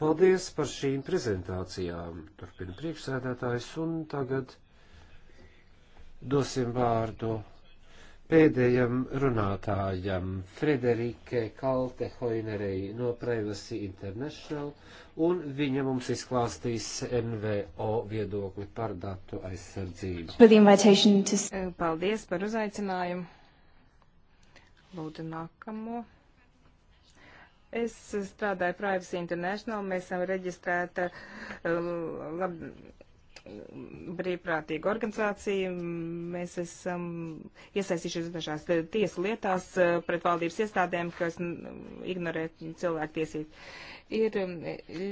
S1: Paldies par šīm prezentācijām. Turpina priekšsēdētājs un tagad dosim vārdu pēdējam runātājam, Frederike Kaltehoinerei no Privacy International, un viņa mums izklāstīs NVO viedokli par datu aizsardzību. Eh,
S2: paldies par uzaicinājumu. Lūdzu, nākamo. Es strādāju Privacy International, mēs esam reģistrēta eh, lab, brīvprātīga organizācija. Mēs esam iesaistījušies dažās tiesu lietās eh, pret valdības iestādēm, kas ignorē cilvēku tiesības ir um,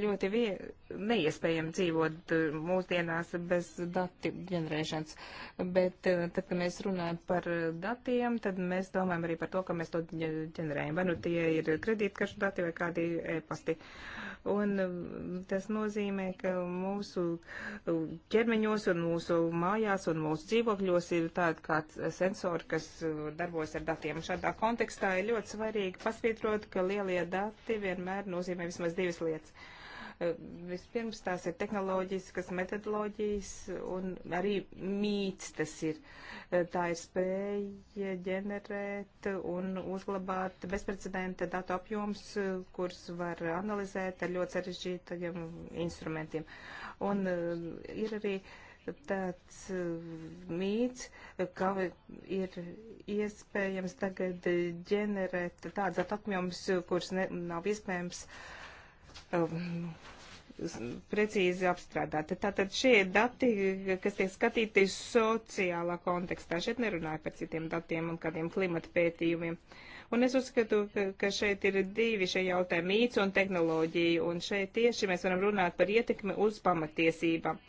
S2: ļoti vie... neiespējami dzīvot uh, mūsdienās bez dati ģenerēšanas. Bet uh, tad, kad mēs runājam par uh, datiem, tad mēs domājam arī par to, ka mēs to ģenerējam. Vai nu tie ir kredītkaršu dati vai kādi e-pasti. Un um, tas nozīmē, ka mūsu ķermeņos un mūsu mājās un mūsu dzīvokļos ir tāda kā sensori, kas darbojas ar datiem. Šādā kontekstā ir ļoti svarīgi pasvītrot, ka lielie dati vienmēr nozīmē vismaz galvenās divas lietas. Vispirms tās ir tehnoloģiskas metodoloģijas un arī mīts tas ir. Tā ir spēja ģenerēt un uzglabāt bezprecedenta datu apjoms, kurus var analizēt ar ļoti sarežģītajiem instrumentiem. Un ir arī tāds mīts, ka ir iespējams tagad ģenerēt tādas atmjums, kuras ne, nav iespējams uh, Um, precīzi apstrādāti. Tātad šie dati, kas tiek skatīti sociālā kontekstā, šeit nerunāju par citiem datiem un kādiem klimata pētījumiem. Un es uzskatu, ka, ka šeit ir divi šie jautājumi - mīts un tehnoloģija, un šeit tieši mēs varam runāt par ietekmi uz pamatiesībām.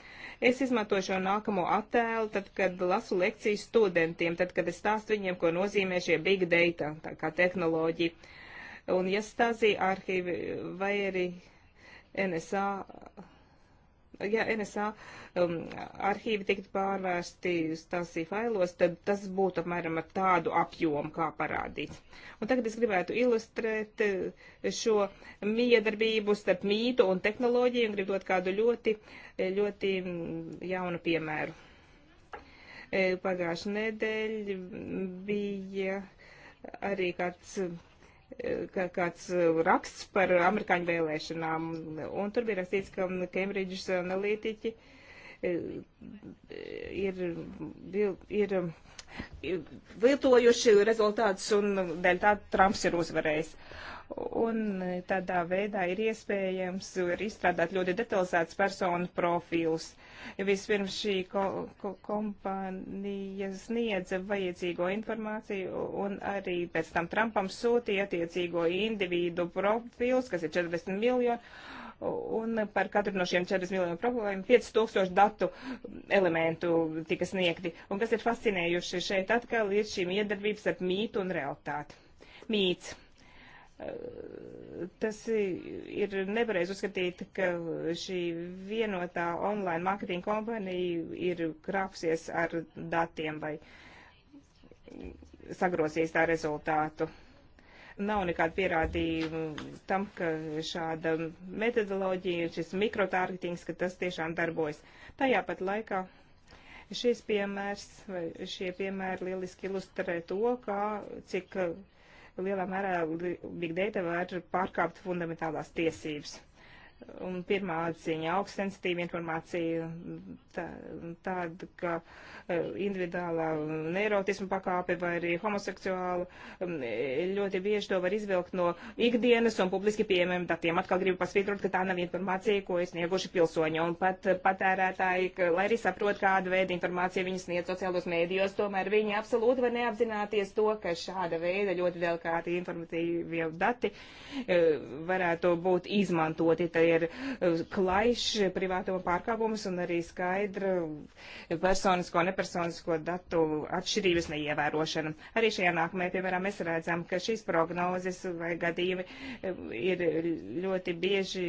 S2: Es izmantoju šo nākamo attēlu, tad, kad lasu lekcijas studentiem, tad, kad es stāstu viņiem, ko nozīmē šie big data, tā kā tehnoloģija un iestāstīja arhīvi vai arī NSA. Ja NSA um, arhīvi tiktu pārvērsti stāstī failos, tad tas būtu apmēram ar tādu apjomu, kā parādīts. Un tagad es gribētu ilustrēt uh, šo miedarbību starp mītu un tehnoloģiju un gribu dot kādu ļoti, ļoti mm, jaunu piemēru uh, pagājušā nedēļa bija arī kāds kāds uh, raksts par amerikāņu vēlēšanām, un tur bija rakstīts, ka Kembridžas analītiķi uh, ir, ir, um, ir viltojuši rezultātus, un dēļ tā Trumps ir uzvarējis. Uh, un tādā veidā ir iespējams izstrādāt ļoti detalizēts personu profils. Vispirms šī ko, ko, kompānija sniedza vajadzīgo informāciju un arī pēc tam Trumpam sūtīja attiecīgo individu profils, kas ir 40 miljoni, un par katru no šiem 40 miljonu profiliem 5000 datu elementu tika sniegti. Un kas ir fascinējuši šeit atkal ir šīm iedarbības ar mītu un realitāti. Mīts Eh, tas ir nepareizi uzskatīt, ka šī vienotā online marketing kompānija ir krāpsies ar datiem vai sagrosīs tā rezultātu. Nav nekāda pierādījuma tam, ka šāda metodoloģija, šis mikrotārgetings, ka tas tiešām darbojas. Tajā pat laikā šis piemērs vai šie piemēri lieliski ilustrē to, kā cik uh, lielā mērā Big Data var pārkāpt fundamentālās tiesības. Un pirmā atziņa - augstsensitīva informācija, tā, tāda kā e, individuālā neirotisma pakāpe vai arī homoseksuāla, e, ļoti bieži to var izvilkt no ikdienas un publiski pieejamiem datiem. Atkal gribu pasvītrot, ka tā nav informācija, ko es nieguši pilsoņi. Un pat patērētāji, ka, lai arī saprot, kāda veida informācija viņi sniedz sociālos mēdījos, tomēr viņi absolūti var neapzināties to, ka šāda veida ļoti delikāti informatīvie dati e, varētu būt izmantoti. Tā ir eh, klaišs privātuma pārkāpums un arī skaidra personisko, nepersonisko datu atšķirības neievērošana. Arī šajā nākamajā, piemēram, mēs redzam, ka šīs prognozes vai gadījumi eh, ir ļoti bieži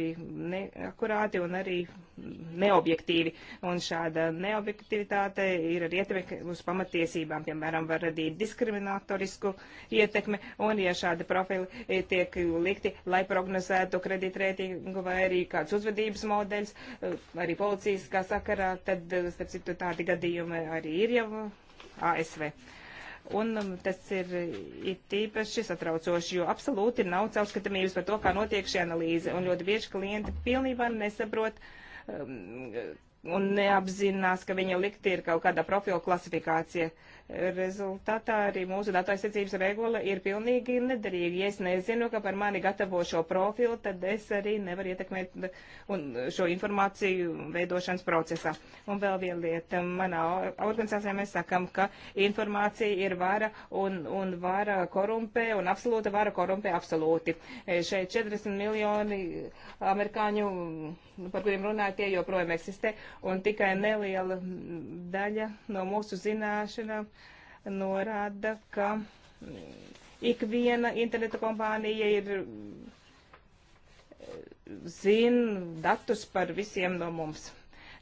S2: neakurāti un arī neobjektīvi. Un šāda neobjektivitāte ir ar ietekmi uz pamatiesībām, piemēram, var radīt diskriminatorisku ietekmi, un ja šādi profili tiek likti, lai prognozētu kredītreitingu vai arī kāds uzvedības modeļs, eh, arī policijas kā sakarā, tad, eh, starp citu, tādi gadījumi arī ir jau eh, ASV. Un um, tas ir it īpaši satraucoši, jo absolūti nav caurskatāmības par to, kā notiek šī analīze. Un ļoti bieži klienti pilnībā nesaprot, um, un neapzinās, ka viņa likte ir kaut kāda profila klasifikācija. Rezultātā arī mūsu datu aizsardzības regula ir pilnīgi nederīga. Ja es nezinu, ka par mani gatavo šo profilu, tad es arī nevaru ietekmēt šo informāciju veidošanas procesā. Un vēl viena lieta. Manā organizācijā mēs sakam, ka informācija ir vara un, un vara korumpē un absolūta vara korumpē absolūti. E, šeit 40 miljoni amerikāņu, par kuriem runāju, tie joprojām eksistē un tikai neliela daļa no mūsu zināšanām norāda, ka ikviena interneta kompānija ir eh, zina datus par visiem no mums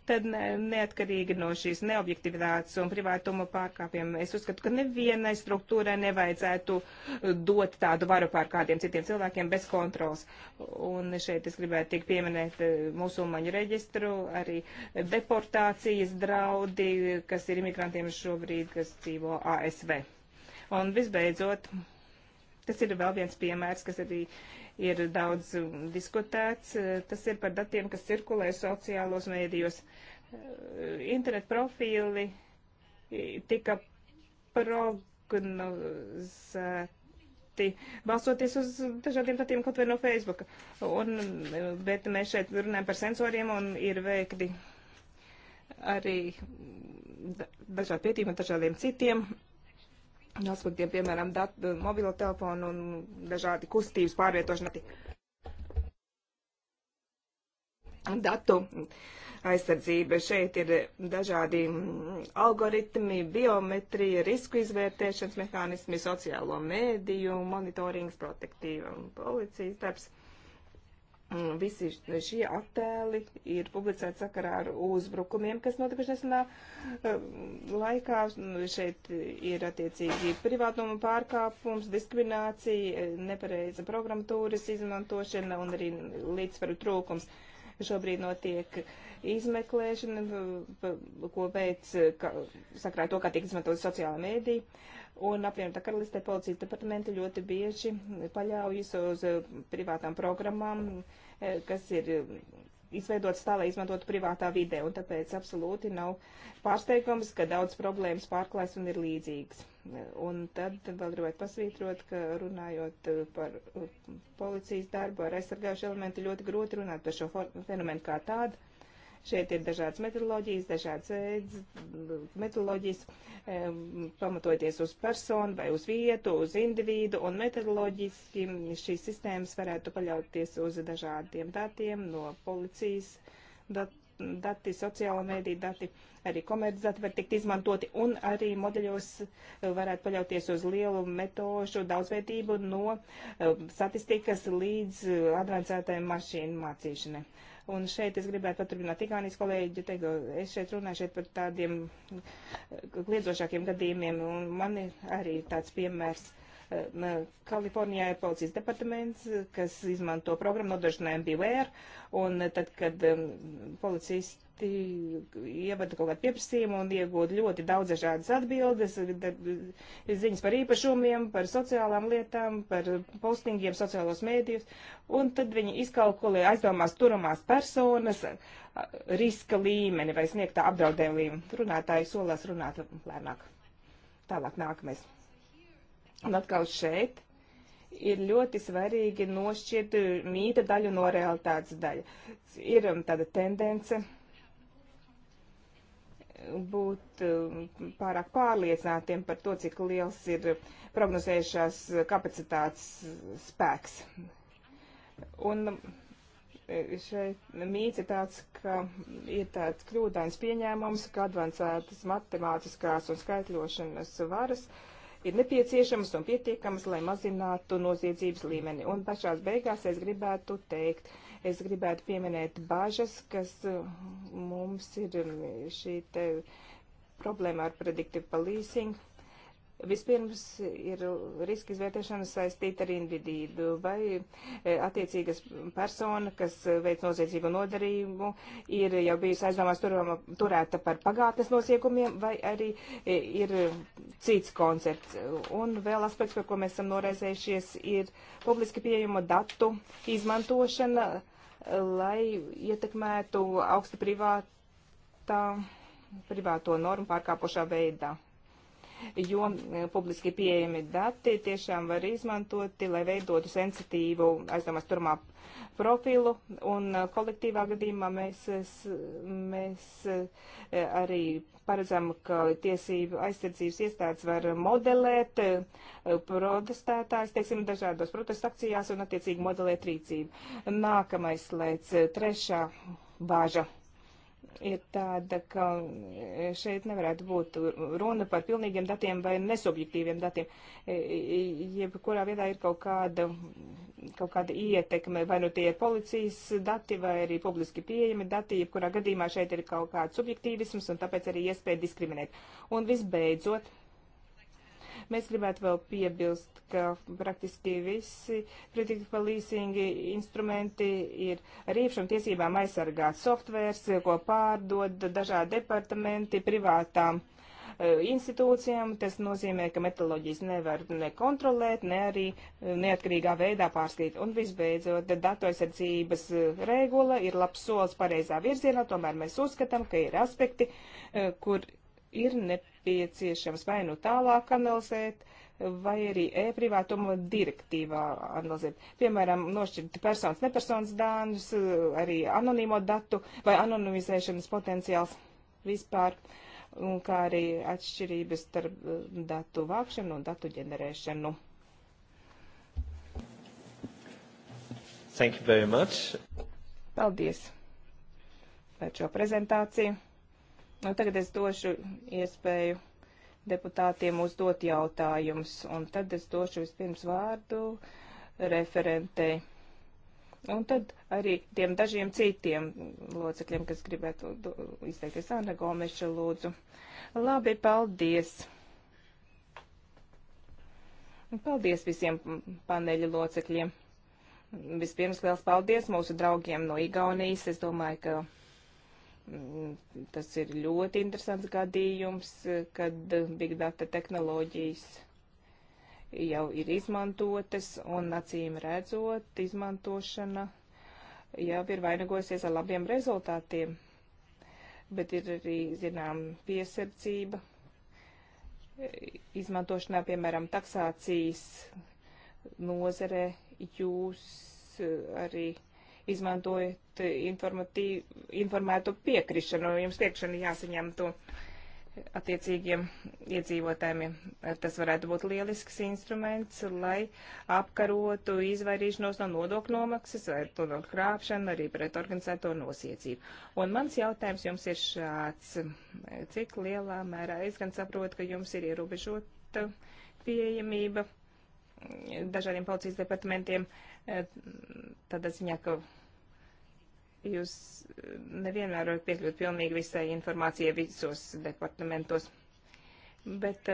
S2: tad neatkarīgi no šīs neobjektivitātes un privātuma pārkāpiem, es uzskatu, ka nevienai struktūrai nevajadzētu dot tādu varu pār kādiem citiem cilvēkiem bez kontrols. Un šeit es gribētu tik pieminēt eh, musulmaņu reģistru, arī deportācijas draudi, kas ir imigrantiem šobrīd, kas dzīvo ASV. Un visbeidzot, tas ir vēl viens piemērs, kas arī ir daudz um, diskutēts. Uh, tas ir par datiem, kas cirkulē sociālos mēdījos. Uh, internet profili tika prognozēti ļoti balsoties uz dažādiem datiem, kaut vai no Facebooka. Un, uh, bet mēs šeit runājam par sensoriem un ir veikti arī dažādi pētījumi ar dažādiem citiem aspektiem, piemēram, dat, mobilo telefonu un dažādi kustības pārvietošana. Datu aizsardzība. Šeit ir dažādi mm, algoritmi, biometrija, risku izvērtēšanas mehānismi, sociālo mēdīju, monitorings, protektīva un policijas darbs. Mm, visi šie attēli ir publicēti sakarā ar uzbrukumiem, kas notikuši nesenā eh, laikā. Šeit ir attiecīgi privātuma pārkāpums, diskriminācija, eh, nepareiza programmatūras izmantošana un arī līdzsvaru trūkums. Šobrīd notiek izmeklēšana, ko veids sakarā to, kā tiek izmantot sociāla mēdīja Un apvienotā karalistē policijas departamenti ļoti bieži paļaujas uz eh, privātām programmām, eh, kas ir eh, izveidotas tā, lai izmantotu privātā vidē, un tāpēc absolūti nav pārsteigums, ka daudz problēmas pārklājas un ir līdzīgas. Un tad vēl gribētu pasvītrot, ka runājot par policijas darbu ar aizsargājušu elementu, ļoti grūti runāt par šo fenomenu kā tādu Šeit ir dažādas metodoloģijas, dažādas veids metodoloģijas, pamatoties uz personu vai uz vietu, uz individu, un metodoloģiski šīs sistēmas varētu paļauties uz dažādiem datiem no policijas datiem dati, sociāla mēdī dati, arī komerc dati var tikt izmantoti, un arī modeļos varētu paļauties uz lielu metožu daudzveidību no statistikas līdz eh, advancētajai mašīnu mācīšanai. Un šeit es gribētu paturpināt Igānijas kolēģi, teikt, es šeit runāju šeit par tādiem eh, kliedzošākiem gadījumiem, un man ir arī tāds piemērs. Kalifornijā ir policijas departaments, kas izmanto programmu nodrošinājumu Beware, un tad, kad um, policisti ievada kaut kādu pieprasījumu un iegūda ļoti daudz dažādas atbildes, ziņas par īpašumiem, par sociālām lietām, par postingiem sociālos mēdījus, un tad viņi izkalkulē aizdomās turamās personas riska līmeni vai sniegtā apdraudējuma līmeni. Runātāji solās runāt lēnāk. Tālāk nākamais. Un atkal šeit ir ļoti svarīgi nošķirt mīta daļu no realitātes daļa. Ir um, tāda tendence būt um, pārāk pārliecinātiem par to, cik liels ir prognozējušās kapacitātes spēks. Un um, šeit mīts ir tāds, ka ir tāds kļūdains pieņēmums, ka advancētas matemātiskās un skaitļošanas varas uh, ir nepieciešamas un pietiekamas, lai mazinātu noziedzības līmeni. Un pašās beigās es gribētu teikt, es gribētu pieminēt bažas, kas uh, mums ir šī te problēma ar predictive policing Vispirms ir riska izvērtēšana saistīta ar individu vai e, attiecīgas persona, kas e, veic noziedzīgu nodarījumu, ir jau bijusi aizdomās turēta par pagātnes nosiegumiem vai arī e, ir cits koncepts. Un vēl aspekts, par ko mēs esam noraizējušies, ir publiski pieejamo datu izmantošana, lai ietekmētu augstu privātā, privāto normu pārkāpošā veidā jo eh, publiski pieejami dati tiešām var izmantoti, lai veidotu sensitīvu aizdomās turmā profilu, un eh, kolektīvā gadījumā mēs, eh, mēs arī paredzam, ka tiesību aizsardzības iestādes var modelēt protestētājs, teiksim, dažādos protestu akcijās un attiecīgi modelēt rīcību. Nākamais slēdz trešā bāža ir tāda, ka šeit nevarētu būt runa par pilnīgiem datiem vai nesubjektīviem datiem. E, e, jebkurā vietā ir kaut kāda, kaut kāda ietekme, vai nu tie ir policijas dati, vai arī publiski pieejami dati, jebkurā gadījumā šeit ir kaut kāds subjektīvisms un tāpēc arī iespēja diskriminēt. Un visbeidzot, Mēs gribētu vēl piebilst, ka praktiski visi predictive leasing instrumenti ir ar īpašam tiesībām aizsargāt softvērs, ko pārdod dažādi departamenti privātām e, institūcijām. Tas nozīmē, ka metodoloģijas nevar nekontrolēt, ne arī neatkarīgā veidā pārskatīt. Un visbeidzot, datu aizsardzības e, regula ir labs solis pareizā virzienā, tomēr mēs uzskatām, ka ir aspekti, e, kur ir nepieciešams nepieciešams vai nu tālāk analizēt, vai arī e-privātuma direktīvā analizēt. Piemēram, nošķirt personas, nepersonas dāņus, arī anonīmo datu vai anonimizēšanas potenciāls vispār, un kā arī atšķirības starp eh, datu vākšanu un datu ģenerēšanu. Thank you very much. Paldies par šo prezentāciju. Un nu, tagad es došu iespēju deputātiem uzdot jautājumus, un tad es došu vispirms vārdu referentei. Un tad arī tiem dažiem citiem locekļiem, kas gribētu izteikties Anna Gomeša lūdzu. Labi, paldies! Paldies visiem paneļa locekļiem. Vispirms liels paldies mūsu draugiem no Igaunijas. Es domāju, ka Tas ir ļoti interesants gadījums, kad big data tehnoloģijas jau ir izmantotas un acīm redzot, izmantošana jau ir vainagosies ar labiem rezultātiem, bet ir arī, zinām, piesardzība izmantošanā, piemēram, taksācijas nozarē jūs eh, arī izmantojot informēto piekrišanu, jums piekrišanu jāsaņem to attiecīgiem iedzīvotājiem. Tas varētu būt lielisks instruments, lai apkarotu izvairīšanos no nodokļu nomaksas, vai to no krāpšanu, arī pret organizēto nosiecību. Un mans jautājums jums ir šāds. Cik lielā mērā es gan saprotu, ka jums ir ierobežota pieejamība dažādiem policijas departamentiem? Uh, tādā ziņā, ka jūs nevienmēr varat piekļūt pilnīgi visai informācijai visos departamentos. Bet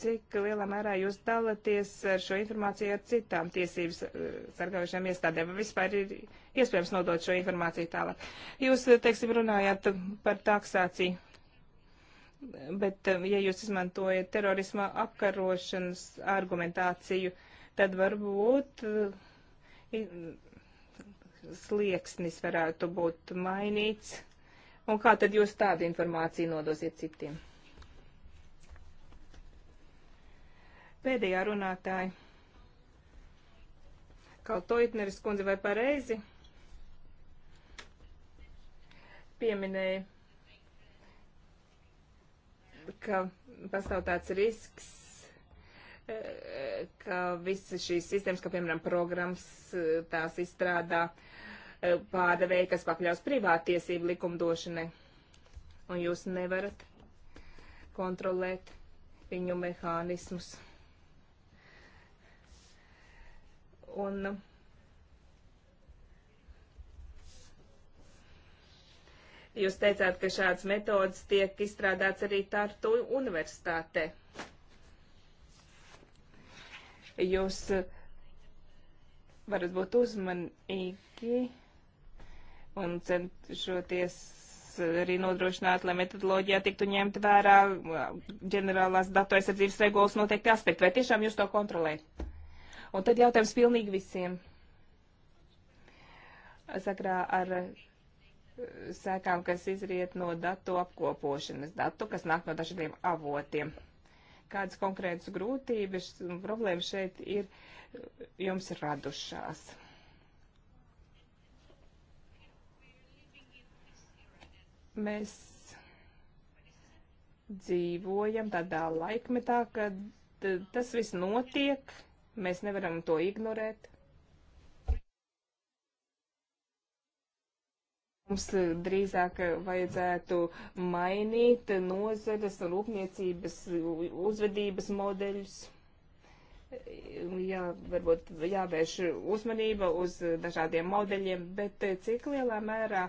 S2: cik lielā mērā jūs dalaties ar šo informāciju ar citām tiesības sargājušām iestādēm? Vispār ir iespējams nodot šo informāciju tālāk. Jūs, teiksim, runājāt par taksāciju. Bet, ja jūs izmantojat terorisma apkarošanas argumentāciju, tad varbūt uh, slieksnis varētu būt mainīts. Un kā tad jūs tādu informāciju nodosiet citiem? Pēdējā runātāja. Kaltoitneris kundze vai pareizi pieminēja, ka pastāv tāds risks, ka visas šīs sistēmas, kā piemēram programmas, tās izstrādā e, pārdevēja, kas pakļaus privātiesību likumdošanai. Un jūs nevarat kontrolēt viņu mehānismus. Un jūs teicāt, ka šāds metodas tiek izstrādāts arī Tartu universitātē. Jūs eh, varat būt uzmanīgi un cenšoties eh, arī nodrošināt, lai metodoloģijā tiktu ņemt vērā eh, ģenerālās datu aizsardzības regulas noteikti aspekti. Vai tiešām jūs to kontrolējat? Un tad jautājums pilnīgi visiem. Sakrā ar sēkām, kas izriet no datu apkopošanas, datu, kas nāk no dažādiem avotiem kādas konkrētas grūtības un problēmas šeit ir jums radušās. Mēs dzīvojam tādā laikmetā, kad tas viss notiek, mēs nevaram to ignorēt. Mums drīzāk vajadzētu mainīt nozares un rūpniecības uzvedības modeļus. Jā, varbūt jāvērš uzmanība uz dažādiem modeļiem, bet cik lielā mērā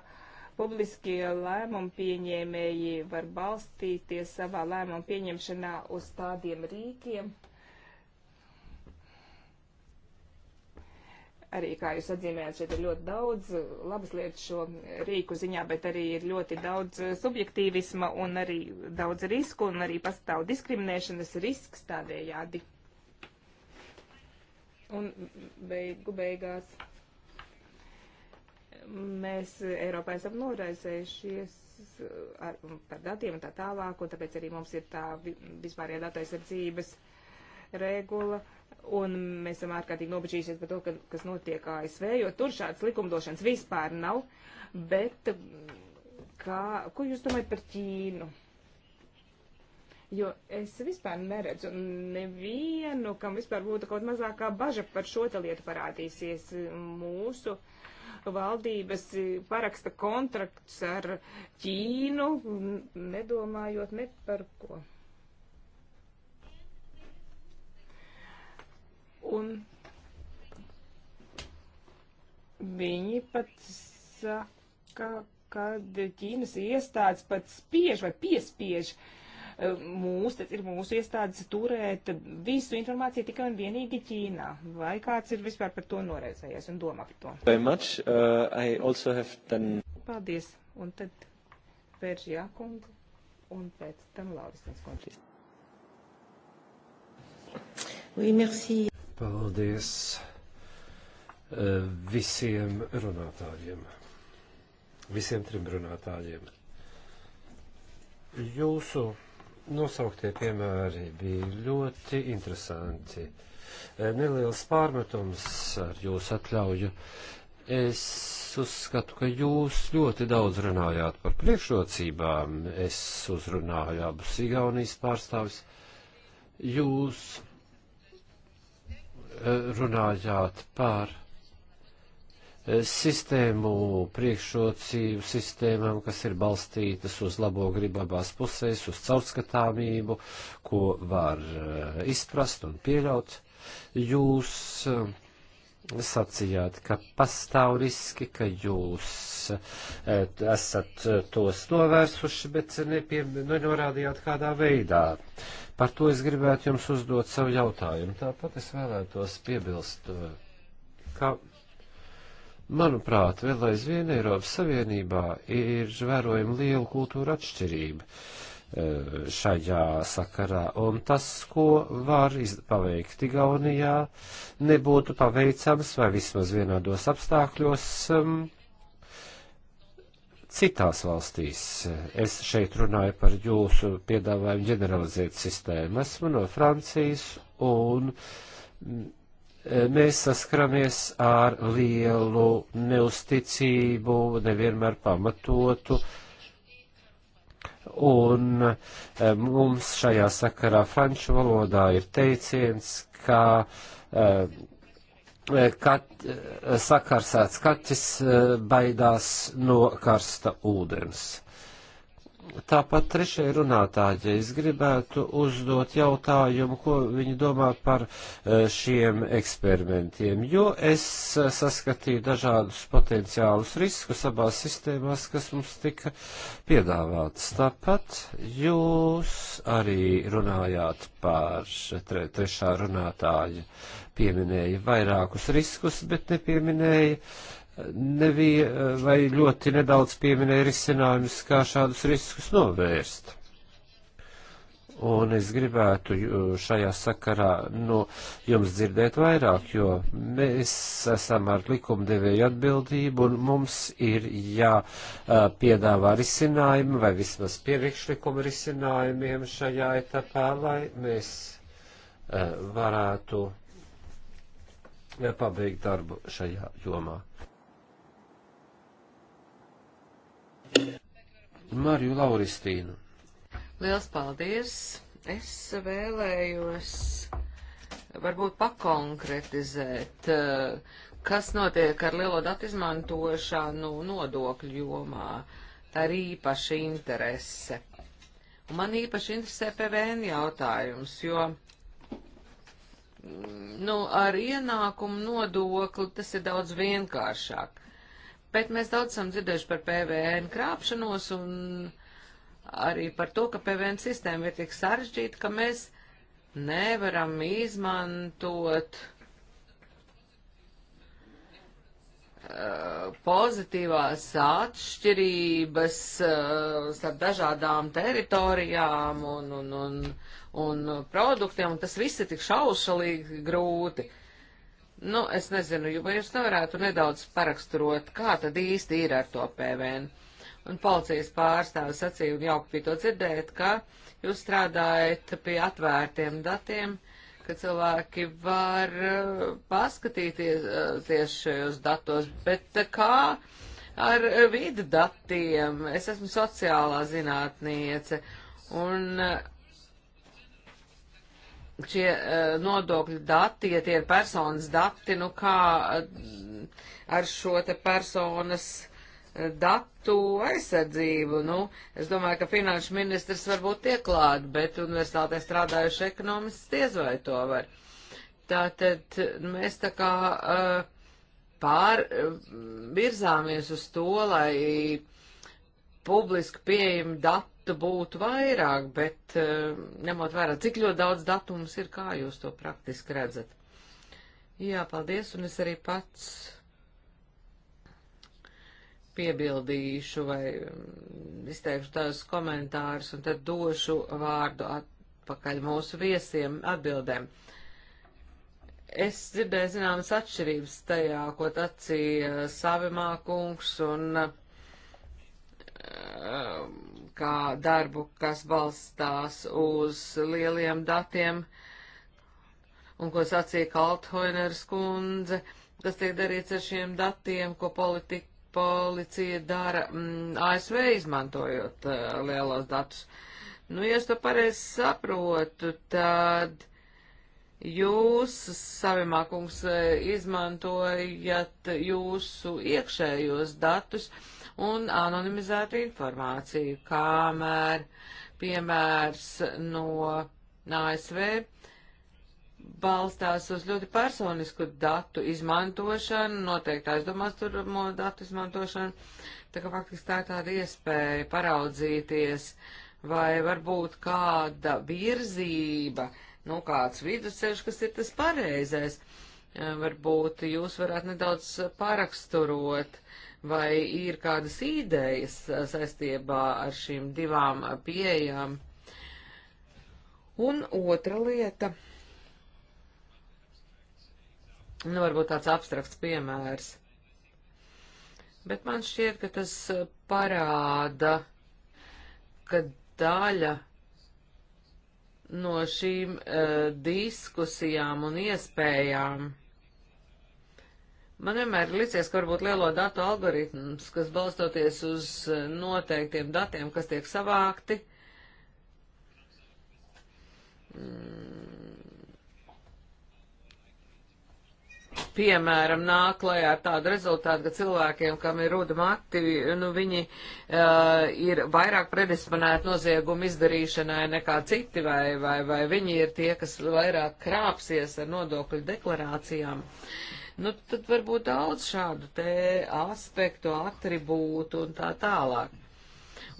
S2: publiskie lēmumu pieņēmēji var balstīties savā lēmumu pieņemšanā uz tādiem rīkiem, uh, arī, kā jūs atzīmējāt, šeit ir ļoti daudz uh, labas lietas šo rīku ziņā, bet arī ir ļoti daudz uh, subjektīvisma un arī daudz risku un arī pastāv diskriminēšanas risks tādējādi. Un beigu beigās mēs Eiropā esam noraizējušies uh, ar, par datiem un tā tālāk, un tāpēc arī mums ir tā vispārējā datu aizsardzības regula, Un mēs esam ārkārtīgi nobežījušies par to, ka, kas notiek ASV, jo tur šādas likumdošanas vispār nav. Bet kā, ko jūs domājat par Ķīnu? Jo es vispār neredzu nevienu, kam vispār būtu kaut mazākā baža par šo te lietu parādīsies mūsu valdības paraksta kontrakts ar Ķīnu, nedomājot ne par ko. Un viņi pat saka, ka Ķīnas iestādes pat spiež vai piespiež e, mūs, tas ir mūsu iestādes turēt visu informāciju tikai un vienīgi Ķīnā. Vai kāds ir vispār par to noreizējies un domā par to?
S1: Very much. Uh, I also have done...
S2: Paldies. Un tad Pēržjā kungu un pēc tam Laurisnes kungu. Oui, merci.
S1: Paldies eh, visiem runātājiem, visiem trim runātājiem. Jūsu nosauktie piemēri bija ļoti interesanti. Eh, neliels pārmetums ar jūsu atļauju. Es uzskatu, ka jūs ļoti daudz runājāt par priekšrocībām. Es uzrunāju abus Igaunijas pārstāvis. Jūs runājāt par eh, sistēmu priekšrocību sistēmām, kas ir balstītas uz labo gribu abās pusēs, uz caurskatāmību, ko var eh, izprast un pieļaut. Jūs uh, sacījāt, ka pastāv riski, ka jūs e, esat tos novērsuši, bet nepiem, nenorādījāt kādā veidā. Par to es gribētu jums uzdot savu jautājumu. Tāpat es vēlētos piebilst, e, ka, manuprāt, vēl aizvien Eiropas Savienībā ir vērojama liela kultūra atšķirība Eh, šajā sakarā, un tas, ko var paveikt Igaunijā, nebūtu paveicams vai vismaz vienādos apstākļos um, citās valstīs. Es šeit runāju par jūsu piedāvājumu ģeneralizēt sistēmu. Esmu no Francijas, un eh, mēs saskaramies ar lielu neusticību, nevienmēr pamatotu, uh, un eh, mums šajā sakarā franču valodā ir teiciens, ka eh, eh, kat, sakarsēts kaķis baidās no karsta ūdens. Tāpat trešajai runātājai es gribētu uzdot jautājumu, ko viņi domā par eh, šiem eksperimentiem, jo es eh, saskatīju dažādus potenciālus riskus abās sistēmās, kas mums tika piedāvātas. Tāpat jūs arī runājāt par tre, trešā runātāja pieminēja vairākus riskus, bet nepieminēja nebija vai ļoti nedaudz pieminēja risinājumus, kā šādus riskus novērst. Un es gribētu šajā sakarā no nu, jums dzirdēt vairāk, jo mēs esam ar likumdevēju atbildību un mums ir jāpiedāvā risinājumi vai vismaz priekšlikuma risinājumiem šajā etapā, lai mēs eh, varētu eh, pabeigt darbu šajā jomā. Mariju Lauristīnu.
S3: Liels paldies! Es vēlējos varbūt pakonkretizēt, eh, kas notiek ar lielo datu izmantošanu nodokļu jomā. Tā ir īpaša interese. Un man īpaši interesē PVN jautājums, jo mm, nu, ar ienākumu nodokli tas ir daudz vienkāršāk bet mēs daudz esam dzirdējuši par PVN krāpšanos un arī par to, ka PVN sistēma ir tik sarežģīta, ka mēs nevaram izmantot uh, pozitīvās atšķirības uh, starp dažādām teritorijām un, un, un, un produktiem, un tas viss ir tik šaušalīgi grūti. Uh, Nu, es nezinu, vai jūs nevarētu nedaudz paraksturot, kā tad īsti ir ar to PVN. Un policijas pārstāvis sacīja, un jauki bija to dzirdēt, ka jūs strādājat pie atvērtiem datiem, ka cilvēki var uh, paskatīties šajos datos, bet uh, kā ar vidu datiem? Es esmu sociālā zinātniece, un uh, šie eh, nodokļu dati, ja tie ir personas dati, nu kā eh, ar šo te personas eh, datu aizsardzību. Nu, es domāju, ka finanšu ministrs varbūt tiek klāt, bet universitātē strādājuši ekonomists diez vai to var. Tātad nu, mēs tā kā pār virzāmies uz to, lai publiski pieejami dati datu būtu vairāk, bet eh, ņemot vērā, cik ļoti daudz datu mums ir, kā jūs to praktiski redzat. Jā, paldies, un es arī pats piebildīšu vai mm, izteikšu tādus komentārus, un tad došu vārdu atpakaļ mūsu viesiem atbildēm. Es dzirdēju zināmas atšķirības tajā, ko tacīja Savimā kungs un um, kā darbu, kas balstās uz lieliem datiem, un ko sacīja Kalthoiners kundze, kas tiek darīts ar šiem datiem, ko politika, policija dara mm, ASV izmantojot uh, eh, lielos datus. Nu, ja es to pareizi saprotu, tad jūs, savimākums, eh, izmantojat jūsu iekšējos datus, uh, un anonimizētu informāciju, kāmēr piemērs no ASV balstās uz ļoti personisku datu izmantošanu, noteiktās domās turamo datu izmantošanu, tā kā faktiski tā ir tāda iespēja paraudzīties, vai varbūt kāda virzība, nu kāds vidusceļš, kas ir tas pareizais. Varbūt jūs varat nedaudz paraksturot vai ir kādas idejas uh, saistībā ar šīm divām uh, pieejām. Un otra lieta, nu varbūt tāds abstrakts piemērs, bet man šķiet, ka tas uh, parāda, ka daļa no šīm uh, diskusijām un iespējām Man vienmēr ir licies, ka varbūt lielo datu algoritms, kas balstoties uz eh, noteiktiem datiem, kas tiek savākti, mm, piemēram, nāk klajā ar tādu rezultātu, ka cilvēkiem, kam ir ruda mati, nu, viņi uh, ir vairāk predisponēti noziegumu izdarīšanai nekā citi, vai, vai, vai viņi ir tie, kas vairāk krāpsies ar nodokļu deklarācijām. Uh, Nu, tad varbūt daudz šādu te aspektu, atribūtu un tā tālāk.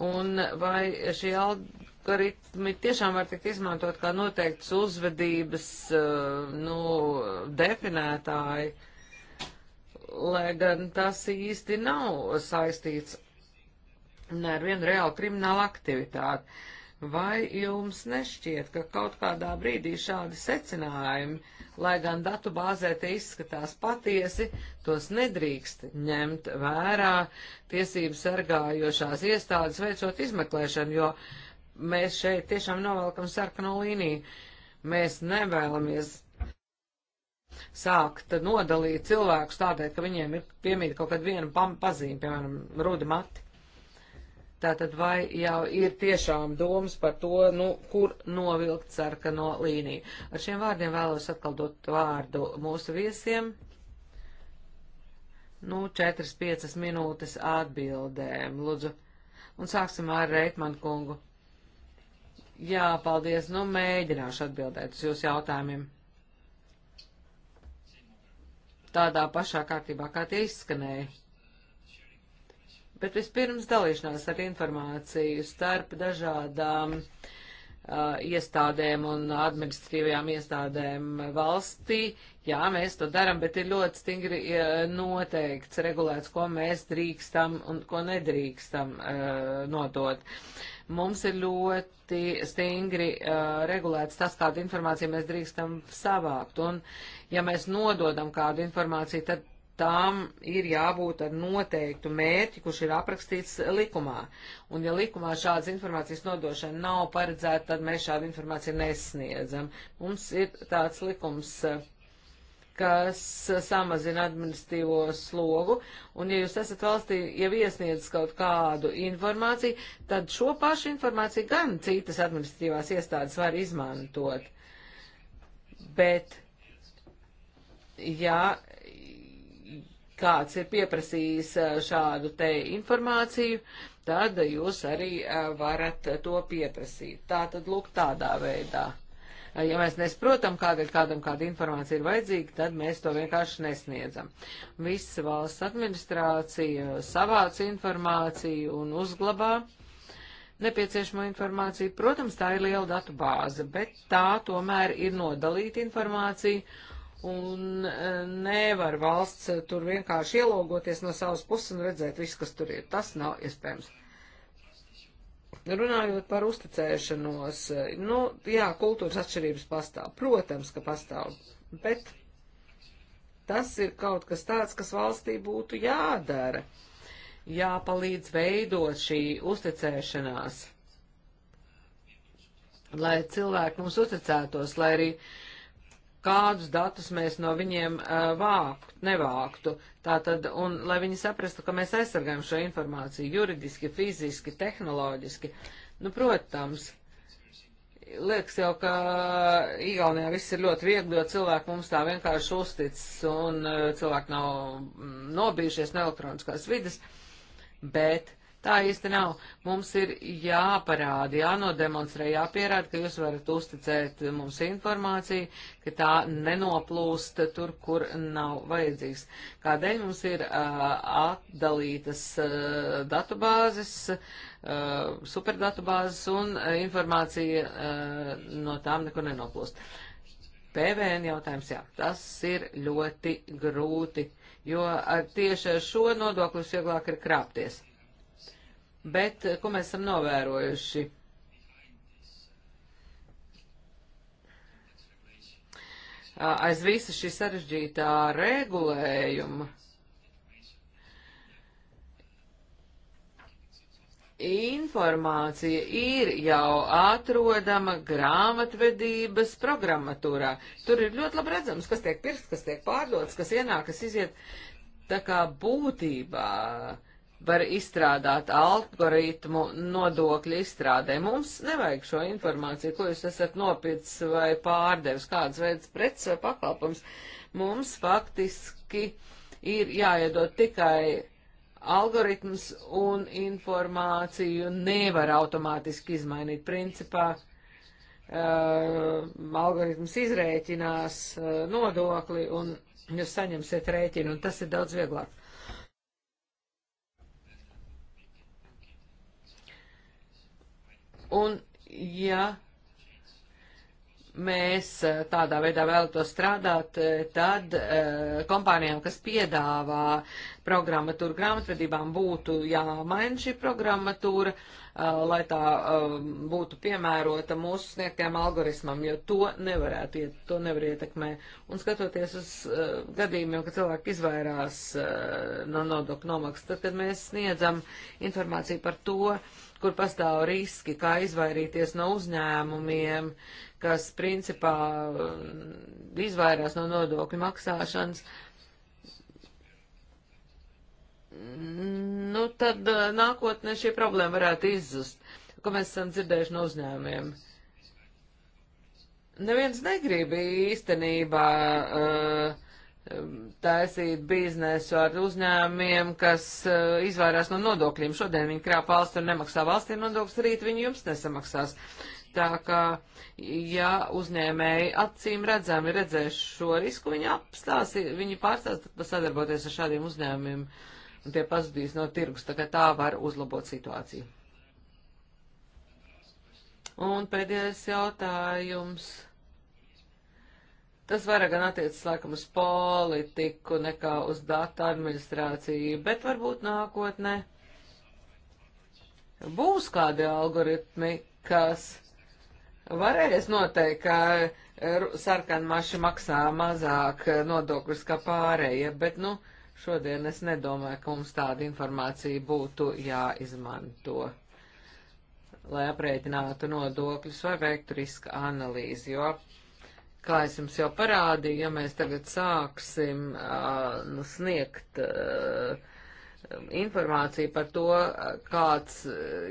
S3: Un vai šie algoritmi tiešām var tikt izmantot kā noteikts uzvedības, eh, nu, definētāji, lai gan tas īsti nav saistīts ne ar vienu reālu kriminālu aktivitāti. Vai jums nešķiet, ka kaut kādā brīdī šādi secinājumi, lai gan datu bāzē tie izskatās patiesi, tos nedrīkst ņemt vērā tiesību sargājošās iestādes veicot izmeklēšanu, jo mēs šeit tiešām novelkam sarkano līniju. Mēs nevēlamies sākt nodalīt cilvēkus tādēļ, ka viņiem ir piemīta kaut kāda viena pazīme, piemēram, rudi mati. Tātad vai jau ir tiešām domas par to, nu, kur novilkt sarkano līniju. Ar šiem vārdiem vēlos atkal dot vārdu mūsu viesiem. Nu, 4-5 minūtes atbildēm, lūdzu. Un sāksim ar Reitmanu kungu. Jā, paldies. Nu, mēģināšu atbildēt uz jūsu jautājumiem. Tādā pašā kārtībā, kā tie izskanēja. Bet vispirms dalīšanās ar informāciju starp dažādām uh, iestādēm un administratīvajām iestādēm valstī. Jā, mēs to darām, bet ir ļoti stingri uh, noteikts, regulēts, ko mēs drīkstam un ko nedrīkstam uh, nodot. Mums ir ļoti stingri uh, regulēts tas, kādu informāciju mēs drīkstam savākt. Un, ja mēs nododam kādu informāciju, tad tām ir jābūt ar noteiktu mērķi, kurš ir aprakstīts likumā. Un ja likumā šādas informācijas nodošana nav paredzēta, tad mēs šādu informāciju nesniedzam. Mums ir tāds likums kas samazina administīvo slogu, un ja jūs esat valstī, ja iesniedzat kaut kādu informāciju, tad šo pašu informāciju gan citas administīvās iestādes var izmantot. Bet ja kāds ir pieprasījis šādu te informāciju, tad jūs arī varat to pieprasīt. Tā tad lūk tādā veidā. Ja mēs nesaprotam, kādēļ kādam kāda informācija ir vajadzīga, tad mēs to vienkārši nesniedzam. Visa valsts administrācija savāc informāciju un uzglabā nepieciešamo informāciju. Protams, tā ir liela datu bāze, bet tā tomēr ir nodalīta informācija un e, nevar valsts e, tur vienkārši ielūgoties no savas puses un redzēt visu, kas tur ir. Tas nav iespējams. Runājot par uzticēšanos, e, nu, jā, kultūras atšķirības pastāv. Protams, ka pastāv, bet tas ir kaut kas tāds, kas valstī būtu jādara, jāpalīdz veidot šī uzticēšanās, lai cilvēki mums uzticētos, lai arī uh, kādus datus mēs no viņiem uh, vākt, nevāktu. Tātad, un lai viņi saprastu, ka mēs aizsargājam šo informāciju juridiski, fiziski, tehnoloģiski. Nu, protams, liekas jau, ka Igaunijā viss ir ļoti viegli, jo cilvēki mums tā vienkārši uztic un uh, cilvēki nav mm, nobijušies no elektroniskās vidas, bet uh, Tā īsti nav. Mums ir jāparāda, jānodemonstrē, jāpierāda, ka jūs varat uzticēt mums informāciju, ka tā nenoplūst tur, kur nav vajadzīgs. Kādēļ mums ir uh, atdalītas uh, datubāzes, uh, superdatubāzes un uh, informācija uh, no tām nekur nenoplūst? PVN jautājums, jā, tas ir ļoti grūti, jo ar tieši ar šo nodokli vieglāk ir krāpties. Bet eh, ko mēs esam novērojuši? Aiz visa šī sarežģītā regulējuma informācija ir jau atrodama grāmatvedības programmatūrā. Tur ir ļoti labi redzams, kas tiek pirkts, kas tiek pārdots, kas ienāk, kas iziet. Tā kā būtībā var izstrādāt algoritmu nodokļu izstrādē. Mums nevajag šo informāciju, ko jūs esat nopircis vai pārdevis, kādas veids preces vai pakalpums. Mums faktiski ir jāiedod tikai algoritms un informāciju nevar automātiski izmainīt. Principā uh, algoritms izrēķinās uh, nodokli un jūs saņemsiet rēķinu, un tas ir daudz vieglāk. Un, ja mēs eh, tādā veidā vēlamies strādāt, eh, tad eh, kompānijām, kas piedāvā programmatūru grāmatvedībām, būtu jāmaina šī programmatūra, lai tā būtu piemērota mūsu sniegtiem algoritmam, jo to nevarētu, to nevar ietekmē. Un skatoties uz gadījumiem, ka cilvēki izvairās no nodokļu nomaksas, tad, kad mēs sniedzam informāciju par to, kur pastāv riski, kā izvairīties no uzņēmumiem, kas principā mm, izvairās no nodokļu maksāšanas. Nu, tad eh, nākotnē šī problēma varētu izzust, ko mēs esam dzirdējuši no uzņēmumiem. Neviens negrib īstenībā uh, Um, taisīt biznesu ar uzņēmiem, kas uh, izvairās no nodokļiem. Šodien viņi krāp valsts un nemaksā valstī nodokļus, rīt viņi jums nesamaksās. Tā kā, ja uzņēmēji acīm redzami redzēs šo risku, viņi apstās, viņi pārstās sadarboties ar šādiem uzņēmumiem un tie pazudīs no tirgus. Tā kā tā var uzlabot situāciju. Un pēdējais jautājums. Tas vairāk gan attiecas laikam uz politiku nekā uz datu administrāciju, bet varbūt nākotnē būs kādi algoritmi, kas varēs noteikt, ka sarkanmaši maksā mazāk nodokļus kā pārējie, bet nu šodien es nedomāju, ka mums tāda informācija būtu jāizmanto lai aprēķinātu nodokļus vai veiktu riska analīzi, jo kā es jums jau parādīju, ja mēs tagad sāksim uh, nu, sniegt uh, informāciju par to, kāds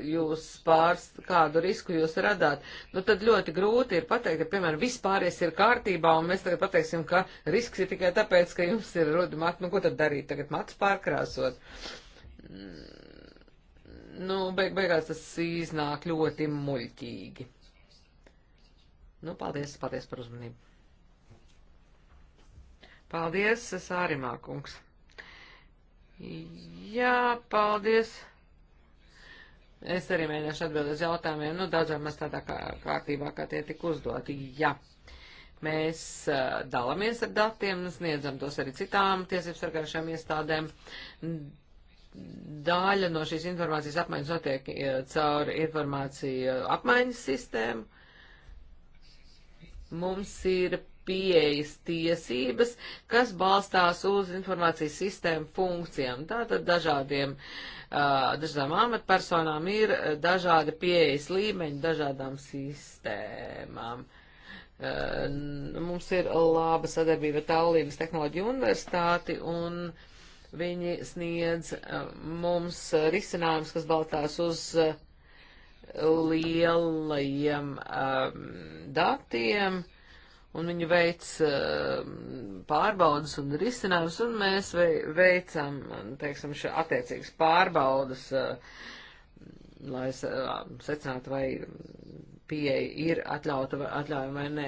S3: jūs pārst, kādu risku jūs radāt, nu tad ļoti grūti ir pateikt, ka, piemēram, vispārējais ir kārtībā, un mēs tagad pateiksim, ka risks ir tikai tāpēc, ka jums ir rudi mati, nu ko tad darīt, tagad mats pārkrāsot. Nu, beig beigās tas iznāk ļoti muļķīgi. Nu, paldies, paldies par uzmanību. Paldies, Sārimā kungs. Jā, paldies. Es arī mēģināšu atbildēt uz jautājumiem. Nu, daudziem mēs tādā kā, kārtībā, kā tie tika uzdoti. Jā. Mēs uh, dalāmies ar datiem, sniedzam tos arī citām tiesības sargājušām iestādēm. Daļa no šīs informācijas apmaiņas notiek caur informāciju apmaiņas sistēmu mums ir pieejas tiesības, kas balstās uz informācijas sistēmu funkcijām. Tātad dažādiem, dažādām amatpersonām ir dažādi pieejas līmeņi dažādām sistēmām. Mums ir laba sadarbība ar Tallinas Tehnoloģiju universitāti un viņi sniedz mums risinājums, kas balstās uz lielajiem um, datiem, un viņi veic um, pārbaudas un risinājumus, un mēs vei, veicam, teiksim, attiecīgas pārbaudas, uh, lai uh, secinātu, vai pieeja ir atļauta, atļaujama vai nē.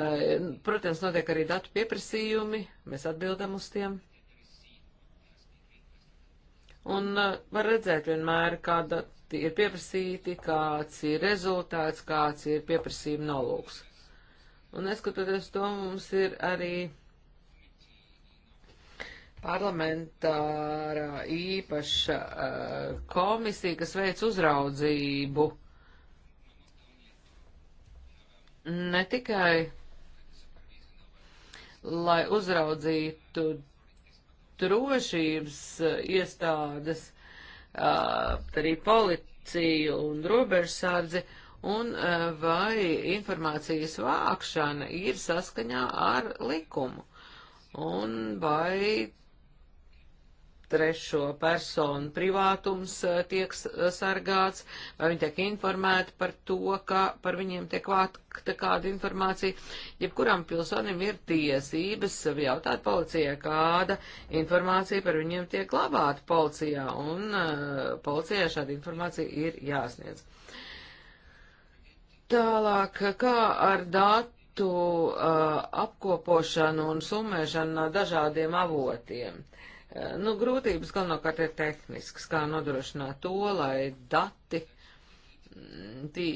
S3: Uh, protams, notiek arī datu pieprasījumi, mēs atbildam uz tiem. Un uh, var redzēt vienmēr, kāda ir pieprasīti, kāds ir rezultāts, kāds ir pieprasījuma nolūks. Un neskatoties to, mums ir arī parlamentārā īpaša uh, komisija, kas veic uzraudzību ne tikai, lai uzraudzītu drošības eh, iestādes, arī policiju un robežsardzi, un vai informācijas vākšana ir saskaņā ar likumu, un vai trešo personu privātums eh, tiek eh, sargāts, vai viņi tiek informēti par to, ka par viņiem tiek vākta kāda informācija. Jebkuram pilsonim ir tiesības jautāt policijai, kāda informācija par viņiem tiek labāta policijā, un uh, policijai šāda informācija ir jāsniedz. Tālāk, kā ar datu uh, apkopošanu un summēšanu no dažādiem avotiem? Uh, Eh, nu, grūtības galvenokārt ir tehnisks, kā nodrošināt to, lai dati, mm, tī,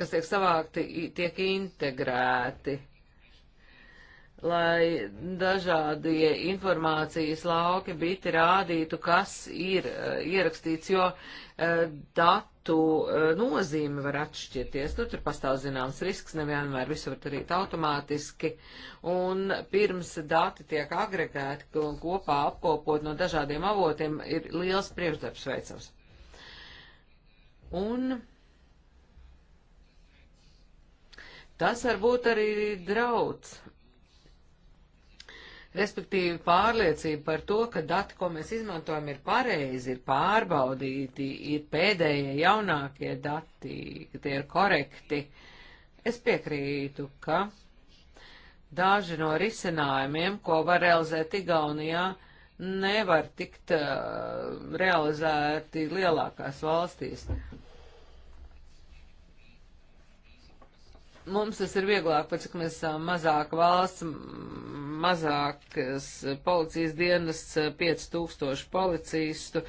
S3: kas tiek savākti, tiek integrēti, lai dažādie informācijas lauki biti rādītu, kas ir eh, ierakstīts, jo eh, dati datu e, nozīme var atšķirties. Nu, tur pastāv zināms risks, nevienmēr visu var darīt automātiski. Un pirms dati tiek agregēti un kopā apkopot no dažādiem avotiem, ir liels priekšdarbs veicams. Un tas var būt arī drauds respektīvi pārliecība par to, ka dati, ko mēs izmantojam, ir pareizi, ir pārbaudīti, ir pēdējie jaunākie dati, ka tie ir korekti. Es piekrītu, ka daži no risinājumiem, ko var realizēt Igaunijā, nevar tikt uh, realizēti lielākās valstīs. Uh, mums tas ir vieglāk, pēc cik mēs esam mazāk valsts, mazākas policijas dienas, 5000 policistu.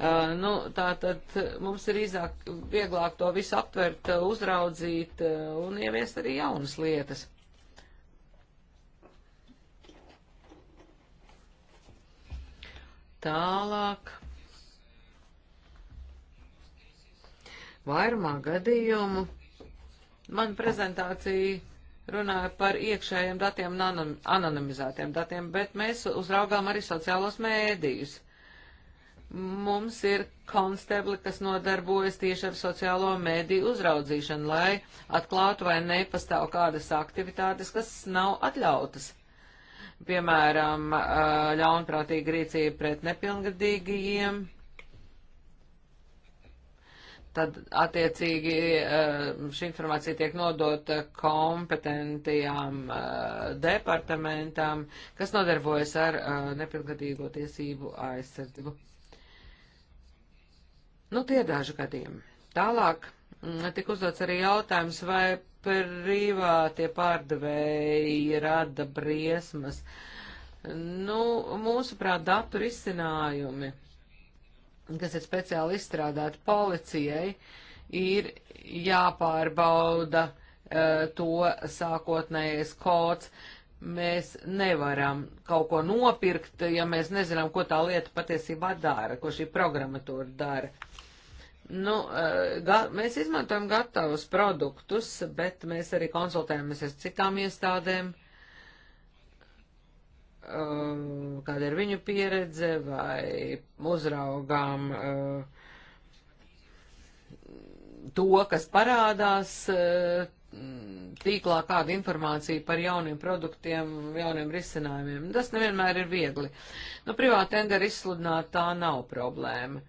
S3: Uh, nu, tā tad mums ir īzāk, vieglāk to visu aptvert, uzraudzīt un ieviest arī jaunas lietas. Tālāk. Vairumā gadījumu Mana prezentācija runāja par iekšējiem datiem un anonimizētiem datiem, bet mēs uzraugām arī sociālos mēdījus. Mums ir konstebli, kas nodarbojas tieši ar sociālo mēdīju uzraudzīšanu, lai atklātu vai nepastāv kādas aktivitātes, kas nav atļautas. Piemēram, ļaunprātīga rīcība pret nepilngadīgajiem tad attiecīgi eh, šī informācija tiek nodota kompetentajām eh, departamentām, kas nodarbojas ar eh, nepilngadīgo tiesību aizsardzību. Nu, tie daži gadījumi. Tālāk mm, tika uzdots arī jautājums, vai privātie pārdevēji rada briesmas. Nu, mūsuprāt, datu risinājumi kas ir speciāli izstrādāti policijai, ir jāpārbauda uh, to sākotnējais kods. Mēs nevaram kaut ko nopirkt, ja mēs nezinām, ko tā lieta patiesībā dara, ko šī programmatūra dara. Nu, uh, ga, mēs izmantojam gatavus produktus, bet mēs arī konsultējamies ar citām iestādēm um, kāda ir viņu pieredze vai uzraugām uh, to, kas parādās uh, tīklā, kāda informācija par jauniem produktiem, jauniem risinājumiem. Tas nevienmēr ir viegli. Nu, privāta tendera izsludināt tā nav problēma.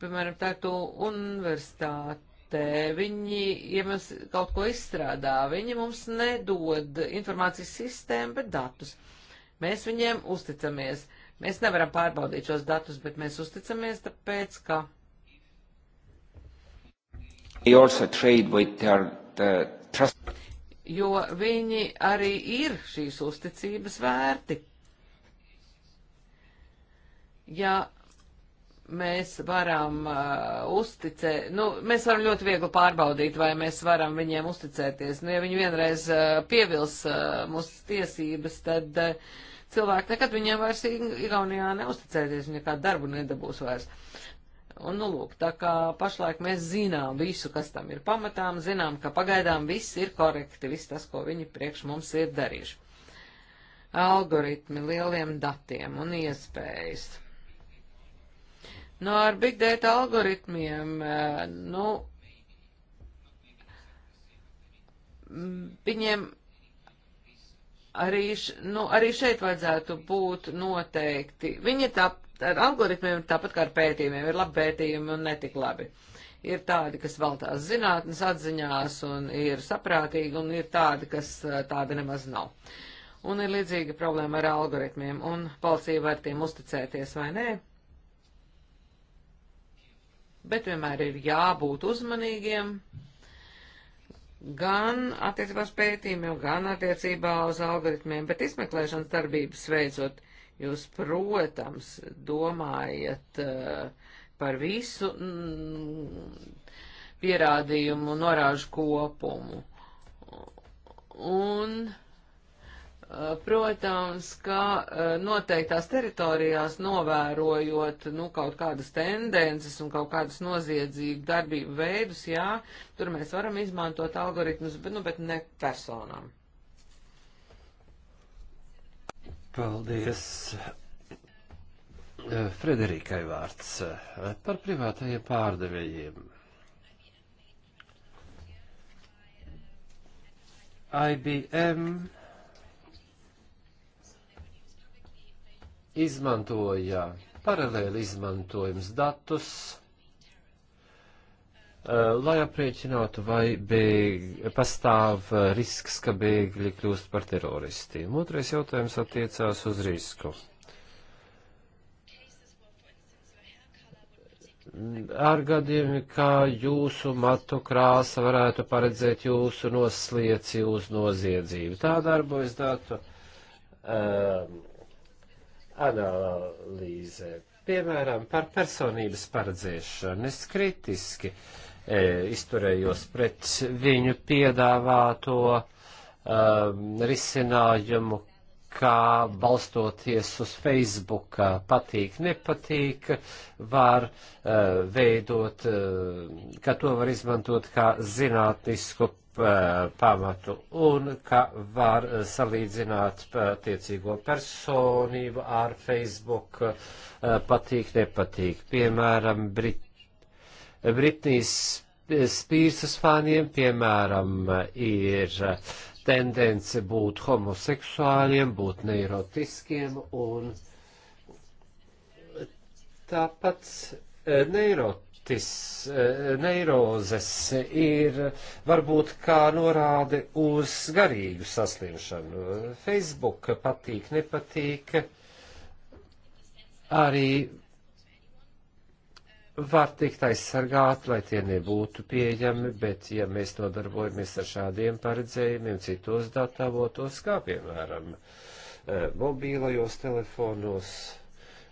S3: Piemēram, tā ir to universitāte testē, viņi, ja mēs kaut ko izstrādā, viņi mums nedod informācijas sistēmu, bet datus. Mēs viņiem uzticamies. Mēs nevaram pārbaudīt šos datus, bet mēs uzticamies, tāpēc, ka. Jo viņi arī ir šīs uzticības vērti. Ja mēs varam uh, uzticēt, nu, mēs varam ļoti viegli pārbaudīt, vai mēs varam viņiem uzticēties. Nu, ja viņi vienreiz uh, pievils uh, mūsu tiesības, tad uh, cilvēki nekad viņiem vairs Igaunijā neuzticēties, viņi nekādu darbu nedabūs vairs. Un, nu, lūk, tā kā pašlaik mēs zinām visu, kas tam ir pamatām, zinām, ka pagaidām viss ir korekti, viss tas, ko viņi priekš mums ir darījuši. Algoritmi, lieliem datiem un iespējas Nu, ar big data algoritmiem, eh, nu, viņiem arī, š, nu, arī šeit vajadzētu būt noteikti. Viņi tā, ar algoritmiem ir tāpat kā ar pētījumiem, ir labi pētījumi un netik labi. Ir tādi, kas valtās zinātnes atziņās un ir saprātīgi, un ir tādi, kas eh, tāda nemaz nav. Uh, un ir līdzīga problēma ar algoritmiem, un policija var tiem uzticēties vai nē bet vienmēr ir jābūt uzmanīgiem gan attiecībā uz pētījumiem, gan attiecībā uz algoritmiem, bet izmeklēšanas darbības veicot, jūs, protams, domājat uh, par visu mm, pierādījumu norāžu kopumu. Un Protams, ka e, noteiktās teritorijās novērojot nu, kaut kādas tendences un kaut kādas noziedzīgu darbību veidus, jā, tur mēs varam izmantot algoritmus, bet, nu, bet ne personām.
S1: Paldies. E, Frederikai vārds e, par privātajiem pārdevējiem. IBM izmantoja paralēli izmantojums datus, eh, lai aprēķinātu, vai bēg, pastāv risks, ka bēgļi kļūst par teroristiem. Otrais jautājums attiecās uz risku. Ar gadiem, kā jūsu matu krāsa varētu paredzēt jūsu noslieci uz noziedzību. Tā darbojas datu. Um, analīzē. Piemēram, par personības paredzēšanu. Es kritiski e, izturējos pret viņu piedāvāto um, risinājumu, kā balstoties uz Facebook patīk, nepatīk, var uh, veidot, uh, ka to var izmantot kā zinātnisku pamatu un ka var salīdzināt attiecīgo personību ar Facebook eh, patīk, nepatīk. Piemēram, Brit Britnijas spīrsas fāniem, piemēram, ir tendence būt homoseksuāliem, būt neirotiskiem un tāpat eh, neirot Artis eh, neirozes ir varbūt kā norāde uz garīgu saslimšanu. Facebook patīk, nepatīk. Arī var tikt aizsargāti, lai tie nebūtu pieejami, bet ja mēs nodarbojamies ar šādiem paredzējumiem citos datavotos, kā piemēram eh, mobīlajos telefonos,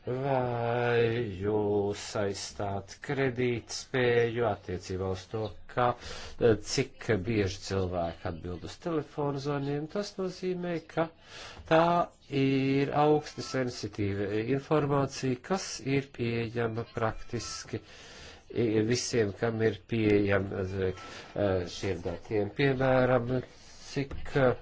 S1: vai jūs saistāt kredītspēju attiecībā uz to, kā, eh, cik bieži cilvēki atbild uz telefonu zvaniem. Tas nozīmē, ka tā ir augsti sensitīva informācija, kas ir pieejama praktiski eh, visiem, kam ir pieejama eh, šiem datiem. Piemēram, cik uh,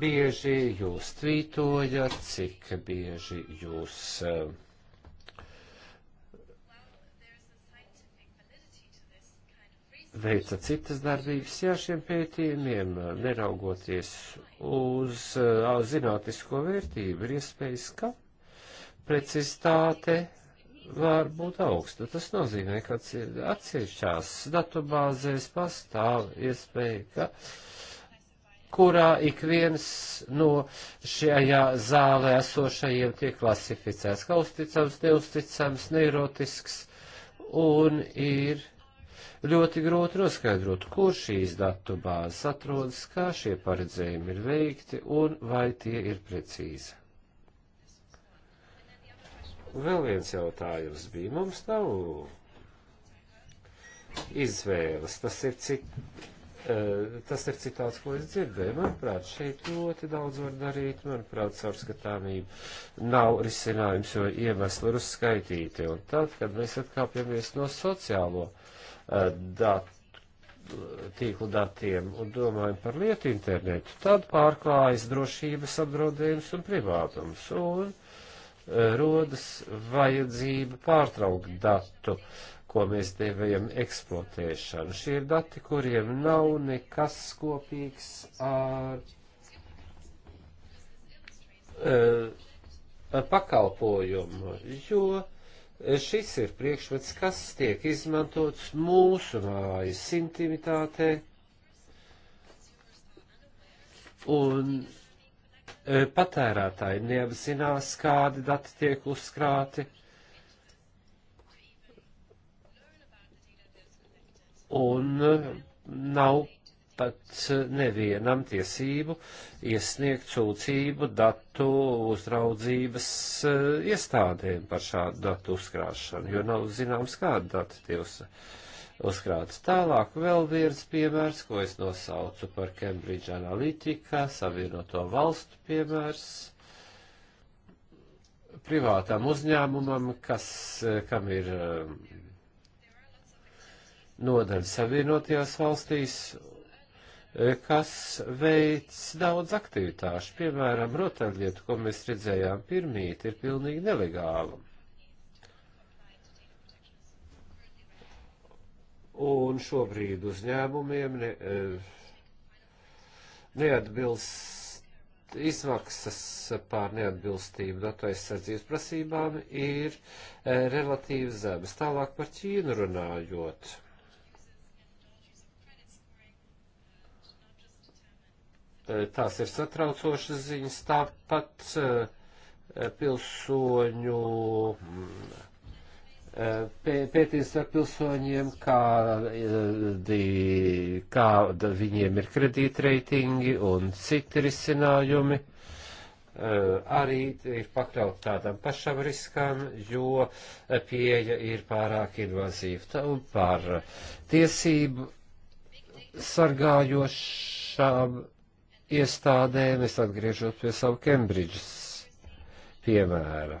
S1: bieži jūs tvītojat, cik bieži jūs uh, eh, veica citas darbības, ja šiem pētījumiem, neraugoties uz, eh, uz zinātnisko vērtību, ir iespējas, ka precizitāte var būt augsta. Tas nozīmē, ka atsevišķās datubāzēs pastāv iespēja, ka kurā ik viens no šajā zālē esošajiem tiek klasificēts kā uzticams, neusticams, neirotisks un ir ļoti grūti noskaidrot, kur šīs datu bāzes atrodas, kā šie paredzējumi ir veikti un vai tie ir precīzi. Vēl viens jautājums bija. Mums nav izvēles. Tas ir cik Eh, tas ir citāts, ko es dzirdēju. Manuprāt, šeit ļoti daudz var darīt. Manuprāt, caurskatāmība nav risinājums, jo iemesli ir uzskaitīti. Un tad, kad mēs atkāpjamies no sociālo uh, eh, datu tīklu datiem un domājam par lietu internetu, tad pārklājas drošības apdraudējums un privātums. Un uh, rodas vajadzība pārtraukt datu uh, ko mēs devējam eksploatēšanu. Šie ir dati, kuriem nav nekas kopīgs ar uh, pakalpojumu, jo šis ir priekšmets, kas tiek izmantots mūsu mājas intimitātē un eh, patērētāji neapzinās, kādi dati tiek uzkrāti un nav pat nevienam tiesību iesniegt sūdzību datu uzraudzības eh, iestādēm par šādu datu uzkrāšanu, jo nav zināms, kādi dati tie uz, uzkrāts. Tālāk vēl viens piemērs, ko es nosaucu par Cambridge Analytica, savienoto valstu piemērs privātām uzņēmumam, kas, eh, kam ir eh, nodaļa Savienotajās valstīs, e, kas veic daudz aktivitāšu. Piemēram, rotaļlietu, ko mēs redzējām pirmīt, ir pilnīgi nelegāla. Un šobrīd uzņēmumiem ne, e, neatbilst izmaksas pār neatbilstību datu aizsardzības prasībām ir e, relatīvi zemes. Tālāk par Ķīnu runājot Eh, tās ir satraucošas ziņas, tāpat eh, pilsoņu mm, eh, pētījums ar pilsoņiem, kādi, kāda viņiem ir kredītreitingi un citi risinājumi. Arī ir pakļaut tādam pašam riskam, jo pieeja ir pārāk invazīva un par tiesību sargājošām iestādēm, es atgriežos pie savu Kembridžas piemēra.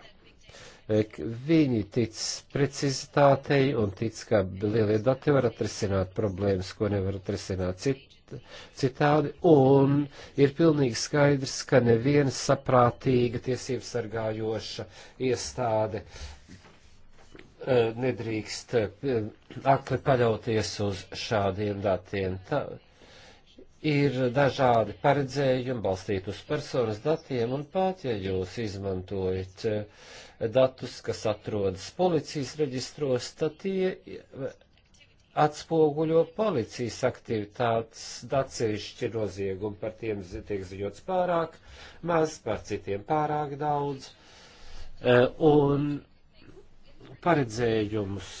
S1: Viņi tic precizitātei un tic, ka lielie dati var atrisināt problēmas, ko nevar atrisināt citi citādi, un ir pilnīgi skaidrs, ka neviena saprātīga tiesību sargājoša iestāde e, nedrīkst e, akli paļauties uz šādiem datiem. Tā, ir dažādi paredzējumi balstīt uz personas datiem, un pat, ja jūs izmantojat eh, datus, kas atrodas policijas reģistros, tad tie atspoguļo policijas aktivitātes, atsevišķi noziegumi par tiem tiek ziņots pārāk maz, par citiem pārāk daudz, eh, un paredzējumus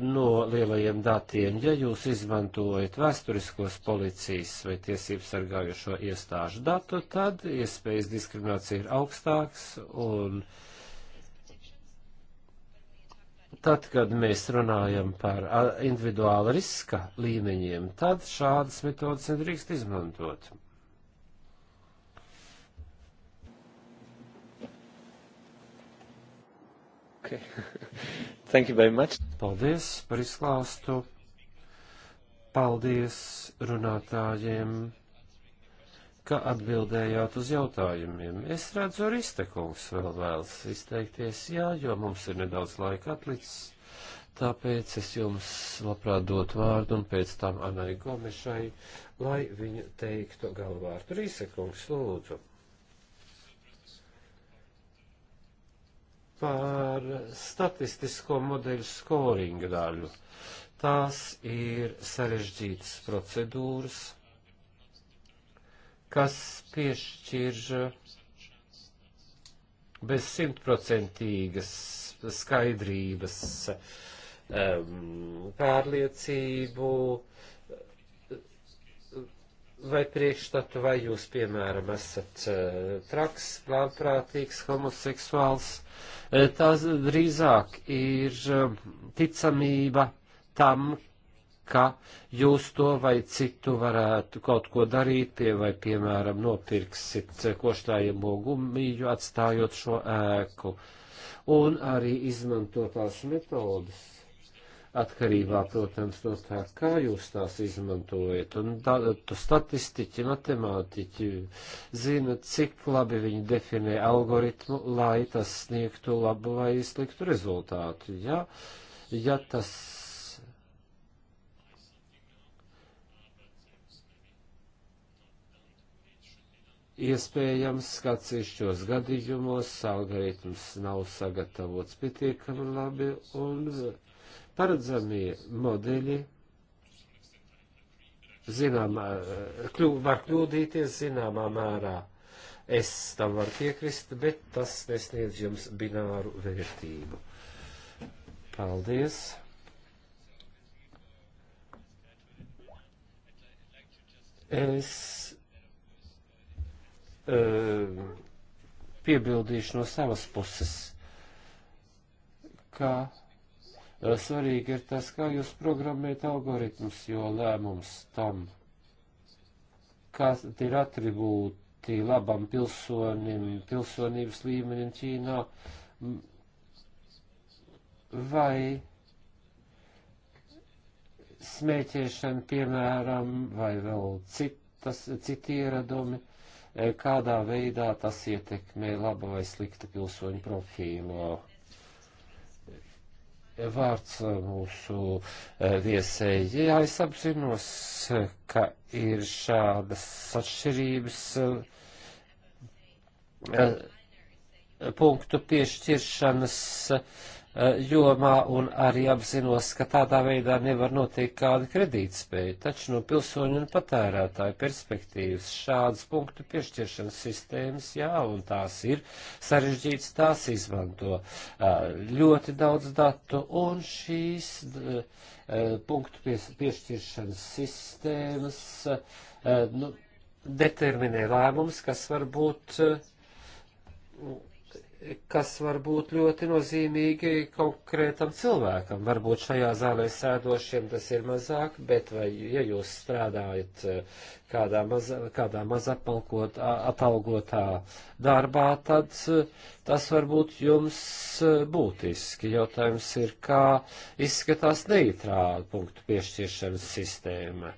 S1: no lielajiem datiem, ja jūs izmantojat vēsturiskos policijas vai tiesību sargājošo iestāžu datu, tad iespējas diskriminācija ir augstāks un tad, kad mēs runājam par individuāla riska līmeņiem, tad šādas metodas nedrīkst izmantot. Okay. Thank you very much. Paldies par izklāstu. Paldies runātājiem, ka atbildējāt uz jautājumiem. Es redzu, arī Stekungs vēl vēlas izteikties, jā, jo mums ir nedaudz laika atlicis. Tāpēc es jums labprāt dotu vārdu un pēc tam Anai Gomešai, lai viņa teiktu galvārdu. Rīsekungs, lūdzu. par statistisko modeļu skoringa daļu. Tās ir sarežģītas procedūras, kas piešķir bez simtprocentīgas skaidrības um, pārliecību vai priekšstatu, vai jūs, piemēram, esat uh, traks, plānprātīgs, homoseksuāls. Uh, Eh, tās drīzāk ir eh, ticamība tam, ka jūs to vai citu varētu kaut ko darīt pie, vai, piemēram, nopirksit koštājamo gumiju, atstājot šo ēku. Un arī izmantotās metodas atkarībā, protams, no tā, kā jūs tās izmantojat. Un tā, tu statistiķi, matemātiķi zina, cik labi viņi definē algoritmu, lai tas sniegtu labu vai sliktu rezultātu. Ja, ja tas. Iespējams, ka atsevišķos gadījumos algoritms nav sagatavots pietiekami labi un paredzamie modeļi zināmā, eh, kļū, var kļūdīties zināmā mērā. Es tam varu piekrist, bet tas nesniedz jums bināru vērtību. Paldies! Es uh, piebildīšu no savas puses, ka Svarīgi ir tas, kā jūs programmējat algoritmus, jo lēmums tam, kas ir atribūti labam pilsonim, pilsonības līmenim Ķīnā, vai smēķēšana, piemēram, vai vēl citas, citi ieradumi, kādā veidā tas ietekmē laba vai slikta pilsoņu profilu vārds eh, mūsu eh, viesēji. Jā, es apzinos, ka ir šādas atšķirības eh, punktu piešķiršanas uh, Eh, jomā un arī apzinos, ka tādā veidā nevar notikt kāda kredītspēja, taču no pilsoņu un patērētāju perspektīvas šādas punktu piešķiršanas sistēmas, jā, un tās ir sarežģītas, tās izmanto eh, ļoti daudz datu un šīs eh, punktu piešķiršanas sistēmas, nu, determinē lēmums, kas var būt kas var būt ļoti nozīmīgi konkrētam cilvēkam. Varbūt šajā zālē sēdošiem tas ir mazāk, bet vai, ja jūs strādājat eh, kādā, maz, kādā mazapalkot, atalgotā darbā, tad eh, tas varbūt jums eh, būtiski. Jautājums ir, kā izskatās neitrāla punktu piešķiršanas sistēma.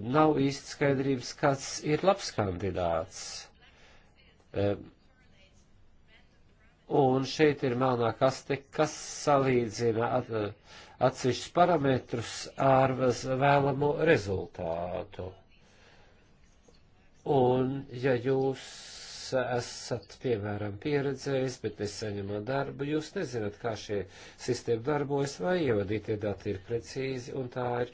S1: Nav īsti skaidrības, kāds ir labs kandidāts Un šeit ir melnā kaste, kas salīdzina at, atsevišķus parametrus ar vēlamo rezultātu. Un ja jūs esat, piemēram, pieredzējis, bet nesaņemat darbu, jūs nezināt, kā šie sistēma darbojas, vai ievadītie dati ir precīzi, un tā ir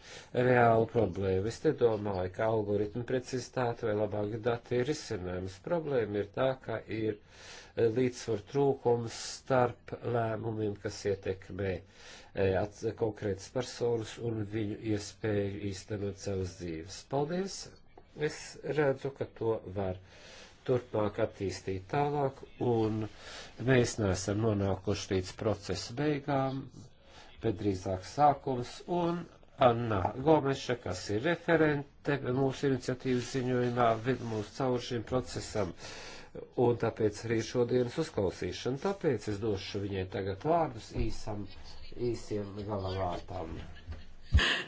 S1: reāla problēma. Es nedomāju, ka algoritmu precizitāte vai labāki dati ir risinājums. Problēma ir tā, ka ir eh, līdzsvar trūkums starp lēmumiem, kas ietekmē eh, konkrētas personas un viņu iespēju īstenot savas dzīves. Paldies! Es redzu, ka to var turpmāk attīstīt tālāk, un mēs neesam nonākuši līdz procesa beigām, bet drīzāk sākums, un Anna Gomeša, kas ir referente mūsu iniciatīvas ziņojumā, ved mūs caur šim procesam, un tāpēc arī šodienas uzklausīšana, tāpēc es došu viņai tagad vārdus īsam, īsiem galavārtām.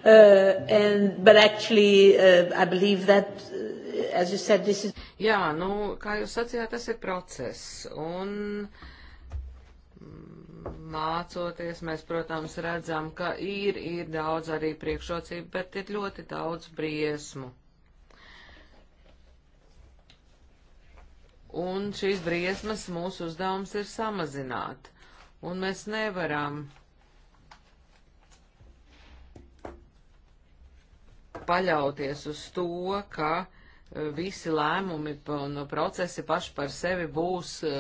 S2: Uh, and, but
S3: actually, uh, I believe that, uh, as you said, this is. Jā, nu, kā jūs sacījāt, tas ir process. Un mm, mācoties, mēs, protams, redzam, ka ir, ir daudz arī priekšrocību, bet ir ļoti daudz briesmu. Un šīs briesmas mūsu uzdevums ir samazināt. Un mēs nevaram uh, paļauties uz to, ka e, visi lēmumi un procesi paši par sevi būs e,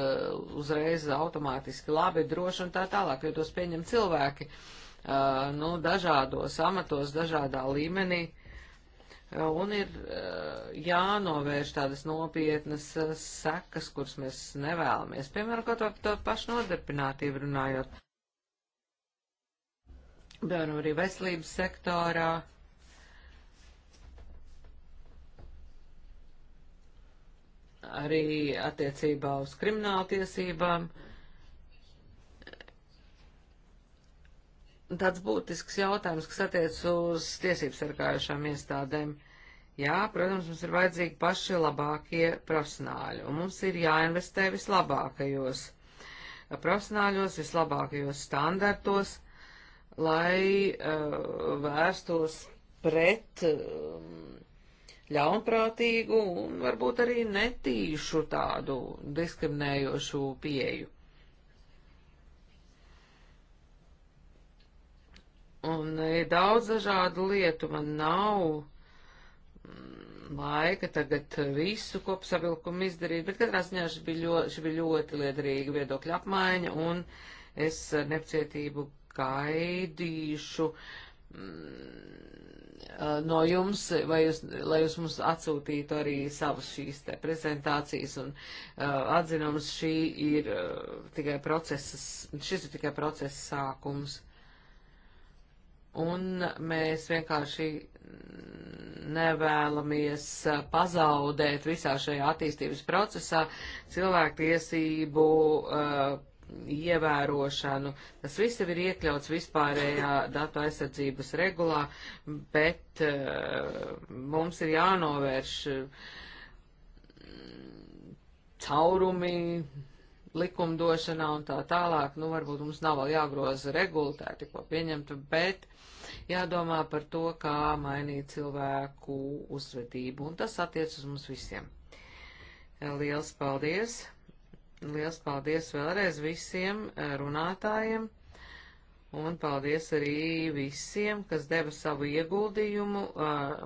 S3: uzreiz automātiski labi, droši un tā tālāk, jo tos pieņem cilvēki e, nu, dažādos amatos, dažādā līmenī. Un ir jānovērš tādas nopietnas sekas, kuras mēs nevēlamies. Piemēram, kaut par to pašu nodarbinātību runājot. Piemēram, arī veselības sektorā arī attiecībā uz krimināltiesībām. Tāds būtisks jautājums, kas attiec uz tiesības sargājušām iestādēm. Jā, protams, mums ir vajadzīgi paši labākie profesionāļi, un mums ir jāinvestē vislabākajos profesionāļos, vislabākajos standartos, lai uh, vērstos pret um, ļaunprātīgu un varbūt arī netīšu tādu diskriminējošu pieeju. Un ir daudz dažādu lietu, man nav mm, laika tagad visu kopsavilkumu izdarīt, bet katrā ziņā šī bija, ļo, šī bija ļoti liederīga viedokļa apmaiņa, un es ar nepacietību gaidīšu mm, Uh, no jums, vai jūs, lai jūs mums atsūtītu arī savas šīs te prezentācijas un uh, atzinums, šī ir uh, tikai procesas, šis ir tikai procesa sākums. Un mēs vienkārši nevēlamies uh, pazaudēt visā šajā attīstības procesā cilvēktiesību uh, ievērošanu. Tas viss jau ir iekļauts vispārējā datu aizsardzības regulā, bet uh, mums ir jānovērš mm, caurumi likumdošanā un tā tālāk. Nu, varbūt mums nav vēl jāgroza regula, tā tikko pieņemta, bet jādomā par to, kā mainīt cilvēku uzvedību, un tas attiec uz mums visiem. Liels paldies! Liels paldies vēlreiz visiem eh, runātājiem, un paldies arī visiem, kas deva savu ieguldījumu. Eh,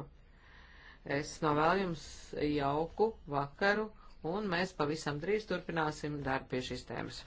S3: es novēlu jums jauku vakaru, un mēs pavisam drīz turpināsim darbu pie šīs tēmas.